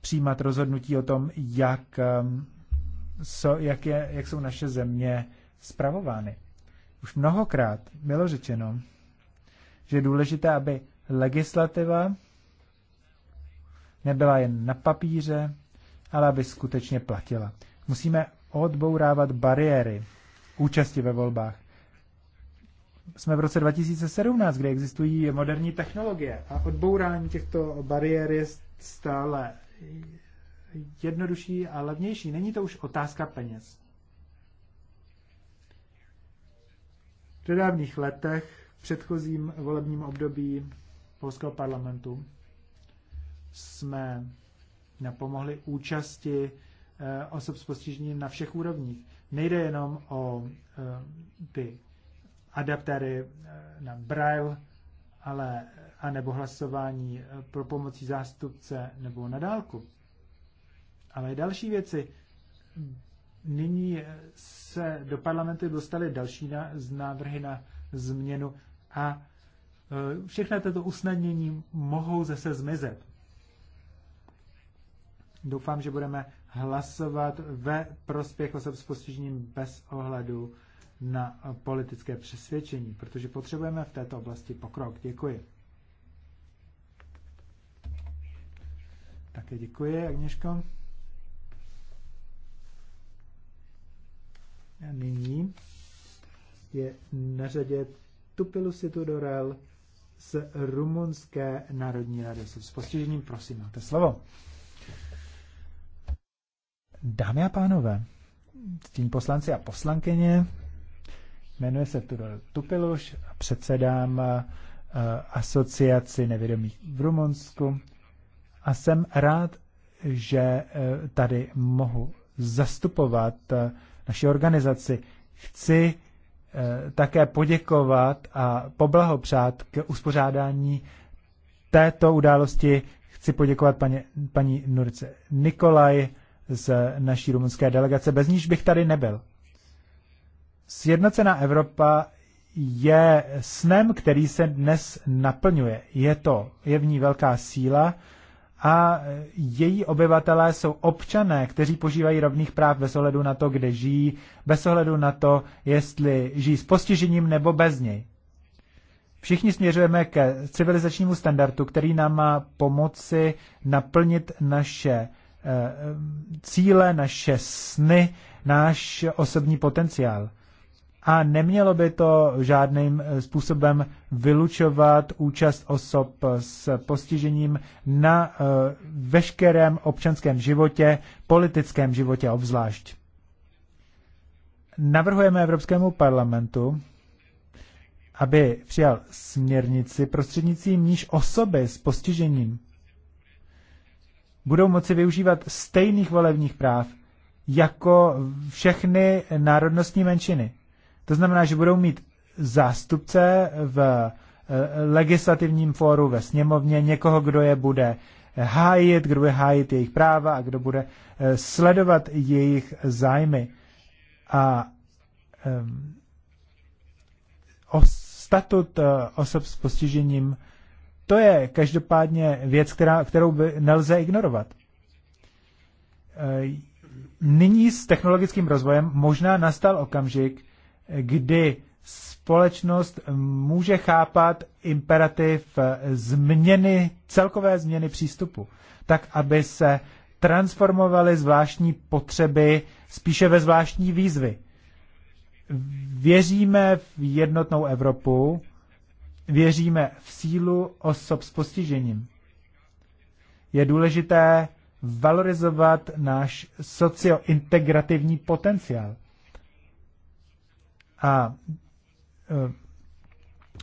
Speaker 2: přijímat rozhodnutí o tom, jak, um, so, jak, je, jak jsou naše země spravovány. Už mnohokrát bylo řečeno, že je důležité, aby legislativa nebyla jen na papíře, ale aby skutečně platila. Musíme odbourávat bariéry účasti ve volbách. Jsme v roce 2017, kde existují moderní technologie a odbourání těchto bariér je stále jednodušší a levnější. Není to už otázka peněz. V nedávných letech, v předchozím volebním období polského parlamentu, jsme napomohli účasti Eh, osob s postižením na všech úrovních. Nejde jenom o eh, ty adaptéry eh, na braille, ale a nebo hlasování pro pomocí zástupce nebo na dálku. Ale další věci. Nyní se do parlamentu dostaly další na, z návrhy na změnu a všechna tato usnadnění mohou zase zmizet. Doufám, že budeme hlasovat ve prospěch osob s postižením bez ohledu na politické přesvědčení, protože potřebujeme v této oblasti pokrok. Děkuji. Také děkuji, Agněško. A nyní je na řadě Tupilu Situdorel z Rumunské národní rady. S postižením, prosím, máte slovo. Dámy a pánové, ctění poslanci a poslankyně, jmenuje se Tudor Tupiluš a předsedám eh, asociaci nevědomých v Rumunsku a jsem rád, že eh, tady mohu zastupovat eh, naši organizaci. Chci také poděkovat a poblahopřát k uspořádání této události. Chci poděkovat paní paní Nurce Nikolaj, z naší rumunské delegace, bez níž bych tady nebyl. Sjednocená Evropa je snem, který se dnes naplňuje. Je to, je v ní velká síla a její obyvatelé jsou občané, kteří požívají rovných práv bez ohledu na to, kde žijí, bez ohledu na to, jestli žijí s postižením nebo bez něj. Všichni směřujeme ke civilizačnímu standardu, který nám má pomoci naplnit naše Eh, cíle, naše sny, náš osobní potenciál. A nemělo by to žádným eh, způsobem vylučovat účast osob s postižením na eh, veškerém občanském životě, politickém životě obzvlášť. Navrhujeme Evropskému parlamentu, aby přijal směrnici prostřednicím níž osoby s postižením budou moci využívat stejných volebních práv jako všechny národnostní menšiny. To znamená, že budou mít zástupce v eh, legislativním fóru ve sněmovně, někoho, kdo je bude hájit, kdo bude hájit jejich práva a kdo bude eh, sledovat jejich zájmy. A um, o statut eh, osob s postižením to je každopádně věc, která, kterou by nelze ignorovat. E, nyní s technologickým rozvojem možná nastal okamžik, kdy společnost může chápat imperativ změny, celkové změny přístupu, tak aby se transformovaly zvláštní potřeby spíše ve zvláštní výzvy. Věříme v jednotnou Evropu, Věříme v sílu osob s postižením. Je důležité valorizovat náš sociointegrativní potenciál. A e,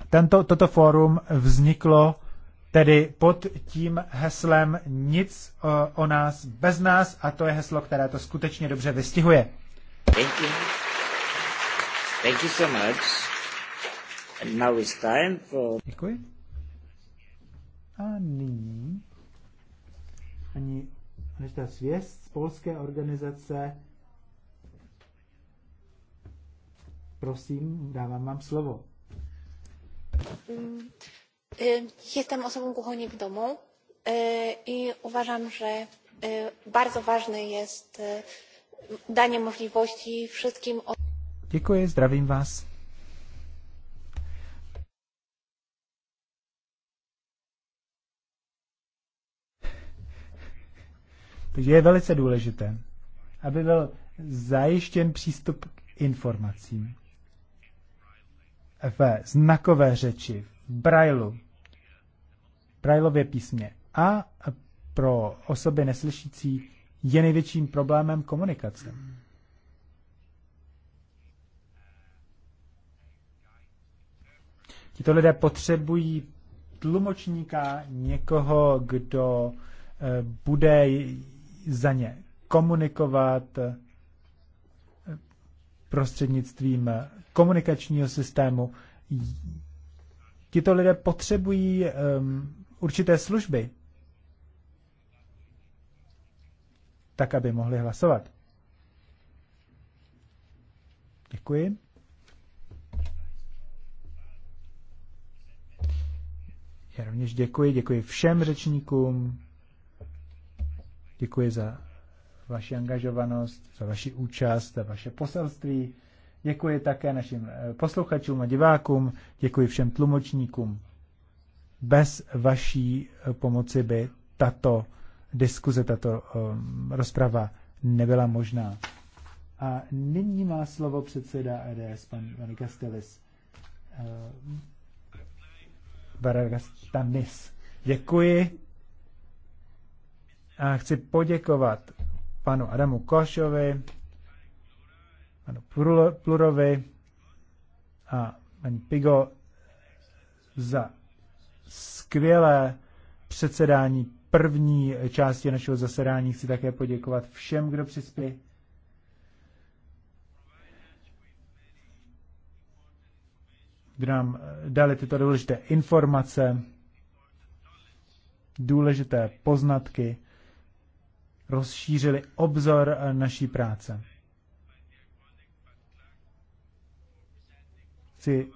Speaker 2: tento, toto fórum vzniklo tedy pod tím heslem Nic o, e, o nás bez nás a to je heslo, které to skutečně dobře vystihuje. Thank you. Thank you so much now it's time for... Děkuji. A nyní ani než ta svěst z polské organizace. Prosím, dávám vám slovo.
Speaker 3: Mm, jestem osobą domu e, i uważam, że e, bardzo ważne jest e, danie możliwości wszystkim.
Speaker 2: Dziękuję, zdrawiam Was. Takže je velice důležité, aby byl zajištěn přístup k informacím V znakové řeči, v brailu, brailově písmě. A pro osoby neslyšící je největším problémem komunikace. Tito lidé potřebují tlumočníka, někoho, kdo eh, bude za ně komunikovat eh, prostřednictvím eh, komunikačního systému. Tito lidé potřebují um, určité služby, tak aby mohli hlasovat. Děkuji. Já rovněž děkuji, děkuji všem řečníkům. Děkuji za vaši angažovanost, za vaši účast, za vaše poselství. Děkuji také našim eh, posluchačům a divákům, děkuji všem tlumočníkům. Bez vaší eh, pomoci by tato diskuze, tato um, rozprava nebyla možná. A nyní má slovo předseda EDS, pan Veronika Stelis. Uh, ehm, Veronika Děkuji. A chci poděkovat panu Adamu Košovi, panu Plurovi a paní Pigo za skvělé předsedání první části našeho zasedání. Chci také poděkovat všem, kdo přispěl. kdo nám eh, dali tyto důležité informace, důležité poznatky rozšířili obzor eh, naší práce. Chci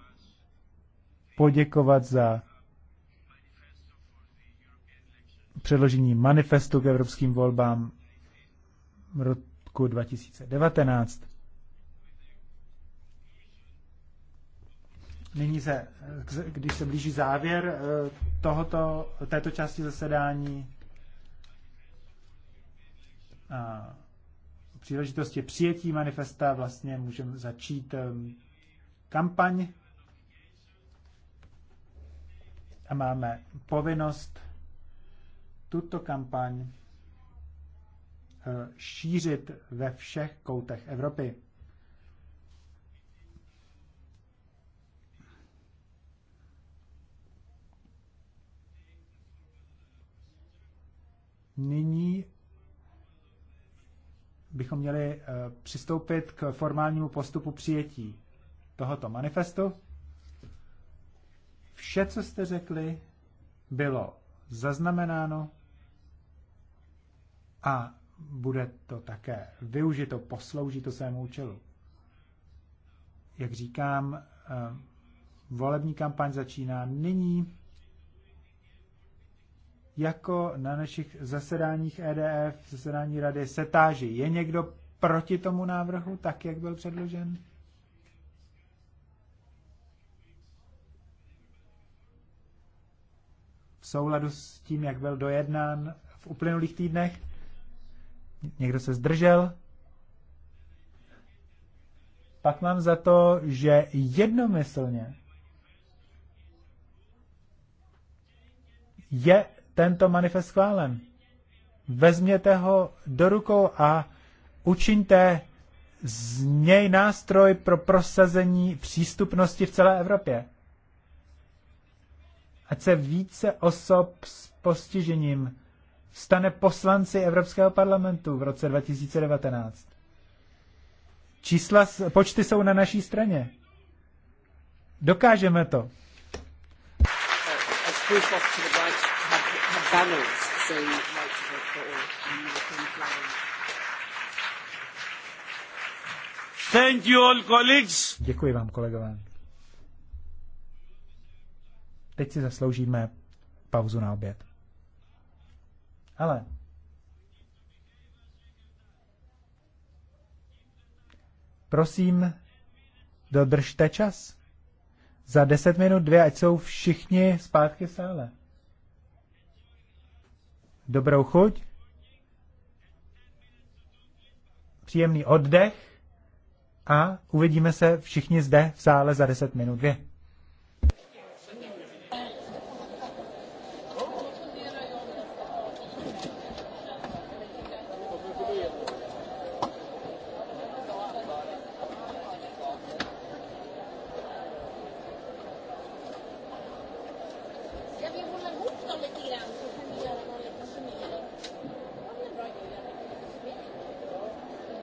Speaker 2: poděkovat za předložení manifestu k evropským volbám roku 2019. Nyní se, když se blíží závěr eh, tohoto, této části zasedání, a příležitosti přijetí manifesta vlastně můžeme začít kampaň a máme povinnost tuto kampaň eh, šířit ve všech koutech Evropy. Nyní bychom měli eh, přistoupit k formálnímu postupu přijetí tohoto manifestu. Vše, co jste řekli, bylo zaznamenáno a bude to také využito, poslouží to svému účelu. Jak říkám, eh, volební kampaň začíná nyní jako na našich zasedáních EDF, zasedání rady setáži. Je někdo proti tomu návrhu, tak jak byl předložen? V souladu s tím, jak byl dojednán v uplynulých týdnech? Někdo se zdržel? Pak mám za to, že jednomyslně je tento manifest schválen. Vezměte ho do rukou a učiňte z něj nástroj pro prosazení přístupnosti v celé Evropě. Ať se více osob s postižením stane poslanci Evropského parlamentu v roce 2019. Čísla, počty jsou na naší straně. Dokážeme to.
Speaker 1: Uh, so you might all European
Speaker 2: Thank you all colleagues. Děkuji vám, kolegové. Teď si zasloužíme pauzu na oběd. Ale prosím, dodržte čas. Za deset minut dvě, ať jsou všichni zpátky v sále dobrou chuť, příjemný oddech a uvidíme se všichni zde v sále za 10 minut Dvě.